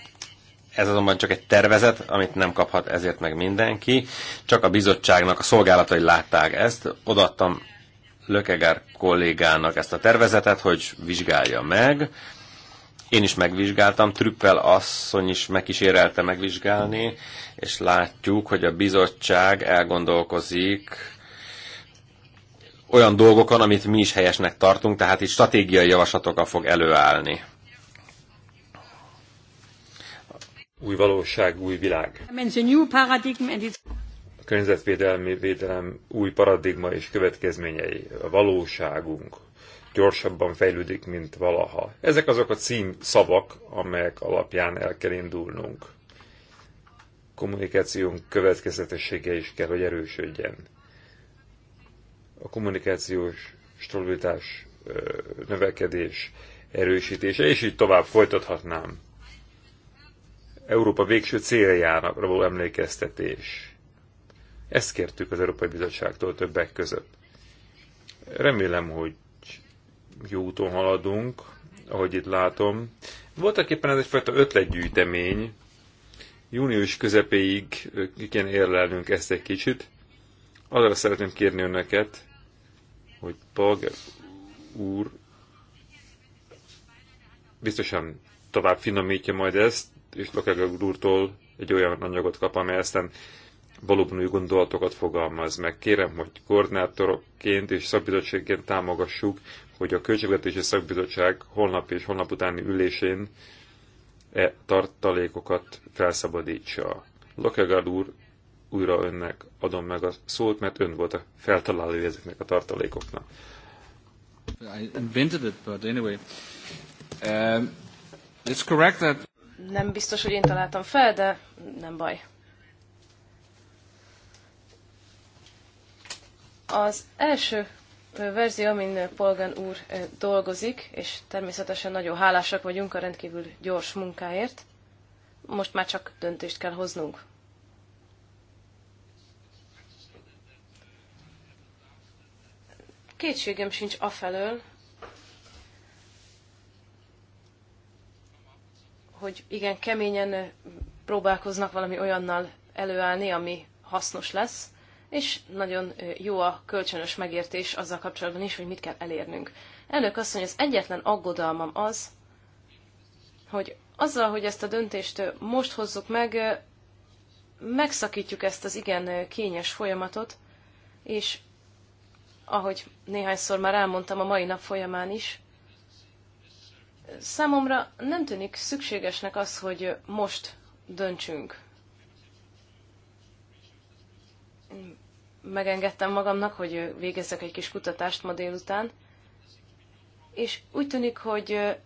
ez azonban csak egy tervezet, amit nem kaphat ezért meg mindenki. Csak a bizottságnak a szolgálatai látták ezt. Odaadtam Lökegár kollégának ezt a tervezetet, hogy vizsgálja meg. Én is megvizsgáltam, Trüppel asszony is megkísérelte megvizsgálni, és látjuk, hogy a bizottság elgondolkozik olyan dolgokon, amit mi is helyesnek tartunk, tehát itt stratégiai javaslatokkal fog előállni.
Új valóság, új világ. A környezetvédelmi védelem új paradigma és következményei, a valóságunk gyorsabban fejlődik, mint valaha. Ezek azok a cím szavak, amelyek alapján el kell indulnunk. Kommunikációnk következetessége is kell, hogy erősödjen a kommunikációs stabilitás növekedés erősítése, és így tovább folytathatnám. Európa végső céljára való emlékeztetés. Ezt kértük az Európai Bizottságtól többek között. Remélem, hogy jó úton haladunk, ahogy itt látom. Voltak éppen ez egyfajta ötletgyűjtemény. Június közepéig igen érlelnünk ezt egy kicsit. Azra szeretném kérni önöket, hogy Polg úr biztosan tovább finomítja majd ezt, és Lokegag úrtól egy olyan anyagot kap, amely aztán valóban új gondolatokat fogalmaz meg. Kérem, hogy koordinátorokként és szakbizottságként támogassuk, hogy a Költségvetési Szakbizottság holnap és holnap utáni ülésén e tartalékokat felszabadítsa. Lokegard úr újra önnek adom meg a szót, mert ön volt a feltaláló ezeknek a tartalékoknak. I invented it, but anyway. Uh, it's correct that...
Nem biztos, hogy én találtam fel, de nem baj. Az első verzió, amin Polgan úr dolgozik, és természetesen nagyon hálásak vagyunk a rendkívül gyors munkáért, most már csak döntést kell hoznunk. kétségem sincs afelől, hogy igen, keményen próbálkoznak valami olyannal előállni, ami hasznos lesz, és nagyon jó a kölcsönös megértés azzal kapcsolatban is, hogy mit kell elérnünk. Elnök asszony, az egyetlen aggodalmam az, hogy azzal, hogy ezt a döntést most hozzuk meg, megszakítjuk ezt az igen kényes folyamatot, és ahogy néhányszor már elmondtam a mai nap folyamán is, számomra nem tűnik szükségesnek az, hogy most döntsünk. Megengedtem magamnak, hogy végezzek egy kis kutatást ma délután, és úgy tűnik, hogy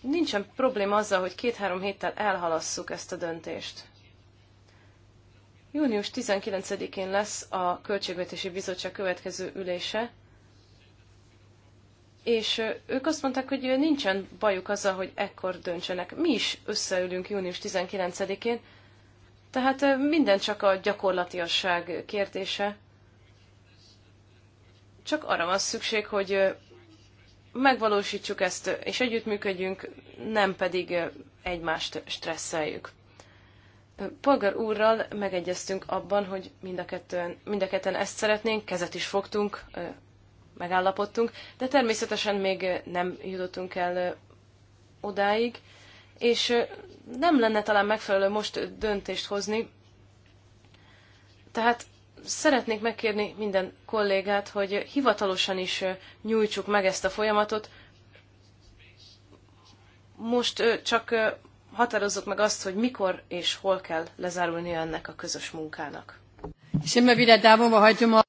nincsen probléma azzal, hogy két-három héttel elhalasszuk ezt a döntést. Június 19-én lesz a Költségvetési Bizottság következő ülése, és ők azt mondták, hogy nincsen bajuk azzal, hogy ekkor döntsenek. Mi is összeülünk június 19-én, tehát minden csak a gyakorlatiasság kérdése. Csak arra van szükség, hogy megvalósítsuk ezt, és együttműködjünk, nem pedig egymást stresszeljük. Polgár úrral megegyeztünk abban, hogy mind a, kettően, mind a ketten ezt szeretnénk, kezet is fogtunk, megállapodtunk, de természetesen még nem jutottunk el odáig, és nem lenne talán megfelelő most döntést hozni. Tehát szeretnék megkérni minden kollégát, hogy hivatalosan is nyújtsuk meg ezt a folyamatot. Most csak határozzuk meg azt, hogy mikor és hol kell lezárulni ennek a közös munkának. És én wieder da, wo wir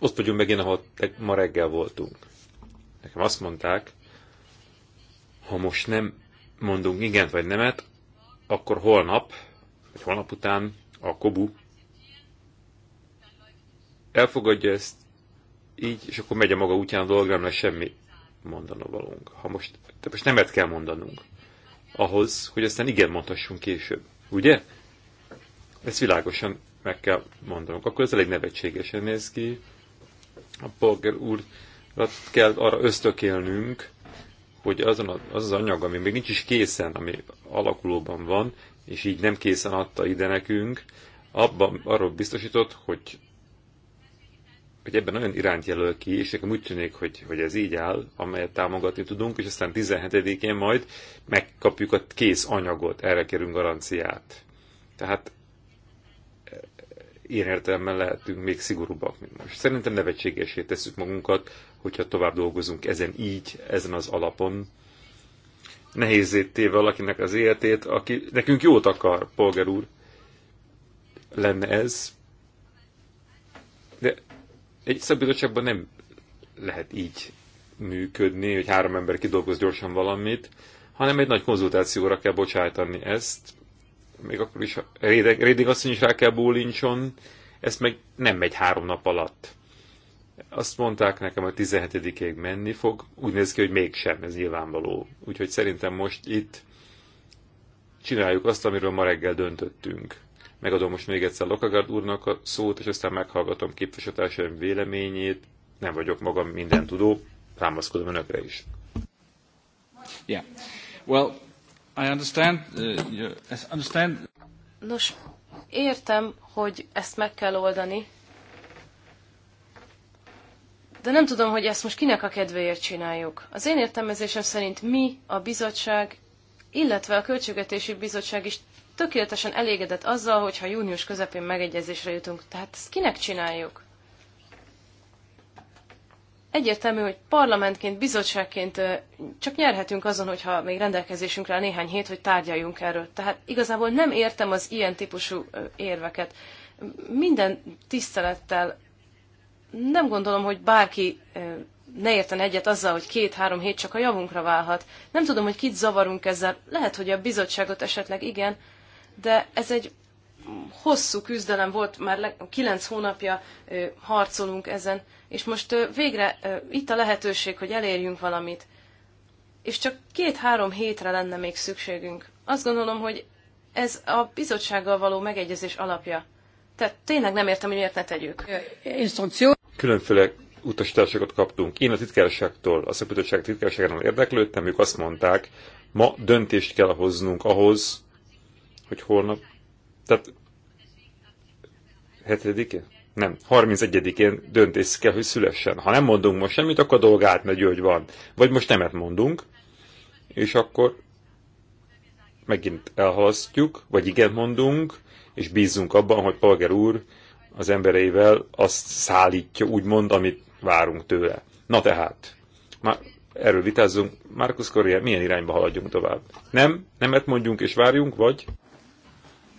Ott vagyunk megint, ahol ma reggel voltunk. Nekem azt mondták, ha most nem mondunk igent vagy nemet, akkor holnap, vagy holnap után a kobu elfogadja ezt így, és akkor megy a maga útján a dolgra, mert semmi semmi valunk. Ha most, de most nemet kell mondanunk ahhoz, hogy aztán igen mondhassunk később. Ugye? Ezt világosan meg kell mondanunk. Akkor ez elég nevetségesen néz ki. A polgár úr kell arra ösztökélnünk, hogy azon az, az az anyag, ami még nincs is készen, ami alakulóban van, és így nem készen adta ide nekünk, abban arról biztosított, hogy hogy ebben olyan irányt jelöl ki, és nekem úgy tűnik, hogy, hogy ez így áll, amelyet támogatni tudunk, és aztán 17-én majd megkapjuk a kész anyagot, erre kérünk garanciát. Tehát e, ilyen értelemben lehetünk még szigorúbbak, mint most. Szerintem nevetségesé tesszük magunkat, hogyha tovább dolgozunk ezen így, ezen az alapon. Nehézé téve valakinek az életét, aki nekünk jót akar, polgár úr, lenne ez. De egy szabbizottságban nem lehet így működni, hogy három ember kidolgoz gyorsan valamit, hanem egy nagy konzultációra kell bocsájtani ezt, még akkor is rédig Rédeg asszony is rá kell bólincson, ezt meg nem megy három nap alatt. Azt mondták nekem, hogy 17-ig menni fog, úgy néz ki, hogy mégsem, ez nyilvánvaló. Úgyhogy szerintem most itt csináljuk azt, amiről ma reggel döntöttünk. Megadom most még egyszer Lokagard úrnak a szót, és aztán meghallgatom képviselőtársaim véleményét. Nem vagyok magam minden tudó, támaszkodom önökre is.
Yeah. Well, I understand, uh, understand.
Nos, értem, hogy ezt meg kell oldani, de nem tudom, hogy ezt most kinek a kedvéért csináljuk. Az én értelmezésem szerint mi, a bizottság, illetve a Költségvetési Bizottság is tökéletesen elégedett azzal, hogyha június közepén megegyezésre jutunk. Tehát ezt kinek csináljuk? Egyértelmű, hogy parlamentként, bizottságként csak nyerhetünk azon, hogyha még rendelkezésünkre áll néhány hét, hogy tárgyaljunk erről. Tehát igazából nem értem az ilyen típusú érveket. Minden tisztelettel nem gondolom, hogy bárki ne érten egyet azzal, hogy két-három hét csak a javunkra válhat. Nem tudom, hogy kit zavarunk ezzel. Lehet, hogy a bizottságot esetleg igen, de ez egy hosszú küzdelem volt, már kilenc hónapja harcolunk ezen, és most végre itt a lehetőség, hogy elérjünk valamit. És csak két-három hétre lenne még szükségünk. Azt gondolom, hogy ez a bizottsággal való megegyezés alapja. Tehát tényleg nem értem, hogy miért ne tegyük. Instrukció.
Különféle utasításokat kaptunk. Én a titkárságtól, a szakbizottság titkárságánál érdeklődtem, ők azt mondták, ma döntést kell hoznunk ahhoz, hogy holnap, tehát 7 -e? Nem, 31-én döntés kell, hogy szülessen. Ha nem mondunk most semmit, akkor dolga átmegy, hogy van. Vagy most nemet mondunk, és akkor megint elhalasztjuk, vagy igen mondunk, és bízunk abban, hogy Polger úr az embereivel azt szállítja, úgymond, amit várunk tőle. Na tehát, már erről vitázzunk, Markus Korea, milyen irányba haladjunk tovább? Nem, nemet mondjunk és várjunk, vagy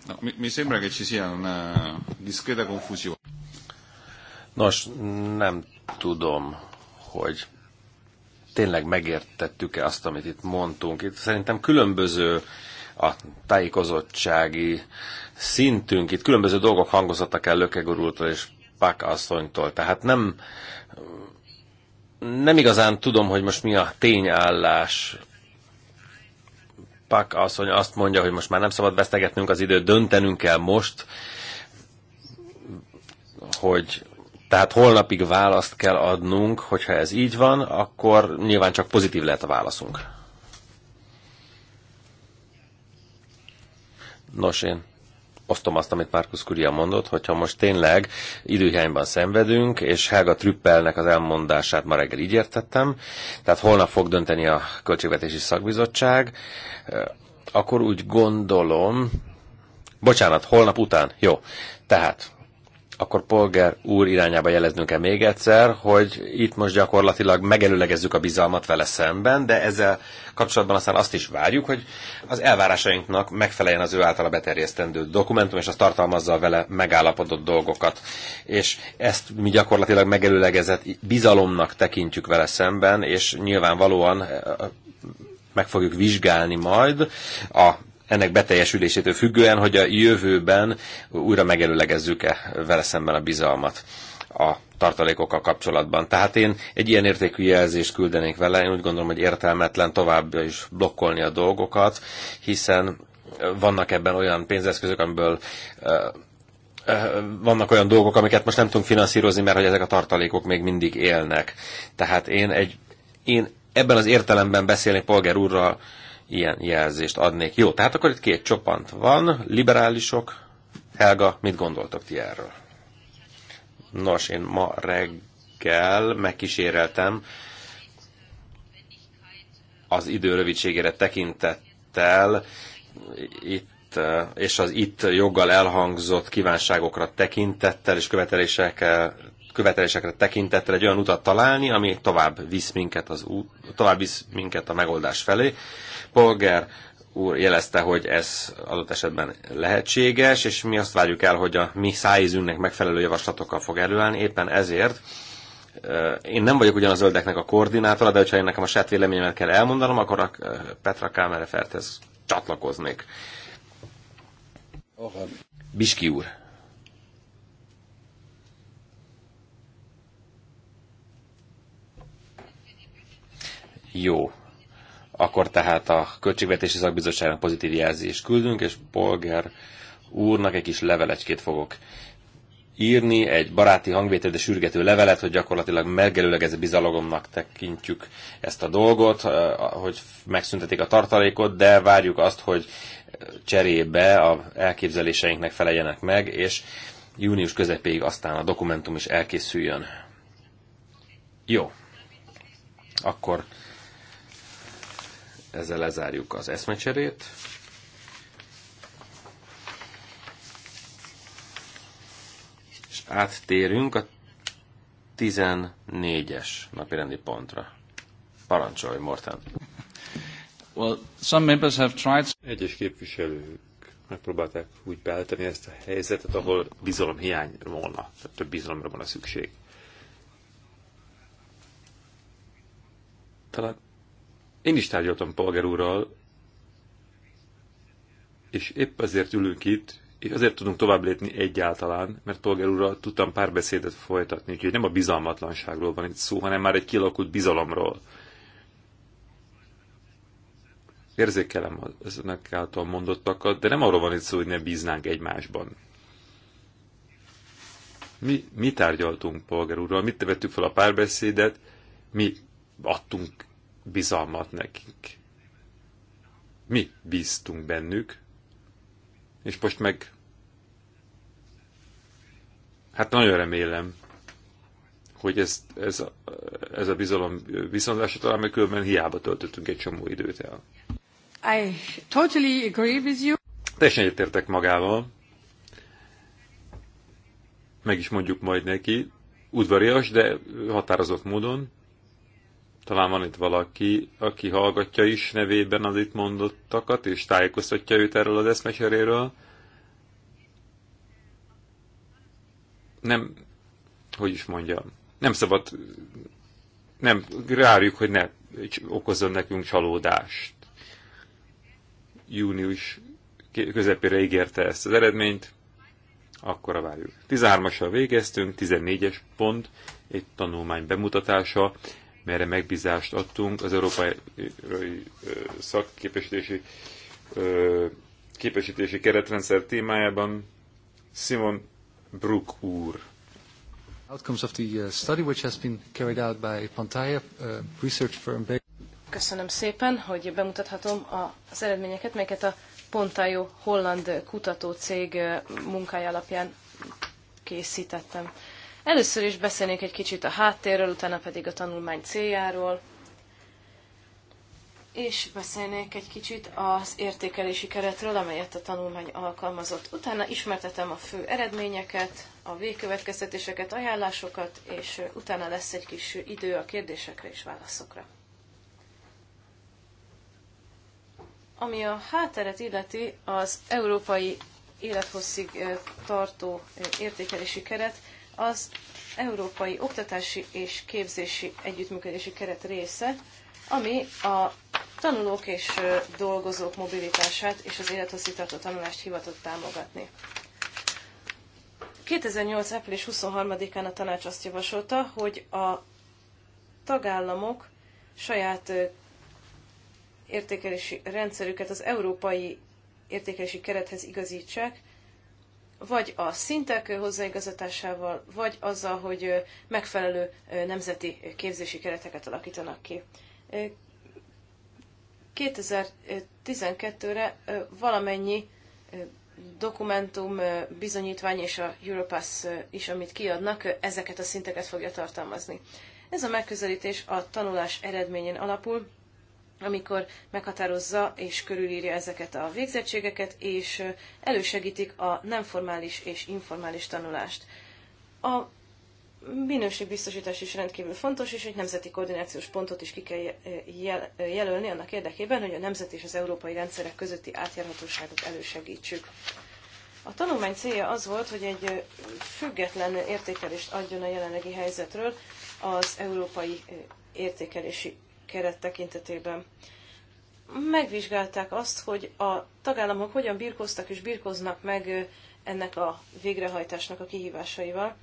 No, mi, mi sembra che ci sia una discreta confusione. Nos, nem tudom,
hogy tényleg megértettük-e azt, amit itt mondtunk. Itt szerintem különböző a tájékozottsági szintünk, itt különböző dolgok hangozottak el Lökegorultól és Pák asszonytól, tehát nem, nem igazán tudom, hogy most mi a tényállás. Pak asszony azt mondja, hogy most már nem szabad vesztegetnünk az időt, döntenünk kell most, hogy tehát holnapig választ kell adnunk, hogyha ez így van, akkor nyilván csak pozitív lehet a válaszunk. Nos, én osztom azt, amit Markus Kuria mondott, hogyha most tényleg időhiányban szenvedünk, és Helga Trüppelnek az elmondását ma reggel így értettem, tehát holnap fog dönteni a Költségvetési Szakbizottság, eh, akkor úgy gondolom, bocsánat, holnap után, jó, tehát akkor polgár úr irányába jeleznünk-e még egyszer, hogy itt most gyakorlatilag megelőlegezzük a bizalmat vele szemben, de ezzel kapcsolatban aztán azt is várjuk, hogy az elvárásainknak megfeleljen az ő általa beterjesztendő dokumentum, és az tartalmazza vele megállapodott dolgokat. És ezt mi gyakorlatilag megelőlegezett bizalomnak tekintjük vele szemben, és nyilvánvalóan eh, meg fogjuk vizsgálni majd a ennek beteljesülésétől függően, hogy a jövőben újra megerőlegezzük e vele szemben a bizalmat a tartalékokkal kapcsolatban. Tehát én egy ilyen értékű jelzést küldenék vele, én úgy gondolom, hogy értelmetlen továbbra is blokkolni a dolgokat, hiszen vannak ebben olyan pénzeszközök, amiből vannak olyan dolgok, amiket most nem tudunk finanszírozni, mert hogy ezek a tartalékok még mindig élnek. Tehát én egy, én ebben az értelemben beszélni polgár úrral, ilyen jelzést adnék. Jó, tehát akkor itt két csopant van, liberálisok. Helga, mit gondoltok ti erről? Nos, én ma reggel megkíséreltem az idő rövidségére tekintettel itt eh, és az itt joggal elhangzott kívánságokra tekintettel és követelésekkel követelésekre tekintettel egy olyan utat találni, ami tovább visz minket, az út, tovább visz minket a megoldás felé polgár úr jelezte, hogy ez adott esetben lehetséges, és mi azt várjuk el, hogy a mi szájízünknek megfelelő javaslatokkal fog előállni, éppen ezért én nem vagyok ugyan a zöldeknek a koordinátora, de hogyha én nekem a saját véleményemet kell elmondanom, akkor a Petra Kámerefertez csatlakoznék. Oha. Biski úr. Jó akkor tehát a Költségvetési Szakbizottságnak pozitív jelzést küldünk, és Polger úrnak egy kis levelecskét fogok írni, egy baráti hangvétel, de sürgető levelet, hogy gyakorlatilag a bizalogomnak tekintjük ezt a dolgot, eh, hogy megszüntetik a tartalékot, de várjuk azt, hogy cserébe a elképzeléseinknek feleljenek meg, és június közepéig aztán a dokumentum is elkészüljön. Jó. Akkor ezzel lezárjuk az eszmecserét. És áttérünk a 14-es napirendi pontra. Parancsolj, Morten!
Well, some members have tried... Egyes képviselők megpróbálták úgy beállítani ezt a helyzetet, ahol bizalom hiány volna, tehát több bizalomra van a szükség. Talán én is tárgyaltam polgár úrral, és épp azért ülünk itt, és azért tudunk tovább lépni egyáltalán, mert polgár úrral tudtam beszédet folytatni, úgyhogy nem a bizalmatlanságról van itt szó, hanem már egy kilakult bizalomról. Érzékelem az önök által mondottakat, de nem arról van itt szó, hogy ne bíznánk egymásban. Mi, mi tárgyaltunk polgár úrral, mit tevettük fel a párbeszédet, mi adtunk bizalmat nekik. Mi bíztunk bennük, és most meg hát nagyon remélem, hogy ez, ez, a, ez a bizalom viszonzása talán, mert különben hiába töltöttünk egy csomó időt el.
I
totally agree with you.
Teljesen egyetértek magával. Meg is mondjuk majd neki. Udvarias, de határozott módon. Talán van itt valaki, aki hallgatja is nevében az itt mondottakat, és tájékoztatja őt erről az eszmecseréről. Nem, hogy is mondjam, nem szabad, nem, rárjuk, hogy ne okozzon nekünk csalódást. Június közepére ígérte ezt az eredményt, akkor várjuk. 13-asra végeztünk, 14-es pont, egy tanulmány bemutatása, merre megbízást adtunk az Európai Szakképesítési képesítési keretrendszer témájában Simon Brook úr.
Outcomes of the uh, study which has been carried out by Pantaya
uh, research firm.
Köszönöm szépen, hogy bemutathatom az eredményeket, melyeket a Pontayo holland kutatócég munkája alapján készítettem. Először is beszélnék egy kicsit a háttérről, utána pedig a tanulmány céljáról, és beszélnék egy kicsit az értékelési keretről, amelyet a tanulmány alkalmazott. Utána ismertetem a fő eredményeket, a végkövetkeztetéseket, ajánlásokat, és utána lesz egy kis idő a kérdésekre és válaszokra. Ami a hátteret illeti, az európai élethosszig tartó értékelési keret az Európai Oktatási és Képzési Együttműködési Keret része, ami a tanulók és dolgozók mobilitását és az élethosszígtartó tanulást hivatott támogatni. 2008. április 23-án a tanács azt javasolta, hogy a tagállamok saját értékelési rendszerüket az európai értékelési kerethez igazítsák, vagy a szintek hozzáigazatásával, vagy azzal, hogy megfelelő nemzeti képzési kereteket alakítanak ki. 2012-re valamennyi dokumentum, bizonyítvány és a Europass is, amit kiadnak, ezeket a szinteket fogja tartalmazni. Ez a megközelítés a tanulás eredményén alapul, amikor meghatározza és körülírja ezeket a végzettségeket, és elősegítik a nem formális és informális tanulást. A minőségbiztosítás is rendkívül fontos, és egy nemzeti koordinációs pontot is ki kell jelölni annak érdekében, hogy a nemzeti és az európai rendszerek közötti átjárhatóságot elősegítsük. A tanulmány célja az volt, hogy egy független értékelést adjon a jelenlegi helyzetről az európai értékelési keret tekintetében. Megvizsgálták azt, hogy a tagállamok hogyan birkoztak és birkoznak meg ennek a végrehajtásnak a kihívásaival,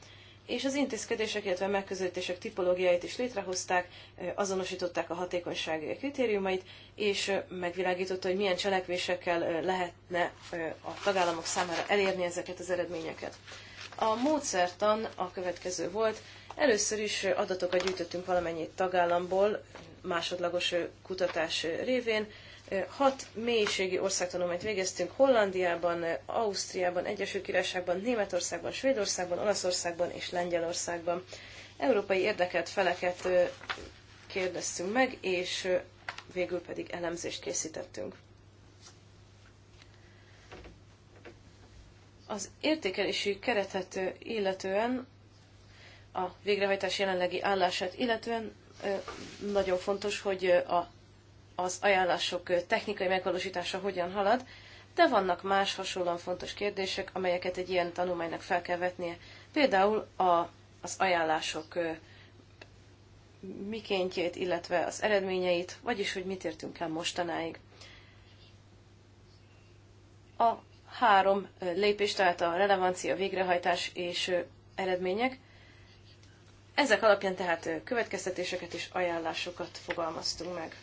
és az intézkedések, illetve megközelítések tipológiáit is létrehozták, azonosították a hatékonyság kritériumait, és megvilágította, hogy milyen cselekvésekkel lehetne a tagállamok számára elérni ezeket az eredményeket. A módszertan a következő volt. Először is adatokat gyűjtöttünk valamennyi tagállamból, másodlagos kutatás révén. Hat mélységi országtanulmányt végeztünk Hollandiában, Ausztriában, Egyesült Királyságban, Németországban, Svédországban, Olaszországban és Lengyelországban. Európai érdeket feleket kérdeztünk meg, és végül pedig elemzést készítettünk. Az értékelési keretet illetően, a végrehajtás jelenlegi állását illetően nagyon fontos, hogy a, az ajánlások technikai megvalósítása hogyan halad, de vannak más hasonlóan fontos kérdések, amelyeket egy ilyen tanulmánynak fel kell vetnie. Például a, az ajánlások mikéntjét, illetve az eredményeit, vagyis hogy mit értünk el mostanáig. A három lépés, tehát a relevancia, végrehajtás és eredmények ezek alapján tehát következtetéseket és ajánlásokat fogalmaztunk meg.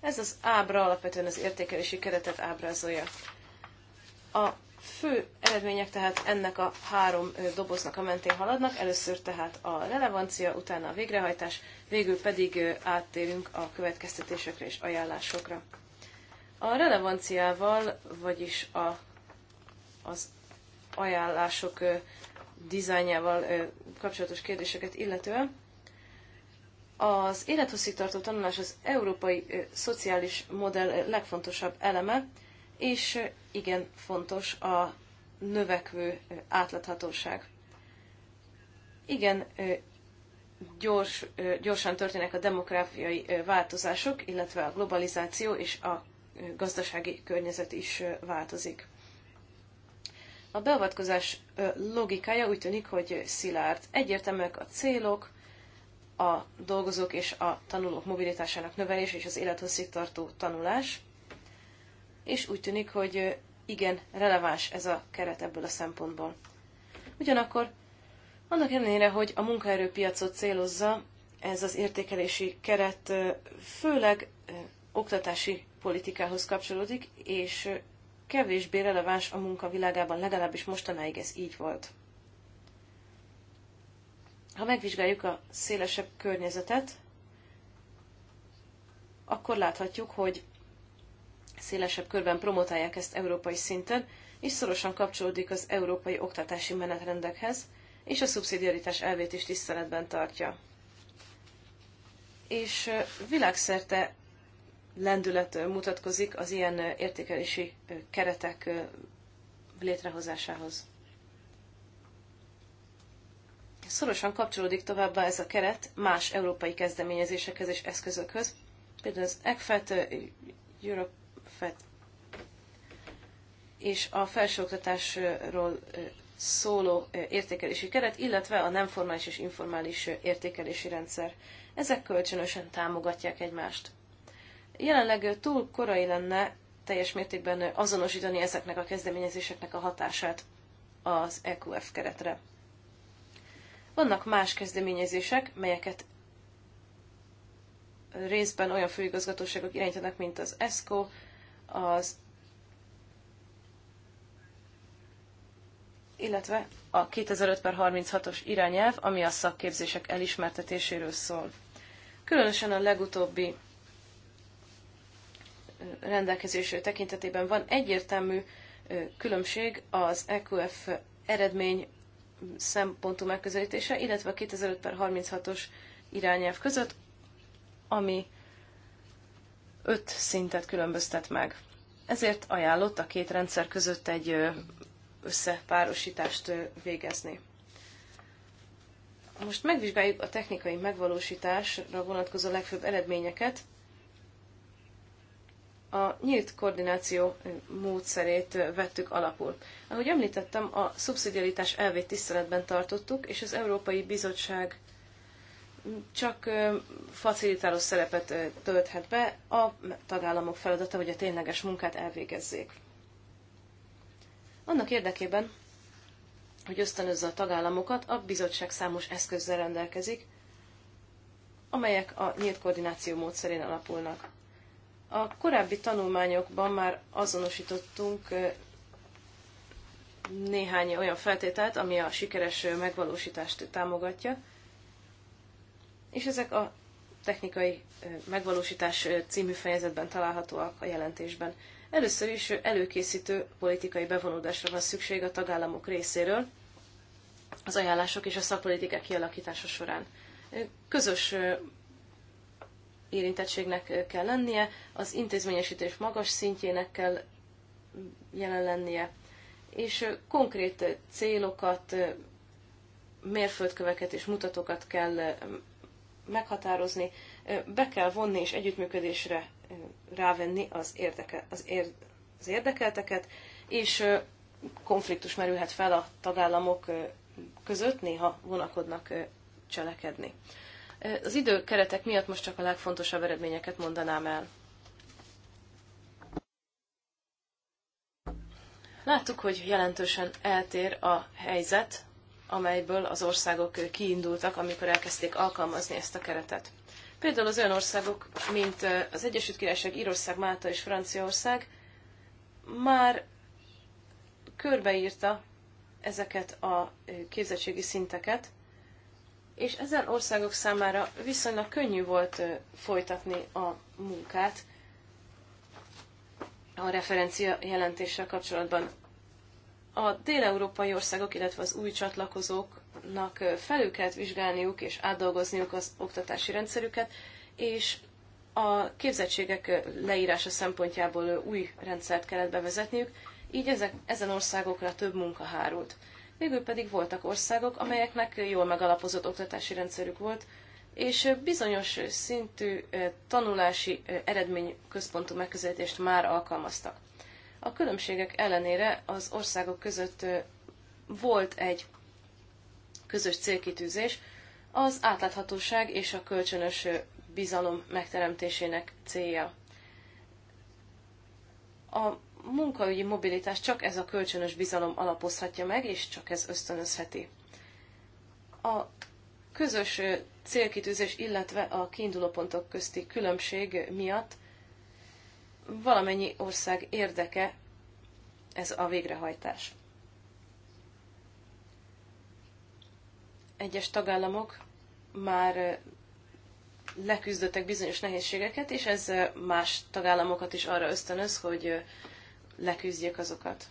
Ez az ábra alapvetően az értékelési keretet ábrázolja. A fő eredmények tehát ennek a három doboznak a mentén haladnak, először tehát a relevancia, utána a végrehajtás, végül pedig áttérünk a következtetésekre és ajánlásokra. A relevanciával, vagyis a, az ajánlások dizájnjával kapcsolatos kérdéseket illetően. Az élethosszígtartó tanulás az európai szociális modell legfontosabb eleme, és igen fontos a növekvő átláthatóság. Igen, gyors, gyorsan történnek a demográfiai változások, illetve a globalizáció és a gazdasági környezet is változik. A beavatkozás logikája úgy tűnik, hogy szilárd. Egyértelműek a célok, a dolgozók és a tanulók mobilitásának növelés és az tartó tanulás, és úgy tűnik, hogy igen, releváns ez a keret ebből a szempontból. Ugyanakkor annak ellenére, hogy a munkaerőpiacot célozza, ez az értékelési keret főleg oktatási politikához kapcsolódik, és kevésbé releváns a munka világában, legalábbis mostanáig ez így volt. Ha megvizsgáljuk a szélesebb környezetet, akkor láthatjuk, hogy szélesebb körben promotálják ezt európai szinten, és szorosan kapcsolódik az európai oktatási menetrendekhez, és a szubszidiaritás elvét is tiszteletben tartja. És világszerte lendület mutatkozik az ilyen értékelési keretek létrehozásához. Szorosan kapcsolódik továbbá ez a keret más európai kezdeményezésekhez és eszközökhöz, például az ECFET, Eurofet és a felsőoktatásról szóló értékelési keret, illetve a nem formális és informális értékelési rendszer. Ezek kölcsönösen támogatják egymást. Jelenleg túl korai lenne teljes mértékben azonosítani ezeknek a kezdeményezéseknek a hatását az EQF keretre. Vannak más kezdeményezések, melyeket részben olyan főigazgatóságok irányítanak, mint az ESCO, az illetve a 2005-36-os irányelv, ami a szakképzések elismertetéséről szól. Különösen a legutóbbi rendelkezésre tekintetében van egyértelmű különbség az EQF eredmény szempontú megközelítése, illetve a 2005 per 36-os irányelv között, ami öt szintet különböztet meg. Ezért ajánlott a két rendszer között egy összepárosítást végezni. Most megvizsgáljuk a technikai megvalósításra vonatkozó legfőbb eredményeket, a nyílt koordináció módszerét vettük alapul. Ahogy említettem, a szubszidiaritás elvét tiszteletben tartottuk, és az Európai Bizottság csak facilitáló szerepet tölthet be, a tagállamok feladata, hogy a tényleges munkát elvégezzék. Annak érdekében, hogy ösztönözze a tagállamokat, a bizottság számos eszközzel rendelkezik, amelyek a nyílt koordináció módszerén alapulnak. A korábbi tanulmányokban már azonosítottunk néhány olyan feltételt, ami a sikeres megvalósítást támogatja, és ezek a technikai megvalósítás című fejezetben találhatóak a jelentésben. Először is előkészítő politikai bevonódásra van szükség a tagállamok részéről az ajánlások és a szakpolitikák kialakítása során. Közös érintettségnek kell lennie, az intézményesítés magas szintjének kell jelen lennie, és konkrét célokat, mérföldköveket és mutatókat kell meghatározni, be kell vonni és együttműködésre rávenni az, érdeke, az, ér, az érdekelteket, és konfliktus merülhet fel a tagállamok között, néha vonakodnak cselekedni. Az időkeretek miatt most csak a legfontosabb eredményeket mondanám el. Láttuk, hogy jelentősen eltér a helyzet, amelyből az országok kiindultak, amikor elkezdték alkalmazni ezt a keretet. Például az olyan országok, mint az Egyesült Királyság, Írország, Málta és Franciaország már körbeírta ezeket a képzettségi szinteket, és ezen országok számára viszonylag könnyű volt folytatni a munkát a referencia jelentéssel kapcsolatban. A déleurópai országok, illetve az új csatlakozóknak felül kellett vizsgálniuk és átdolgozniuk az oktatási rendszerüket, és a képzettségek leírása szempontjából új rendszert kellett bevezetniük, így ezek, ezen országokra több munka hárult végül pedig voltak országok, amelyeknek jól megalapozott oktatási rendszerük volt, és bizonyos szintű tanulási eredmény központú megközelítést már alkalmaztak. A különbségek ellenére az országok között volt egy közös célkitűzés, az átláthatóság és a kölcsönös bizalom megteremtésének célja. A munkaügyi mobilitás csak ez a kölcsönös bizalom alapozhatja meg, és csak ez ösztönözheti. A közös célkitűzés, illetve a kiindulópontok közti különbség miatt valamennyi ország érdeke ez a végrehajtás. Egyes tagállamok már leküzdöttek bizonyos nehézségeket, és ez más tagállamokat is arra ösztönöz, hogy leküzdjék azokat.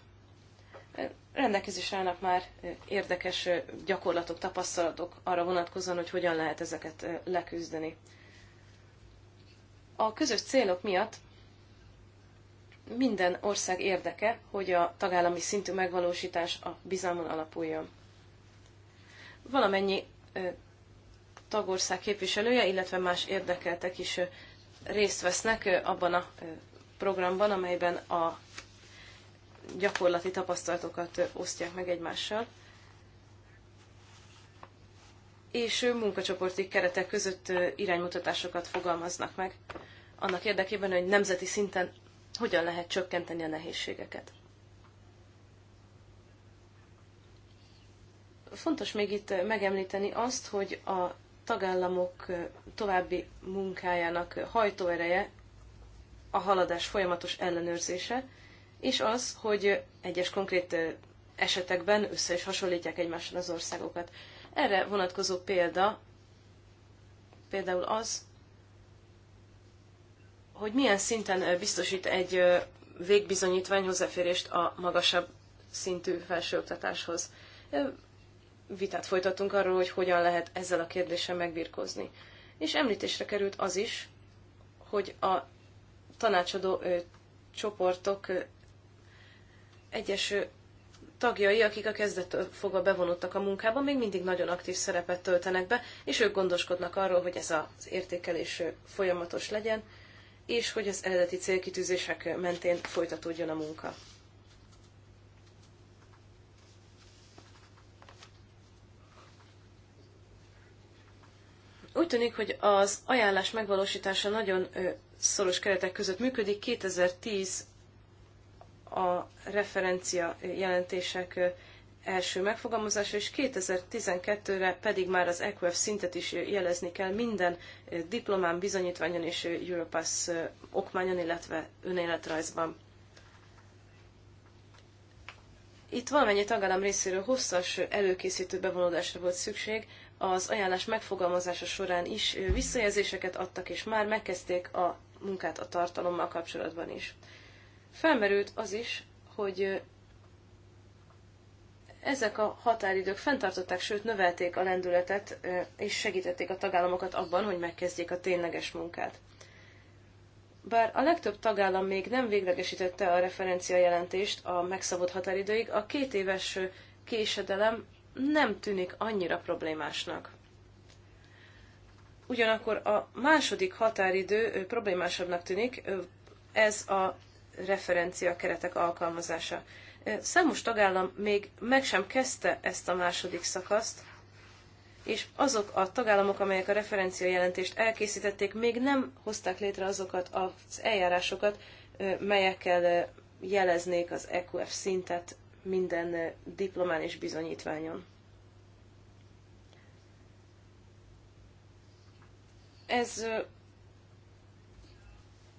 Rendelkezésre állnak már érdekes gyakorlatok, tapasztalatok arra vonatkozóan, hogy hogyan lehet ezeket leküzdeni. A közös célok miatt minden ország érdeke, hogy a tagállami szintű megvalósítás a bizalmon alapuljon. Valamennyi tagország képviselője, illetve más érdekeltek is részt vesznek abban a programban, amelyben a gyakorlati tapasztalatokat osztják meg egymással. És munkacsoporti keretek között iránymutatásokat fogalmaznak meg, annak érdekében, hogy nemzeti szinten hogyan lehet csökkenteni a nehézségeket. Fontos még itt megemlíteni azt, hogy a tagállamok további munkájának hajtóereje a haladás folyamatos ellenőrzése, és az, hogy egyes konkrét esetekben össze is hasonlítják egymással az országokat. Erre vonatkozó példa például az, hogy milyen szinten biztosít egy végbizonyítvány hozzáférést a magasabb szintű felsőoktatáshoz. Vitát folytattunk arról, hogy hogyan lehet ezzel a kérdéssel megbirkózni. És említésre került az is, hogy a tanácsadó csoportok egyes tagjai, akik a kezdettől fogva bevonultak a munkába, még mindig nagyon aktív szerepet töltenek be, és ők gondoskodnak arról, hogy ez az értékelés folyamatos legyen, és hogy az eredeti célkitűzések mentén folytatódjon a munka. Úgy tűnik, hogy az ajánlás megvalósítása nagyon szoros keretek között működik. 2010 a referencia jelentések első megfogalmazása, és 2012-re pedig már az EQF szintet is jelezni kell minden diplomán, bizonyítványon és Europass okmányon, illetve önéletrajzban. Itt valamennyi tagállam részéről hosszas előkészítő bevonódásra volt szükség, az ajánlás megfogalmazása során is visszajelzéseket adtak, és már megkezdték a munkát a tartalommal kapcsolatban is. Felmerült az is, hogy ezek a határidők fenntartották, sőt növelték a lendületet, és segítették a tagállamokat abban, hogy megkezdjék a tényleges munkát. Bár a legtöbb tagállam még nem véglegesítette a referencia jelentést a megszabott határidőig, a két éves késedelem nem tűnik annyira problémásnak. Ugyanakkor a második határidő problémásabbnak tűnik, ez a referencia keretek alkalmazása. Számos tagállam még meg sem kezdte ezt a második szakaszt, és azok a tagállamok, amelyek a referencia jelentést elkészítették, még nem hozták létre azokat az eljárásokat, melyekkel jeleznék az EQF szintet minden diplomán és bizonyítványon. Ez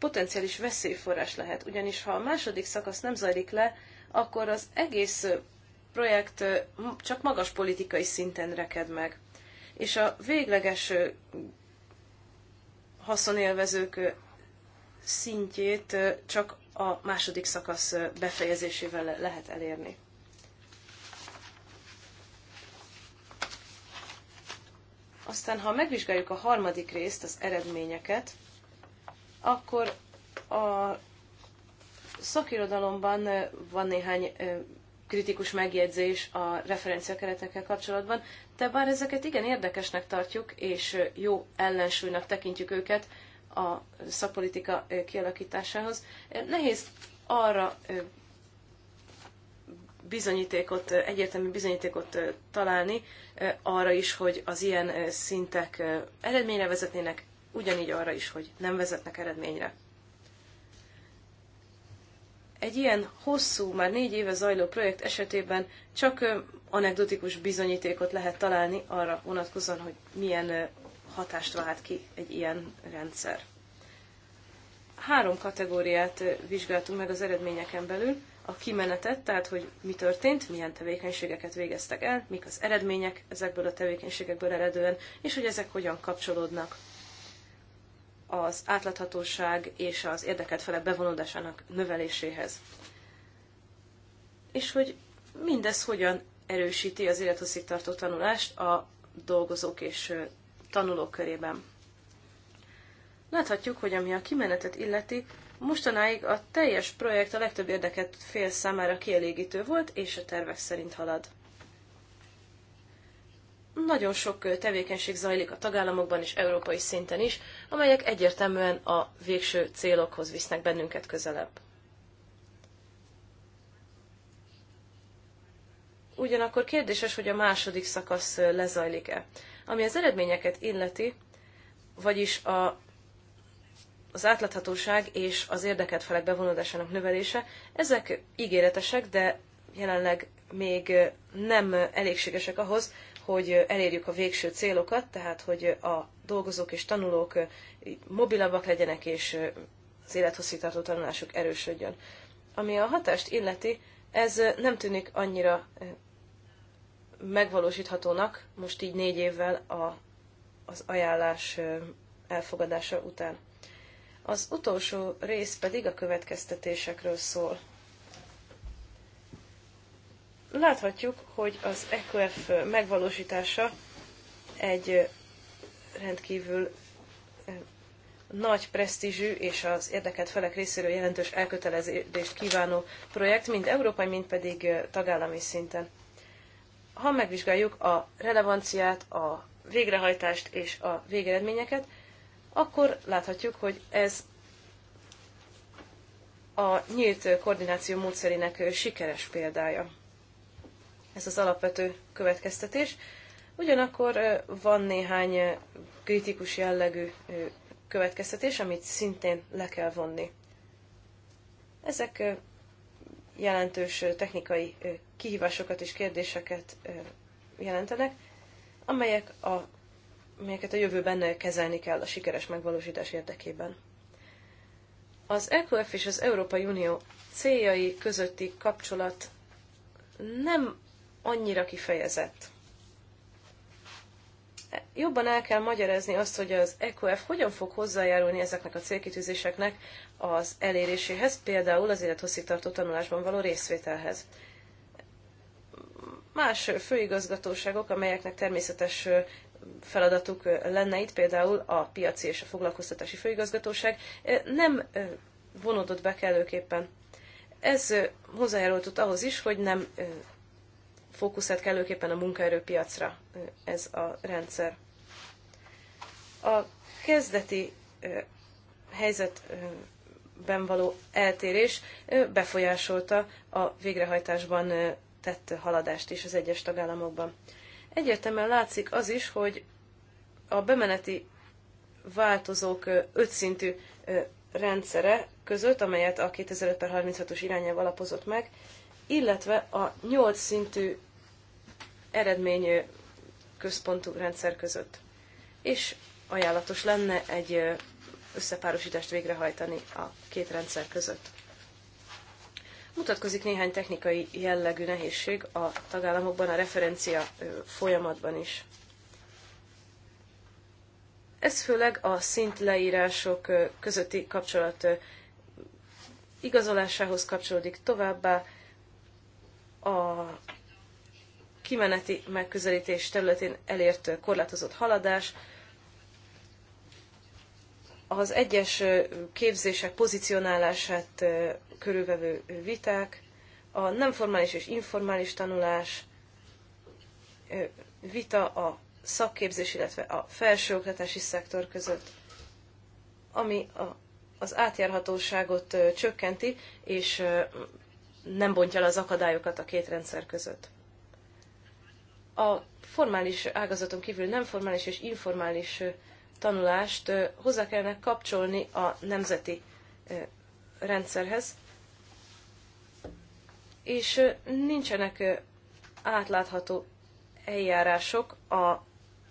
potenciális veszélyforrás lehet, ugyanis ha a második szakasz nem zajlik le, akkor az egész projekt csak magas politikai szinten reked meg. És a végleges haszonélvezők szintjét csak a második szakasz befejezésével lehet elérni. Aztán, ha megvizsgáljuk a harmadik részt, az eredményeket, akkor a szakirodalomban van néhány kritikus megjegyzés a referenciakeretekkel kapcsolatban, de bár ezeket igen érdekesnek tartjuk, és jó ellensúlynak tekintjük őket a szakpolitika kialakításához, nehéz arra bizonyítékot, egyértelmű bizonyítékot találni arra is, hogy az ilyen szintek eredményre vezetnének, ugyanígy arra is, hogy nem vezetnek eredményre. Egy ilyen hosszú, már négy éve zajló projekt esetében csak anekdotikus bizonyítékot lehet találni arra vonatkozóan, hogy milyen hatást vált ki egy ilyen rendszer. Három kategóriát vizsgáltunk meg az eredményeken belül. A kimenetet, tehát hogy mi történt, milyen tevékenységeket végeztek el, mik az eredmények ezekből a tevékenységekből eredően, és hogy ezek hogyan kapcsolódnak az átláthatóság és az érdekelt felek bevonódásának növeléséhez. És hogy mindez hogyan erősíti az tartó tanulást a dolgozók és tanulók körében. Láthatjuk, hogy ami a kimenetet illeti, mostanáig a teljes projekt a legtöbb érdeket fél számára kielégítő volt, és a tervek szerint halad nagyon sok tevékenység zajlik a tagállamokban és európai szinten is, amelyek egyértelműen a végső célokhoz visznek bennünket közelebb. Ugyanakkor kérdéses, hogy a második szakasz lezajlik-e. Ami az eredményeket illeti, vagyis a, az átláthatóság és az érdekelt felek bevonódásának növelése, ezek ígéretesek, de jelenleg még nem elégségesek ahhoz, hogy elérjük a végső célokat, tehát hogy a dolgozók és tanulók mobilabbak legyenek, és az élethosszígtartó tanulásuk erősödjön. Ami a hatást illeti, ez nem tűnik annyira megvalósíthatónak most így négy évvel a, az ajánlás elfogadása után. Az utolsó rész pedig a következtetésekről szól. Láthatjuk, hogy az EQF megvalósítása egy rendkívül nagy presztízsű és az érdekelt felek részéről jelentős elkötelezést kívánó projekt, mind európai, mind pedig tagállami szinten. Ha megvizsgáljuk a relevanciát, a végrehajtást és a végeredményeket, akkor láthatjuk, hogy ez a nyílt koordináció módszerének sikeres példája ez az alapvető következtetés. Ugyanakkor van néhány kritikus jellegű következtetés, amit szintén le kell vonni. Ezek jelentős technikai kihívásokat és kérdéseket jelentenek, amelyek a, amelyeket a jövőben kezelni kell a sikeres megvalósítás érdekében. Az EQF és az Európai Unió céljai közötti kapcsolat nem annyira kifejezett. E, jobban el kell magyarázni azt, hogy az EQF hogyan fog hozzájárulni ezeknek a célkitűzéseknek az eléréséhez, például az élethosszígtartó tanulásban való részvételhez. Más főigazgatóságok, amelyeknek természetes feladatuk lenne itt, például a piaci és a foglalkoztatási főigazgatóság, e, nem e, vonódott be kellőképpen. Ez hozzájárult ahhoz is, hogy nem fókuszált kellőképpen a munkaerőpiacra ez a rendszer. A kezdeti helyzetben való eltérés befolyásolta a végrehajtásban tett haladást is az egyes tagállamokban. Egyértelműen látszik az is, hogy a bemeneti változók ötszintű rendszere között, amelyet a 2005-36-os irányelv alapozott meg, illetve a nyolc szintű eredmény központú rendszer között. És ajánlatos lenne egy összepárosítást végrehajtani a két rendszer között. Mutatkozik néhány technikai jellegű nehézség a tagállamokban, a referencia folyamatban is. Ez főleg a szintleírások közötti kapcsolat igazolásához kapcsolódik továbbá, a kimeneti megközelítés területén elért korlátozott haladás, az egyes képzések pozicionálását körülvevő viták, a nem formális és informális tanulás, vita a szakképzés, illetve a felsőoktatási szektor között, ami a, az átjárhatóságot csökkenti, és nem bontja le az akadályokat a két rendszer között a formális ágazaton kívül nem formális és informális tanulást hozzá kellene kapcsolni a nemzeti rendszerhez, és nincsenek átlátható eljárások a,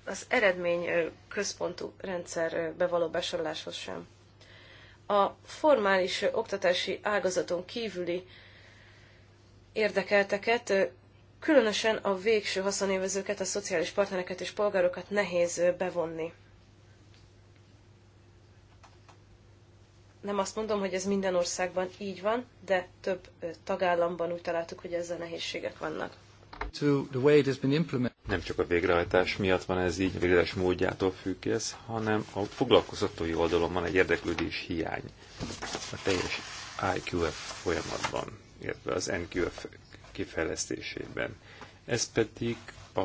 az eredmény központú rendszerbe való besoroláshoz sem. A formális oktatási ágazaton kívüli érdekelteket Különösen a végső haszonélvezőket, a szociális partnereket és polgárokat nehéz bevonni. Nem azt mondom, hogy ez minden országban így van, de több tagállamban úgy találtuk, hogy ezzel nehézségek vannak.
Nem csak a végrehajtás miatt van ez így, a végrehajtás módjától függ ez, hanem a foglalkoztatói oldalon van egy érdeklődés hiány a teljes IQF folyamatban, illetve az NQF kifejlesztésében. Ez pedig a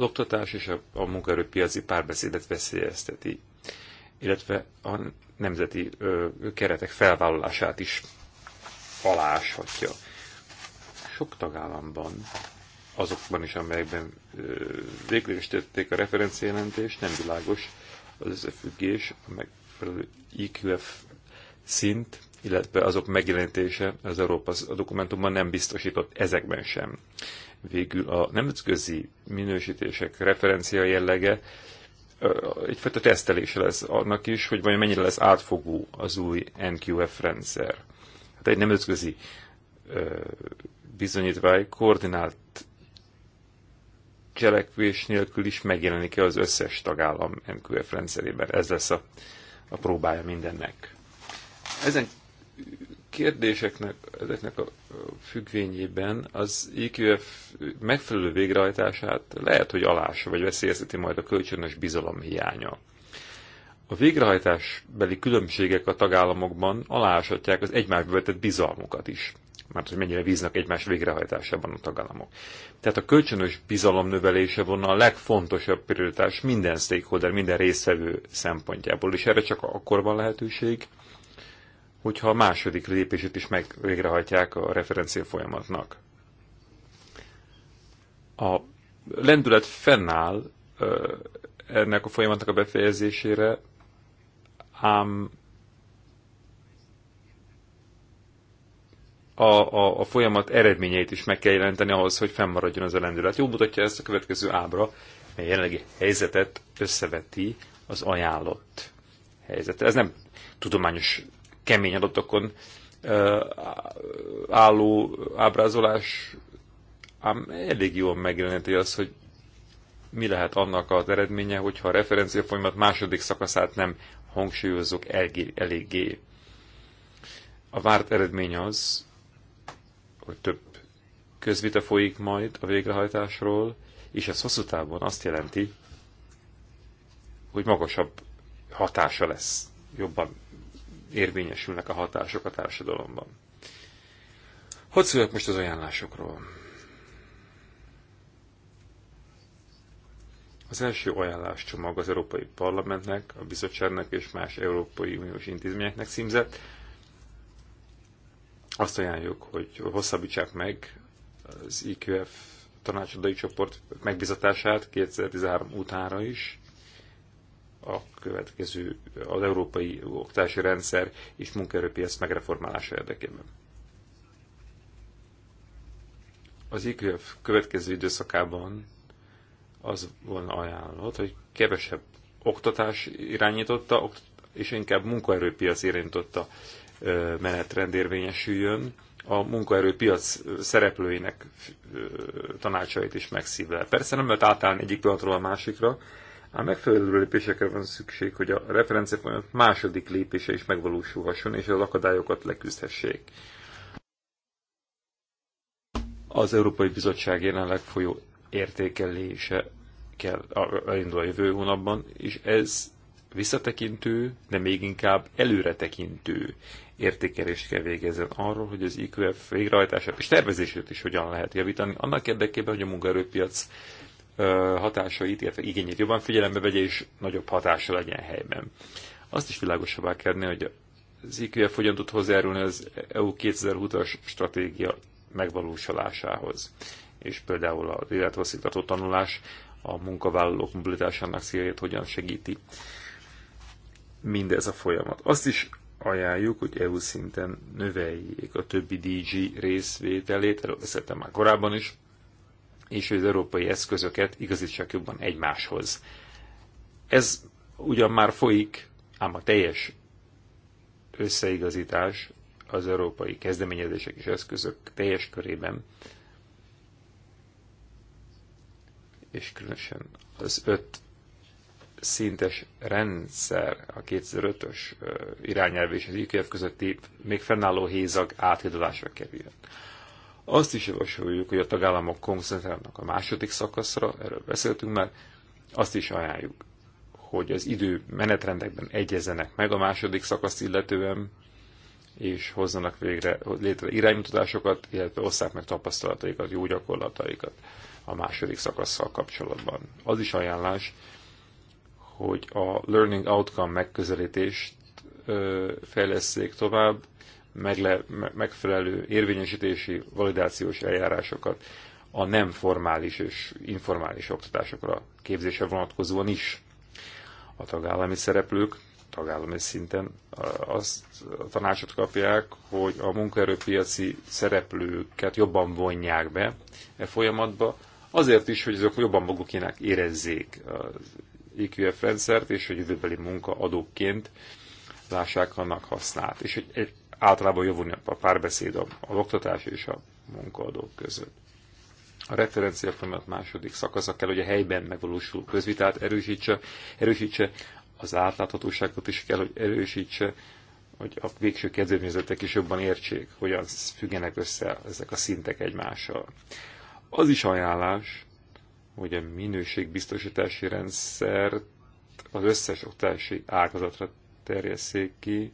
az oktatás és a, a munkaerőpiaci párbeszédet veszélyezteti, illetve a nemzeti ö, keretek felvállalását is aláshatja. Sok tagállamban, azokban is, amelyekben véglegesítették a referenciajelentést, nem világos az összefüggés, a megfelelő IQF szint illetve azok megjelenítése az Európa a dokumentumban nem biztosított ezekben sem. Végül a nemzetközi minősítések referencia jellege egyfajta tesztelése lesz annak is, hogy vajon mennyire lesz átfogó az új NQF rendszer. Hát egy nemzetközi bizonyítvány koordinált cselekvés nélkül is megjelenik-e az összes tagállam NQF rendszerében. Ez lesz a, a próbája mindennek. Ezen kérdéseknek, ezeknek a függvényében az IQF megfelelő végrehajtását lehet, hogy alása vagy veszélyezteti majd a kölcsönös bizalom hiánya. A végrehajtásbeli különbségek a tagállamokban aláshatják az egymásba vetett bizalmukat is. Mert hogy mennyire bíznak egymás végrehajtásában a tagállamok. Tehát a kölcsönös bizalom növelése volna a legfontosabb prioritás minden stakeholder, minden résztvevő szempontjából, és erre csak akkor van lehetőség, hogyha a második lépését is megvégrehajtják a referencia folyamatnak. A lendület fennáll ennek a folyamatnak a befejezésére, ám a, a, a folyamat eredményeit is meg kell jelenteni ahhoz, hogy fennmaradjon az a lendület. Jó mutatja ezt a következő ábra, mely jelenlegi helyzetet összeveti az ajánlott helyzetet. Ez nem tudományos kemény adatokon álló ábrázolás ám elég jól megjeleníti az, hogy mi lehet annak az eredménye, hogyha a referencia folyamat második szakaszát nem hangsúlyozok eléggé. A várt eredmény az, hogy több közvita folyik majd a végrehajtásról, és ez hosszú távon azt jelenti, hogy magasabb hatása lesz, jobban érvényesülnek a hatások a társadalomban. Hogy szólok most az ajánlásokról? Az első ajánlás csomag az Európai Parlamentnek, a Bizottságnak és más Európai Uniós intézményeknek címzett. Azt ajánljuk, hogy hosszabbítsák meg az IQF tanácsadói csoport megbizatását 2013 utánra is, a következő az európai oktási rendszer és munkaerőpiac megreformálása érdekében. Az IKF következő időszakában az volna ajánlott, hogy kevesebb oktatás irányította, és inkább munkaerőpiac irányította menetrend érvényesüljön, a munkaerőpiac szereplőinek tanácsait is megszívvel. Persze nem lehet átállni egyik pillanatról a másikra, Ám megfelelő lépésekre van szükség, hogy a referencia folyamat második lépése is megvalósulhasson, és az akadályokat leküzdhessék. Az Európai Bizottság jelenleg folyó értékelése kell elindul a jövő hónapban, és ez visszatekintő, de még inkább előretekintő értékelést kell végezzen arról, hogy az IQF végrehajtását és tervezését is hogyan lehet javítani, annak érdekében, hogy a munkaerőpiac hatásait, illetve igényét jobban figyelembe vegye, és nagyobb hatása legyen helyben. Azt is világosabbá kellene, hogy az IQF hogyan tud hozzájárulni az EU 2020-as stratégia megvalósulásához. És például az élethosszígtató tanulás a munkavállalók mobilitásának célját hogyan segíti mindez a folyamat. Azt is ajánljuk, hogy EU szinten növeljék a többi DG részvételét, erről beszéltem már korábban is, és hogy az európai eszközöket igazítsák jobban egymáshoz. Ez ugyan már folyik, ám a teljes összeigazítás az európai kezdeményezések és eszközök teljes körében, és különösen az öt szintes rendszer, a 2005-ös irányelv és az IKF közötti még fennálló hézag áthidalásra kerüljön. Azt is javasoljuk, hogy a tagállamok koncentrálnak a második szakaszra, erről beszéltünk már, azt is ajánljuk, hogy az idő menetrendekben egyezenek meg a második szakaszt illetően, és hozzanak végre létre iránymutatásokat, illetve osszák meg tapasztalataikat, jó gyakorlataikat a második szakaszsal kapcsolatban. Az is ajánlás, hogy a learning outcome megközelítést fejleszték tovább, megle, megfelelő érvényesítési, validációs eljárásokat a nem formális és informális oktatásokra képzése vonatkozóan is. A tagállami szereplők tagállami szinten azt a tanácsot kapják, hogy a munkaerőpiaci szereplőket jobban vonják be e folyamatba, azért is, hogy azok jobban magukének érezzék az IQF rendszert, és hogy jövőbeli munkaadóként lássák annak hasznát. És hogy egy általában javulni a párbeszéd a oktatás és a munkaadók között. A referencia folyamat második szakasza kell, hogy a helyben megvalósuló közvitát erősítse, erősítse az átláthatóságot is kell, hogy erősítse, hogy a végső kedvezményezetek is jobban értsék, hogyan függenek össze ezek a szintek egymással. Az is ajánlás, hogy a minőségbiztosítási rendszert az összes oktatási ágazatra terjesszék ki,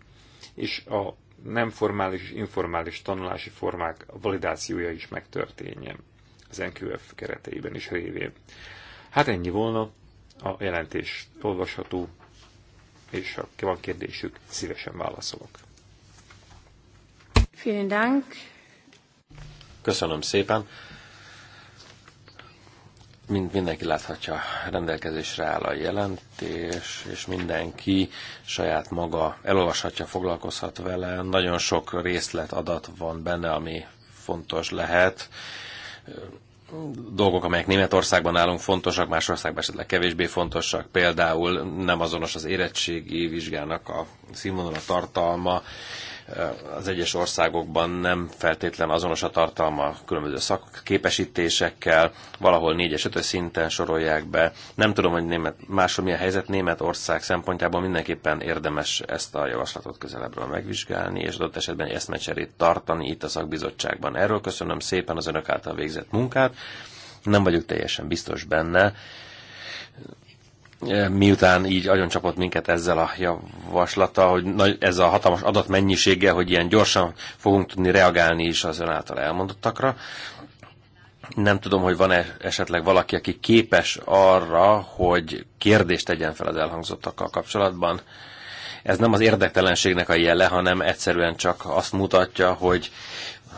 és a nem formális és informális tanulási formák validációja is megtörténjen az NQF kereteiben is révén. Hát ennyi volna, a jelentés olvasható, és ha van kérdésük, szívesen válaszolok.
Vielen Dank.
Köszönöm szépen mind, mindenki láthatja, rendelkezésre áll a jelentés, és mindenki saját maga elolvashatja, foglalkozhat vele. Nagyon sok részletadat van benne, ami fontos lehet. Dolgok, amelyek Németországban állunk fontosak, más országban esetleg kevésbé fontosak. Például nem azonos az érettségi vizsgának a színvonal tartalma, az egyes országokban nem feltétlen azonos a tartalma különböző szakképesítésekkel, valahol négyes ötös szinten sorolják be. Nem tudom, hogy német, máshol mi a helyzet Németország szempontjából mindenképpen érdemes ezt a javaslatot közelebbről megvizsgálni, és adott esetben ezt eszmecserét tartani itt a szakbizottságban. Erről köszönöm szépen az önök által végzett munkát. Nem vagyok teljesen biztos benne, E, miután így csapott minket ezzel a javaslata, hogy nagy, ez a hatalmas adatmennyiséggel, hogy ilyen gyorsan fogunk tudni reagálni is az ön által elmondottakra. Nem tudom, hogy van-e esetleg valaki, aki képes arra, hogy kérdést tegyen fel az elhangzottakkal kapcsolatban. Ez nem az érdektelenségnek a jele, hanem egyszerűen csak azt mutatja, hogy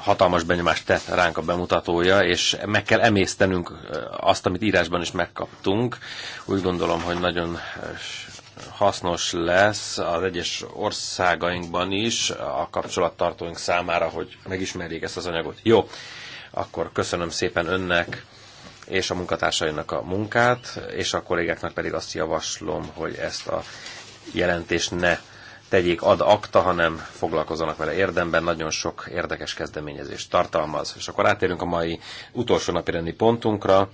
hatalmas benyomást tett ránk a bemutatója, és meg kell emésztenünk azt, amit írásban is megkaptunk. Úgy gondolom, hogy nagyon hasznos lesz az egyes országainkban is a kapcsolattartóink számára, hogy megismerjék ezt az anyagot. Jó, akkor köszönöm szépen önnek és a munkatársainak a munkát, és a kollégáknak pedig azt javaslom, hogy ezt a jelentést ne tegyék ad akta, hanem foglalkozzanak vele érdemben, nagyon sok érdekes kezdeményezést tartalmaz. És akkor átérünk a mai utolsó napi rendi pontunkra,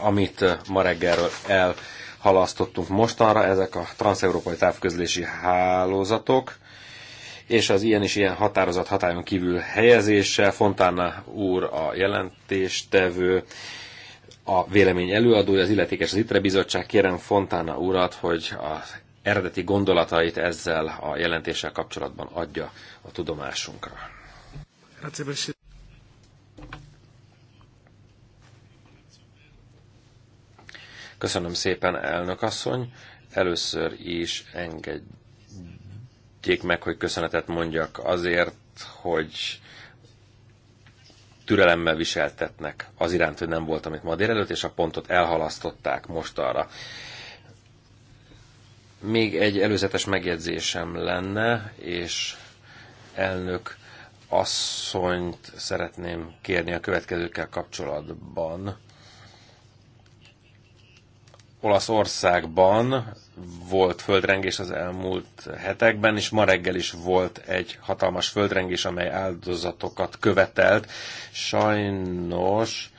amit ma reggelről elhalasztottunk mostanra, ezek a transeurópai távközlési hálózatok, és az ilyen és ilyen határozat hatályon kívül helyezése. Fontána úr a jelentéstevő, a vélemény előadója, az illetékes az ITRE bizottság. Kérem Fontána urat, hogy az eredeti gondolatait ezzel a jelentéssel kapcsolatban adja a tudomásunkra. Köszönöm szépen, elnök asszony. Először is engedjék meg, hogy köszönetet mondjak azért, hogy türelemmel viseltetnek az iránt, hogy nem voltam, itt ma délelőtt, és a pontot elhalasztották most arra. Még egy előzetes megjegyzésem lenne, és elnök asszonyt szeretném kérni a következőkkel kapcsolatban. Olaszországban volt földrengés az elmúlt hetekben, és ma reggel is volt egy hatalmas földrengés, amely áldozatokat követelt. Sajnos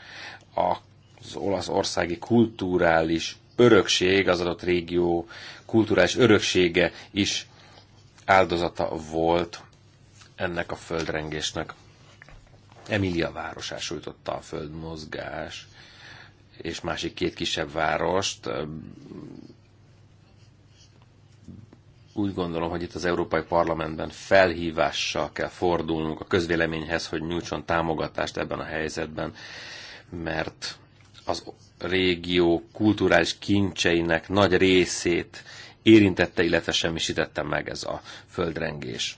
az olaszországi kulturális örökség az adott régió kulturális öröksége is áldozata volt ennek a földrengésnek. Emilia városás sújtotta a földmozgás, és másik két kisebb várost. Úgy gondolom, hogy itt az Európai Parlamentben felhívással kell fordulnunk a közvéleményhez, hogy nyújtson támogatást ebben a helyzetben, mert az régió kulturális kincseinek nagy részét érintette, illetve semmisítette meg ez a földrengés.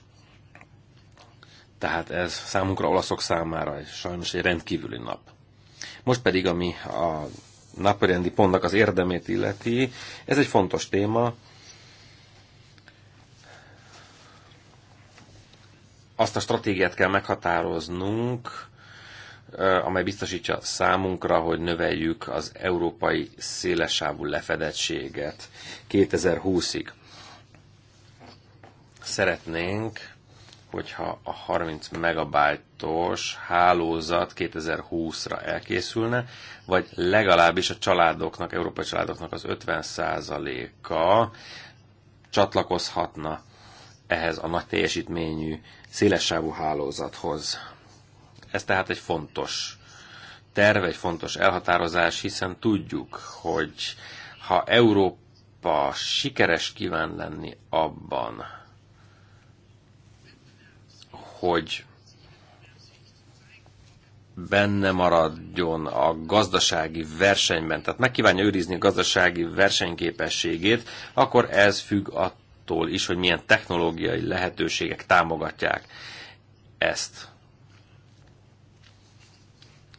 Tehát ez számunkra, olaszok számára sajnos egy rendkívüli nap. Most pedig, ami a napirendi pontnak az érdemét illeti, ez egy fontos téma. Azt a stratégiát kell meghatároznunk, amely biztosítja számunkra, hogy növeljük az európai szélesávú lefedettséget 2020-ig. Szeretnénk, hogyha a 30 megabájtos hálózat 2020-ra elkészülne, vagy legalábbis a családoknak, európai családoknak az 50%-a csatlakozhatna ehhez a nagy teljesítményű szélessávú hálózathoz ez tehát egy fontos terv, egy fontos elhatározás, hiszen tudjuk, hogy ha Európa sikeres kíván lenni abban, hogy benne maradjon a gazdasági versenyben, tehát meg kívánja őrizni a gazdasági versenyképességét, akkor ez függ attól is, hogy milyen technológiai lehetőségek támogatják ezt.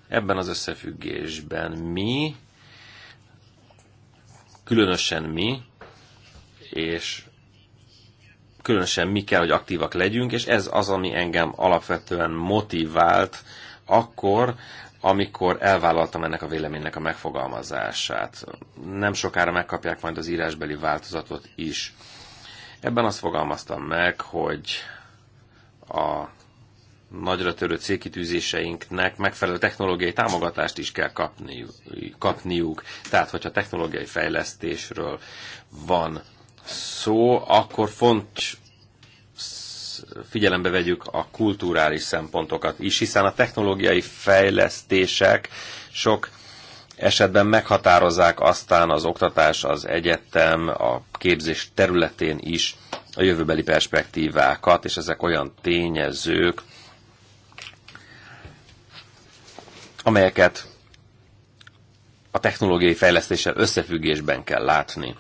Ebben az összefüggésben mi, különösen mi, és különösen mi kell, hogy aktívak legyünk, és ez az, ami engem alapvetően motivált akkor, amikor elvállaltam ennek a véleménynek a megfogalmazását. Nem sokára megkapják majd az írásbeli változatot is. Ebben azt fogalmaztam meg, hogy a nagyra törő célkitűzéseinknek megfelelő technológiai támogatást is kell kapniuk. Tehát, hogyha technológiai fejlesztésről van szó, akkor fontos figyelembe vegyük a kulturális szempontokat is, hiszen a technológiai fejlesztések sok esetben meghatározzák aztán az oktatás, az egyetem, a képzés területén is a jövőbeli perspektívákat, és ezek olyan tényezők, amelyeket a technológiai fejlesztéssel összefüggésben kell látni.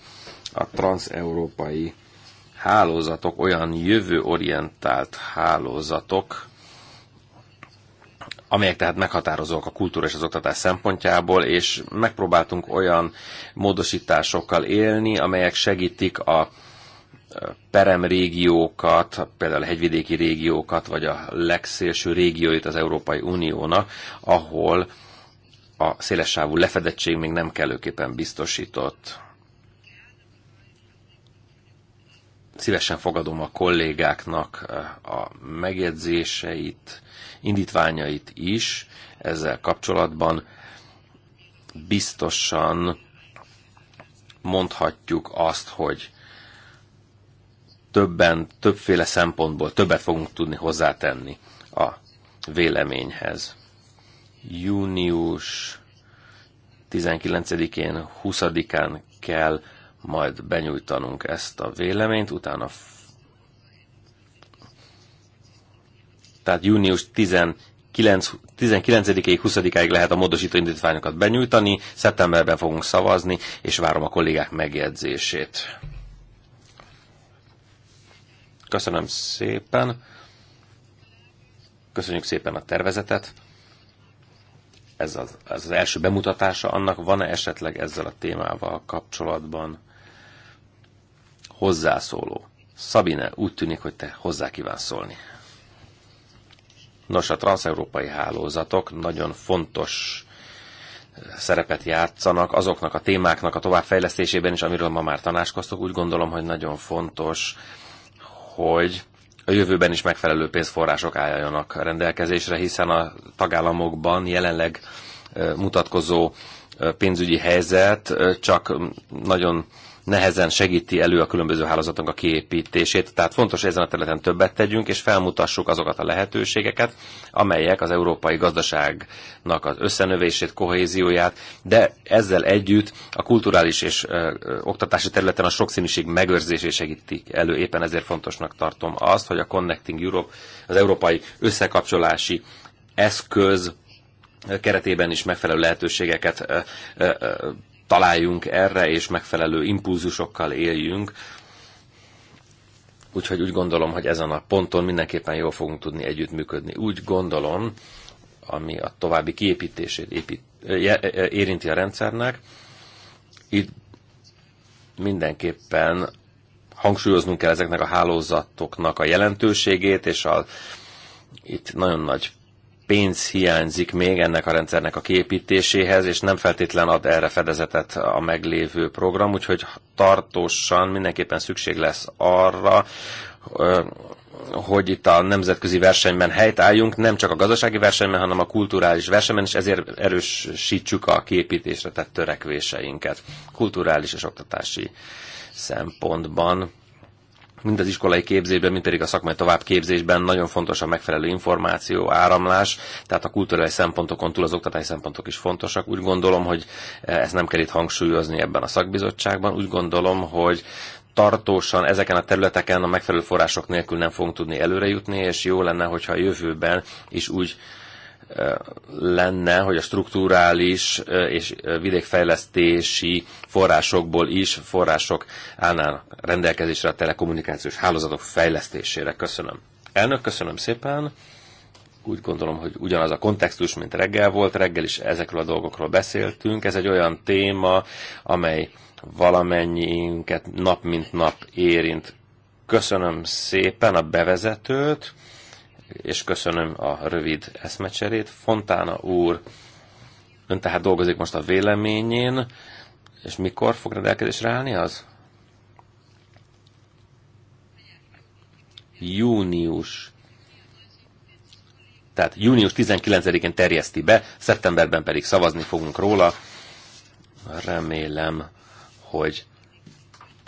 A transeurópai hálózatok olyan jövőorientált hálózatok, amelyek tehát meghatározóak a kultúra és az oktatás szempontjából, és megpróbáltunk olyan módosításokkal élni, amelyek segítik a peremrégiókat, például a hegyvidéki régiókat, vagy a legszélső régióit az Európai Uniónak, ahol a szélessávú lefedettség még nem kellőképpen biztosított. Szívesen fogadom a kollégáknak eh, a megjegyzéseit, indítványait is ezzel kapcsolatban. Biztosan mondhatjuk azt, hogy többen, többféle szempontból többet fogunk tudni hozzátenni a véleményhez. Június 19-én, 20-án kell majd benyújtanunk ezt a véleményt, utána tehát június 19, 19-ig, 20-ig lehet a módosító indítványokat benyújtani, szeptemberben fogunk szavazni, és várom a kollégák megjegyzését. Köszönöm szépen. Köszönjük szépen a tervezetet. Ez az, ez az első bemutatása annak. Van-e esetleg ezzel a témával kapcsolatban hozzászóló? Szabine, úgy tűnik, hogy te hozzá kívánsz szólni. Nos, a transeurópai hálózatok nagyon fontos szerepet játszanak azoknak a témáknak a továbbfejlesztésében is, amiről ma már tanácskoztok. Úgy gondolom, hogy nagyon fontos hogy a jövőben is megfelelő pénzforrások álljanak rendelkezésre, hiszen a tagállamokban jelenleg mutatkozó pénzügyi helyzet csak nagyon nehezen segíti elő a különböző hálózatunk a kiépítését, tehát fontos, hogy ezen a területen többet tegyünk, és felmutassuk azokat a lehetőségeket, amelyek az európai gazdaságnak az összenövését, kohézióját, de ezzel együtt a kulturális és ö, ö, oktatási területen a sokszínűség megőrzését segítik elő. Éppen ezért fontosnak tartom azt, hogy a Connecting Europe, az európai összekapcsolási eszköz keretében is megfelelő lehetőségeket találjunk erre, és megfelelő impulzusokkal éljünk. Úgyhogy úgy gondolom, hogy ezen a ponton mindenképpen jól fogunk tudni együttműködni. Úgy gondolom, ami a további kiépítését épít, eh, eh, eh, érinti a rendszernek, itt mindenképpen hangsúlyoznunk kell ezeknek a hálózatoknak a jelentőségét, és a, itt nagyon nagy pénz hiányzik még ennek a rendszernek a képítéséhez és nem feltétlen ad erre fedezetet a meglévő program, úgyhogy tartósan mindenképpen szükség lesz arra, hogy itt a nemzetközi versenyben helyt álljunk, nem csak a gazdasági versenyben, hanem a kulturális versenyben, és ezért erősítsük a képítésre tett törekvéseinket, kulturális és oktatási szempontban mind az iskolai képzésben, mind pedig a szakmai továbbképzésben nagyon fontos a megfelelő információ, áramlás, tehát a kulturális szempontokon túl az oktatási szempontok is fontosak. Úgy gondolom, hogy e, ezt nem kell itt hangsúlyozni ebben a szakbizottságban. Úgy gondolom, hogy tartósan ezeken a területeken a megfelelő források nélkül nem fogunk tudni előrejutni, és jó lenne, hogyha a jövőben is úgy lenne, hogy a strukturális és vidékfejlesztési forrásokból is források állnának rendelkezésre a telekommunikációs hálózatok fejlesztésére. Köszönöm. Elnök, köszönöm szépen. Úgy gondolom, hogy ugyanaz a kontextus, mint reggel volt, reggel is ezekről a dolgokról beszéltünk. Ez egy olyan téma, amely valamennyiinket nap mint nap érint. Köszönöm szépen a bevezetőt és köszönöm a rövid eszmecserét. Fontána úr, ön tehát dolgozik most a véleményén, és mikor fog rendelkezésre állni az? Június. Tehát június 19-én terjeszti be, szeptemberben pedig szavazni fogunk róla. Remélem, hogy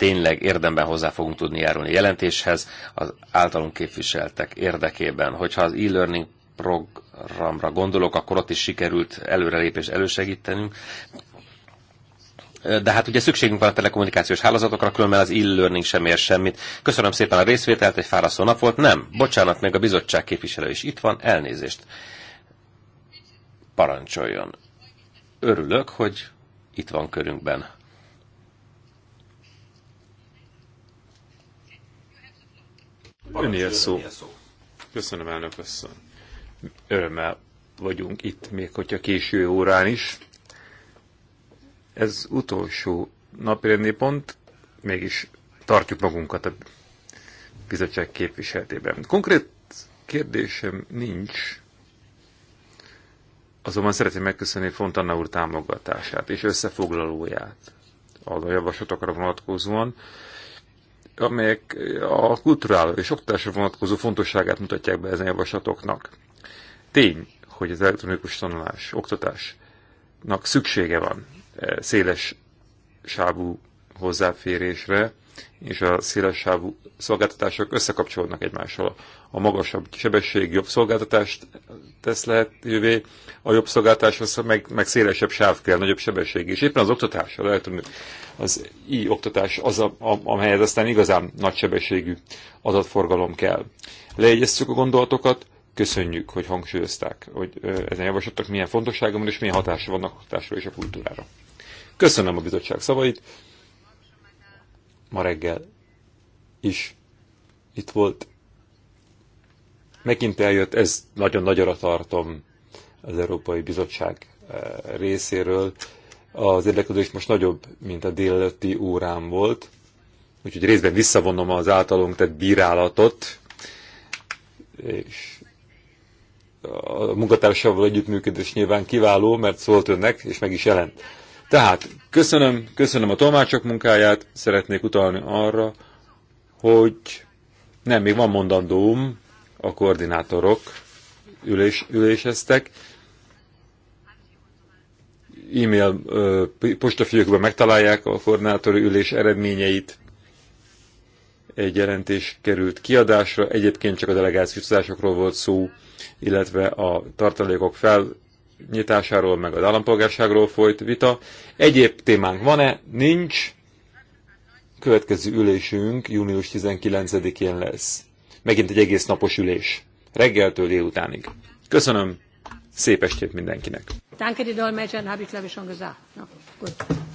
tényleg érdemben hozzá fogunk tudni járulni a jelentéshez az általunk képviseltek érdekében. Hogyha az e-learning programra gondolok, akkor ott is sikerült előrelépés elősegítenünk, de hát ugye szükségünk van a telekommunikációs hálózatokra, különben az e-learning sem ér semmit. Köszönöm szépen a részvételt, egy fáraszó nap volt. Nem, bocsánat, még a bizottság képviselő is itt van, elnézést. Parancsoljon. Örülök, hogy itt
van körünkben. Önél szó. Köszönöm, elnök asszony. Örömmel vagyunk itt, még hogyha késő órán is. Ez utolsó napirendi pont, mégis tartjuk magunkat a bizottság képviseletében. Konkrét kérdésem nincs, azonban szeretném megköszönni Fontana úr támogatását és összefoglalóját a javaslatokra vonatkozóan, amelyek a kulturál és oktatásra vonatkozó fontosságát mutatják be ezen javaslatoknak. Tény, hogy az elektronikus tanulás, oktatásnak szüksége van e, széles sávú hozzáférésre, és a széles sávú szolgáltatások összekapcsolódnak egymással a magasabb sebesség jobb szolgáltatást tesz lehetővé, a jobb szolgáltatáshoz meg, meg szélesebb sáv kell, nagyobb sebesség. És éppen az oktatás, az, az i-oktatás az, a, a, amelyhez aztán igazán nagy sebességű adatforgalom kell. Leegyeztük a gondolatokat, köszönjük, hogy hangsúlyozták, hogy ezen javasoltak, milyen fontossága van, és milyen hatása a hatásra és a kultúrára. Köszönöm a bizottság szavait. Ma reggel is itt volt megint eljött, ez nagyon nagyra tartom az Európai Bizottság eh, részéről. Az érdeklődés most nagyobb, mint a délelőtti órán volt, úgyhogy részben visszavonom az általunk tett bírálatot, és a munkatársával együttműködés nyilván kiváló, mert szólt önnek, és meg is jelent. Tehát köszönöm, köszönöm a tolmácsok munkáját, szeretnék utalni arra, hogy nem, még van mondandóm, a koordinátorok ülés, üléseztek. E-mail postafiókban megtalálják a koordinátori ülés eredményeit. Egy jelentés került kiadásra, egyébként csak a delegációs utazásokról volt szó, illetve a tartalékok felnyitásáról, meg az állampolgárságról folyt vita. Egyéb témánk van-e? Nincs. Következő ülésünk június 19-én lesz megint egy egész napos ülés. Reggeltől délutánig. Köszönöm, szép estét mindenkinek!
Danke, die Dolmetscher habe ich glaube ich schon gesagt. No, gut.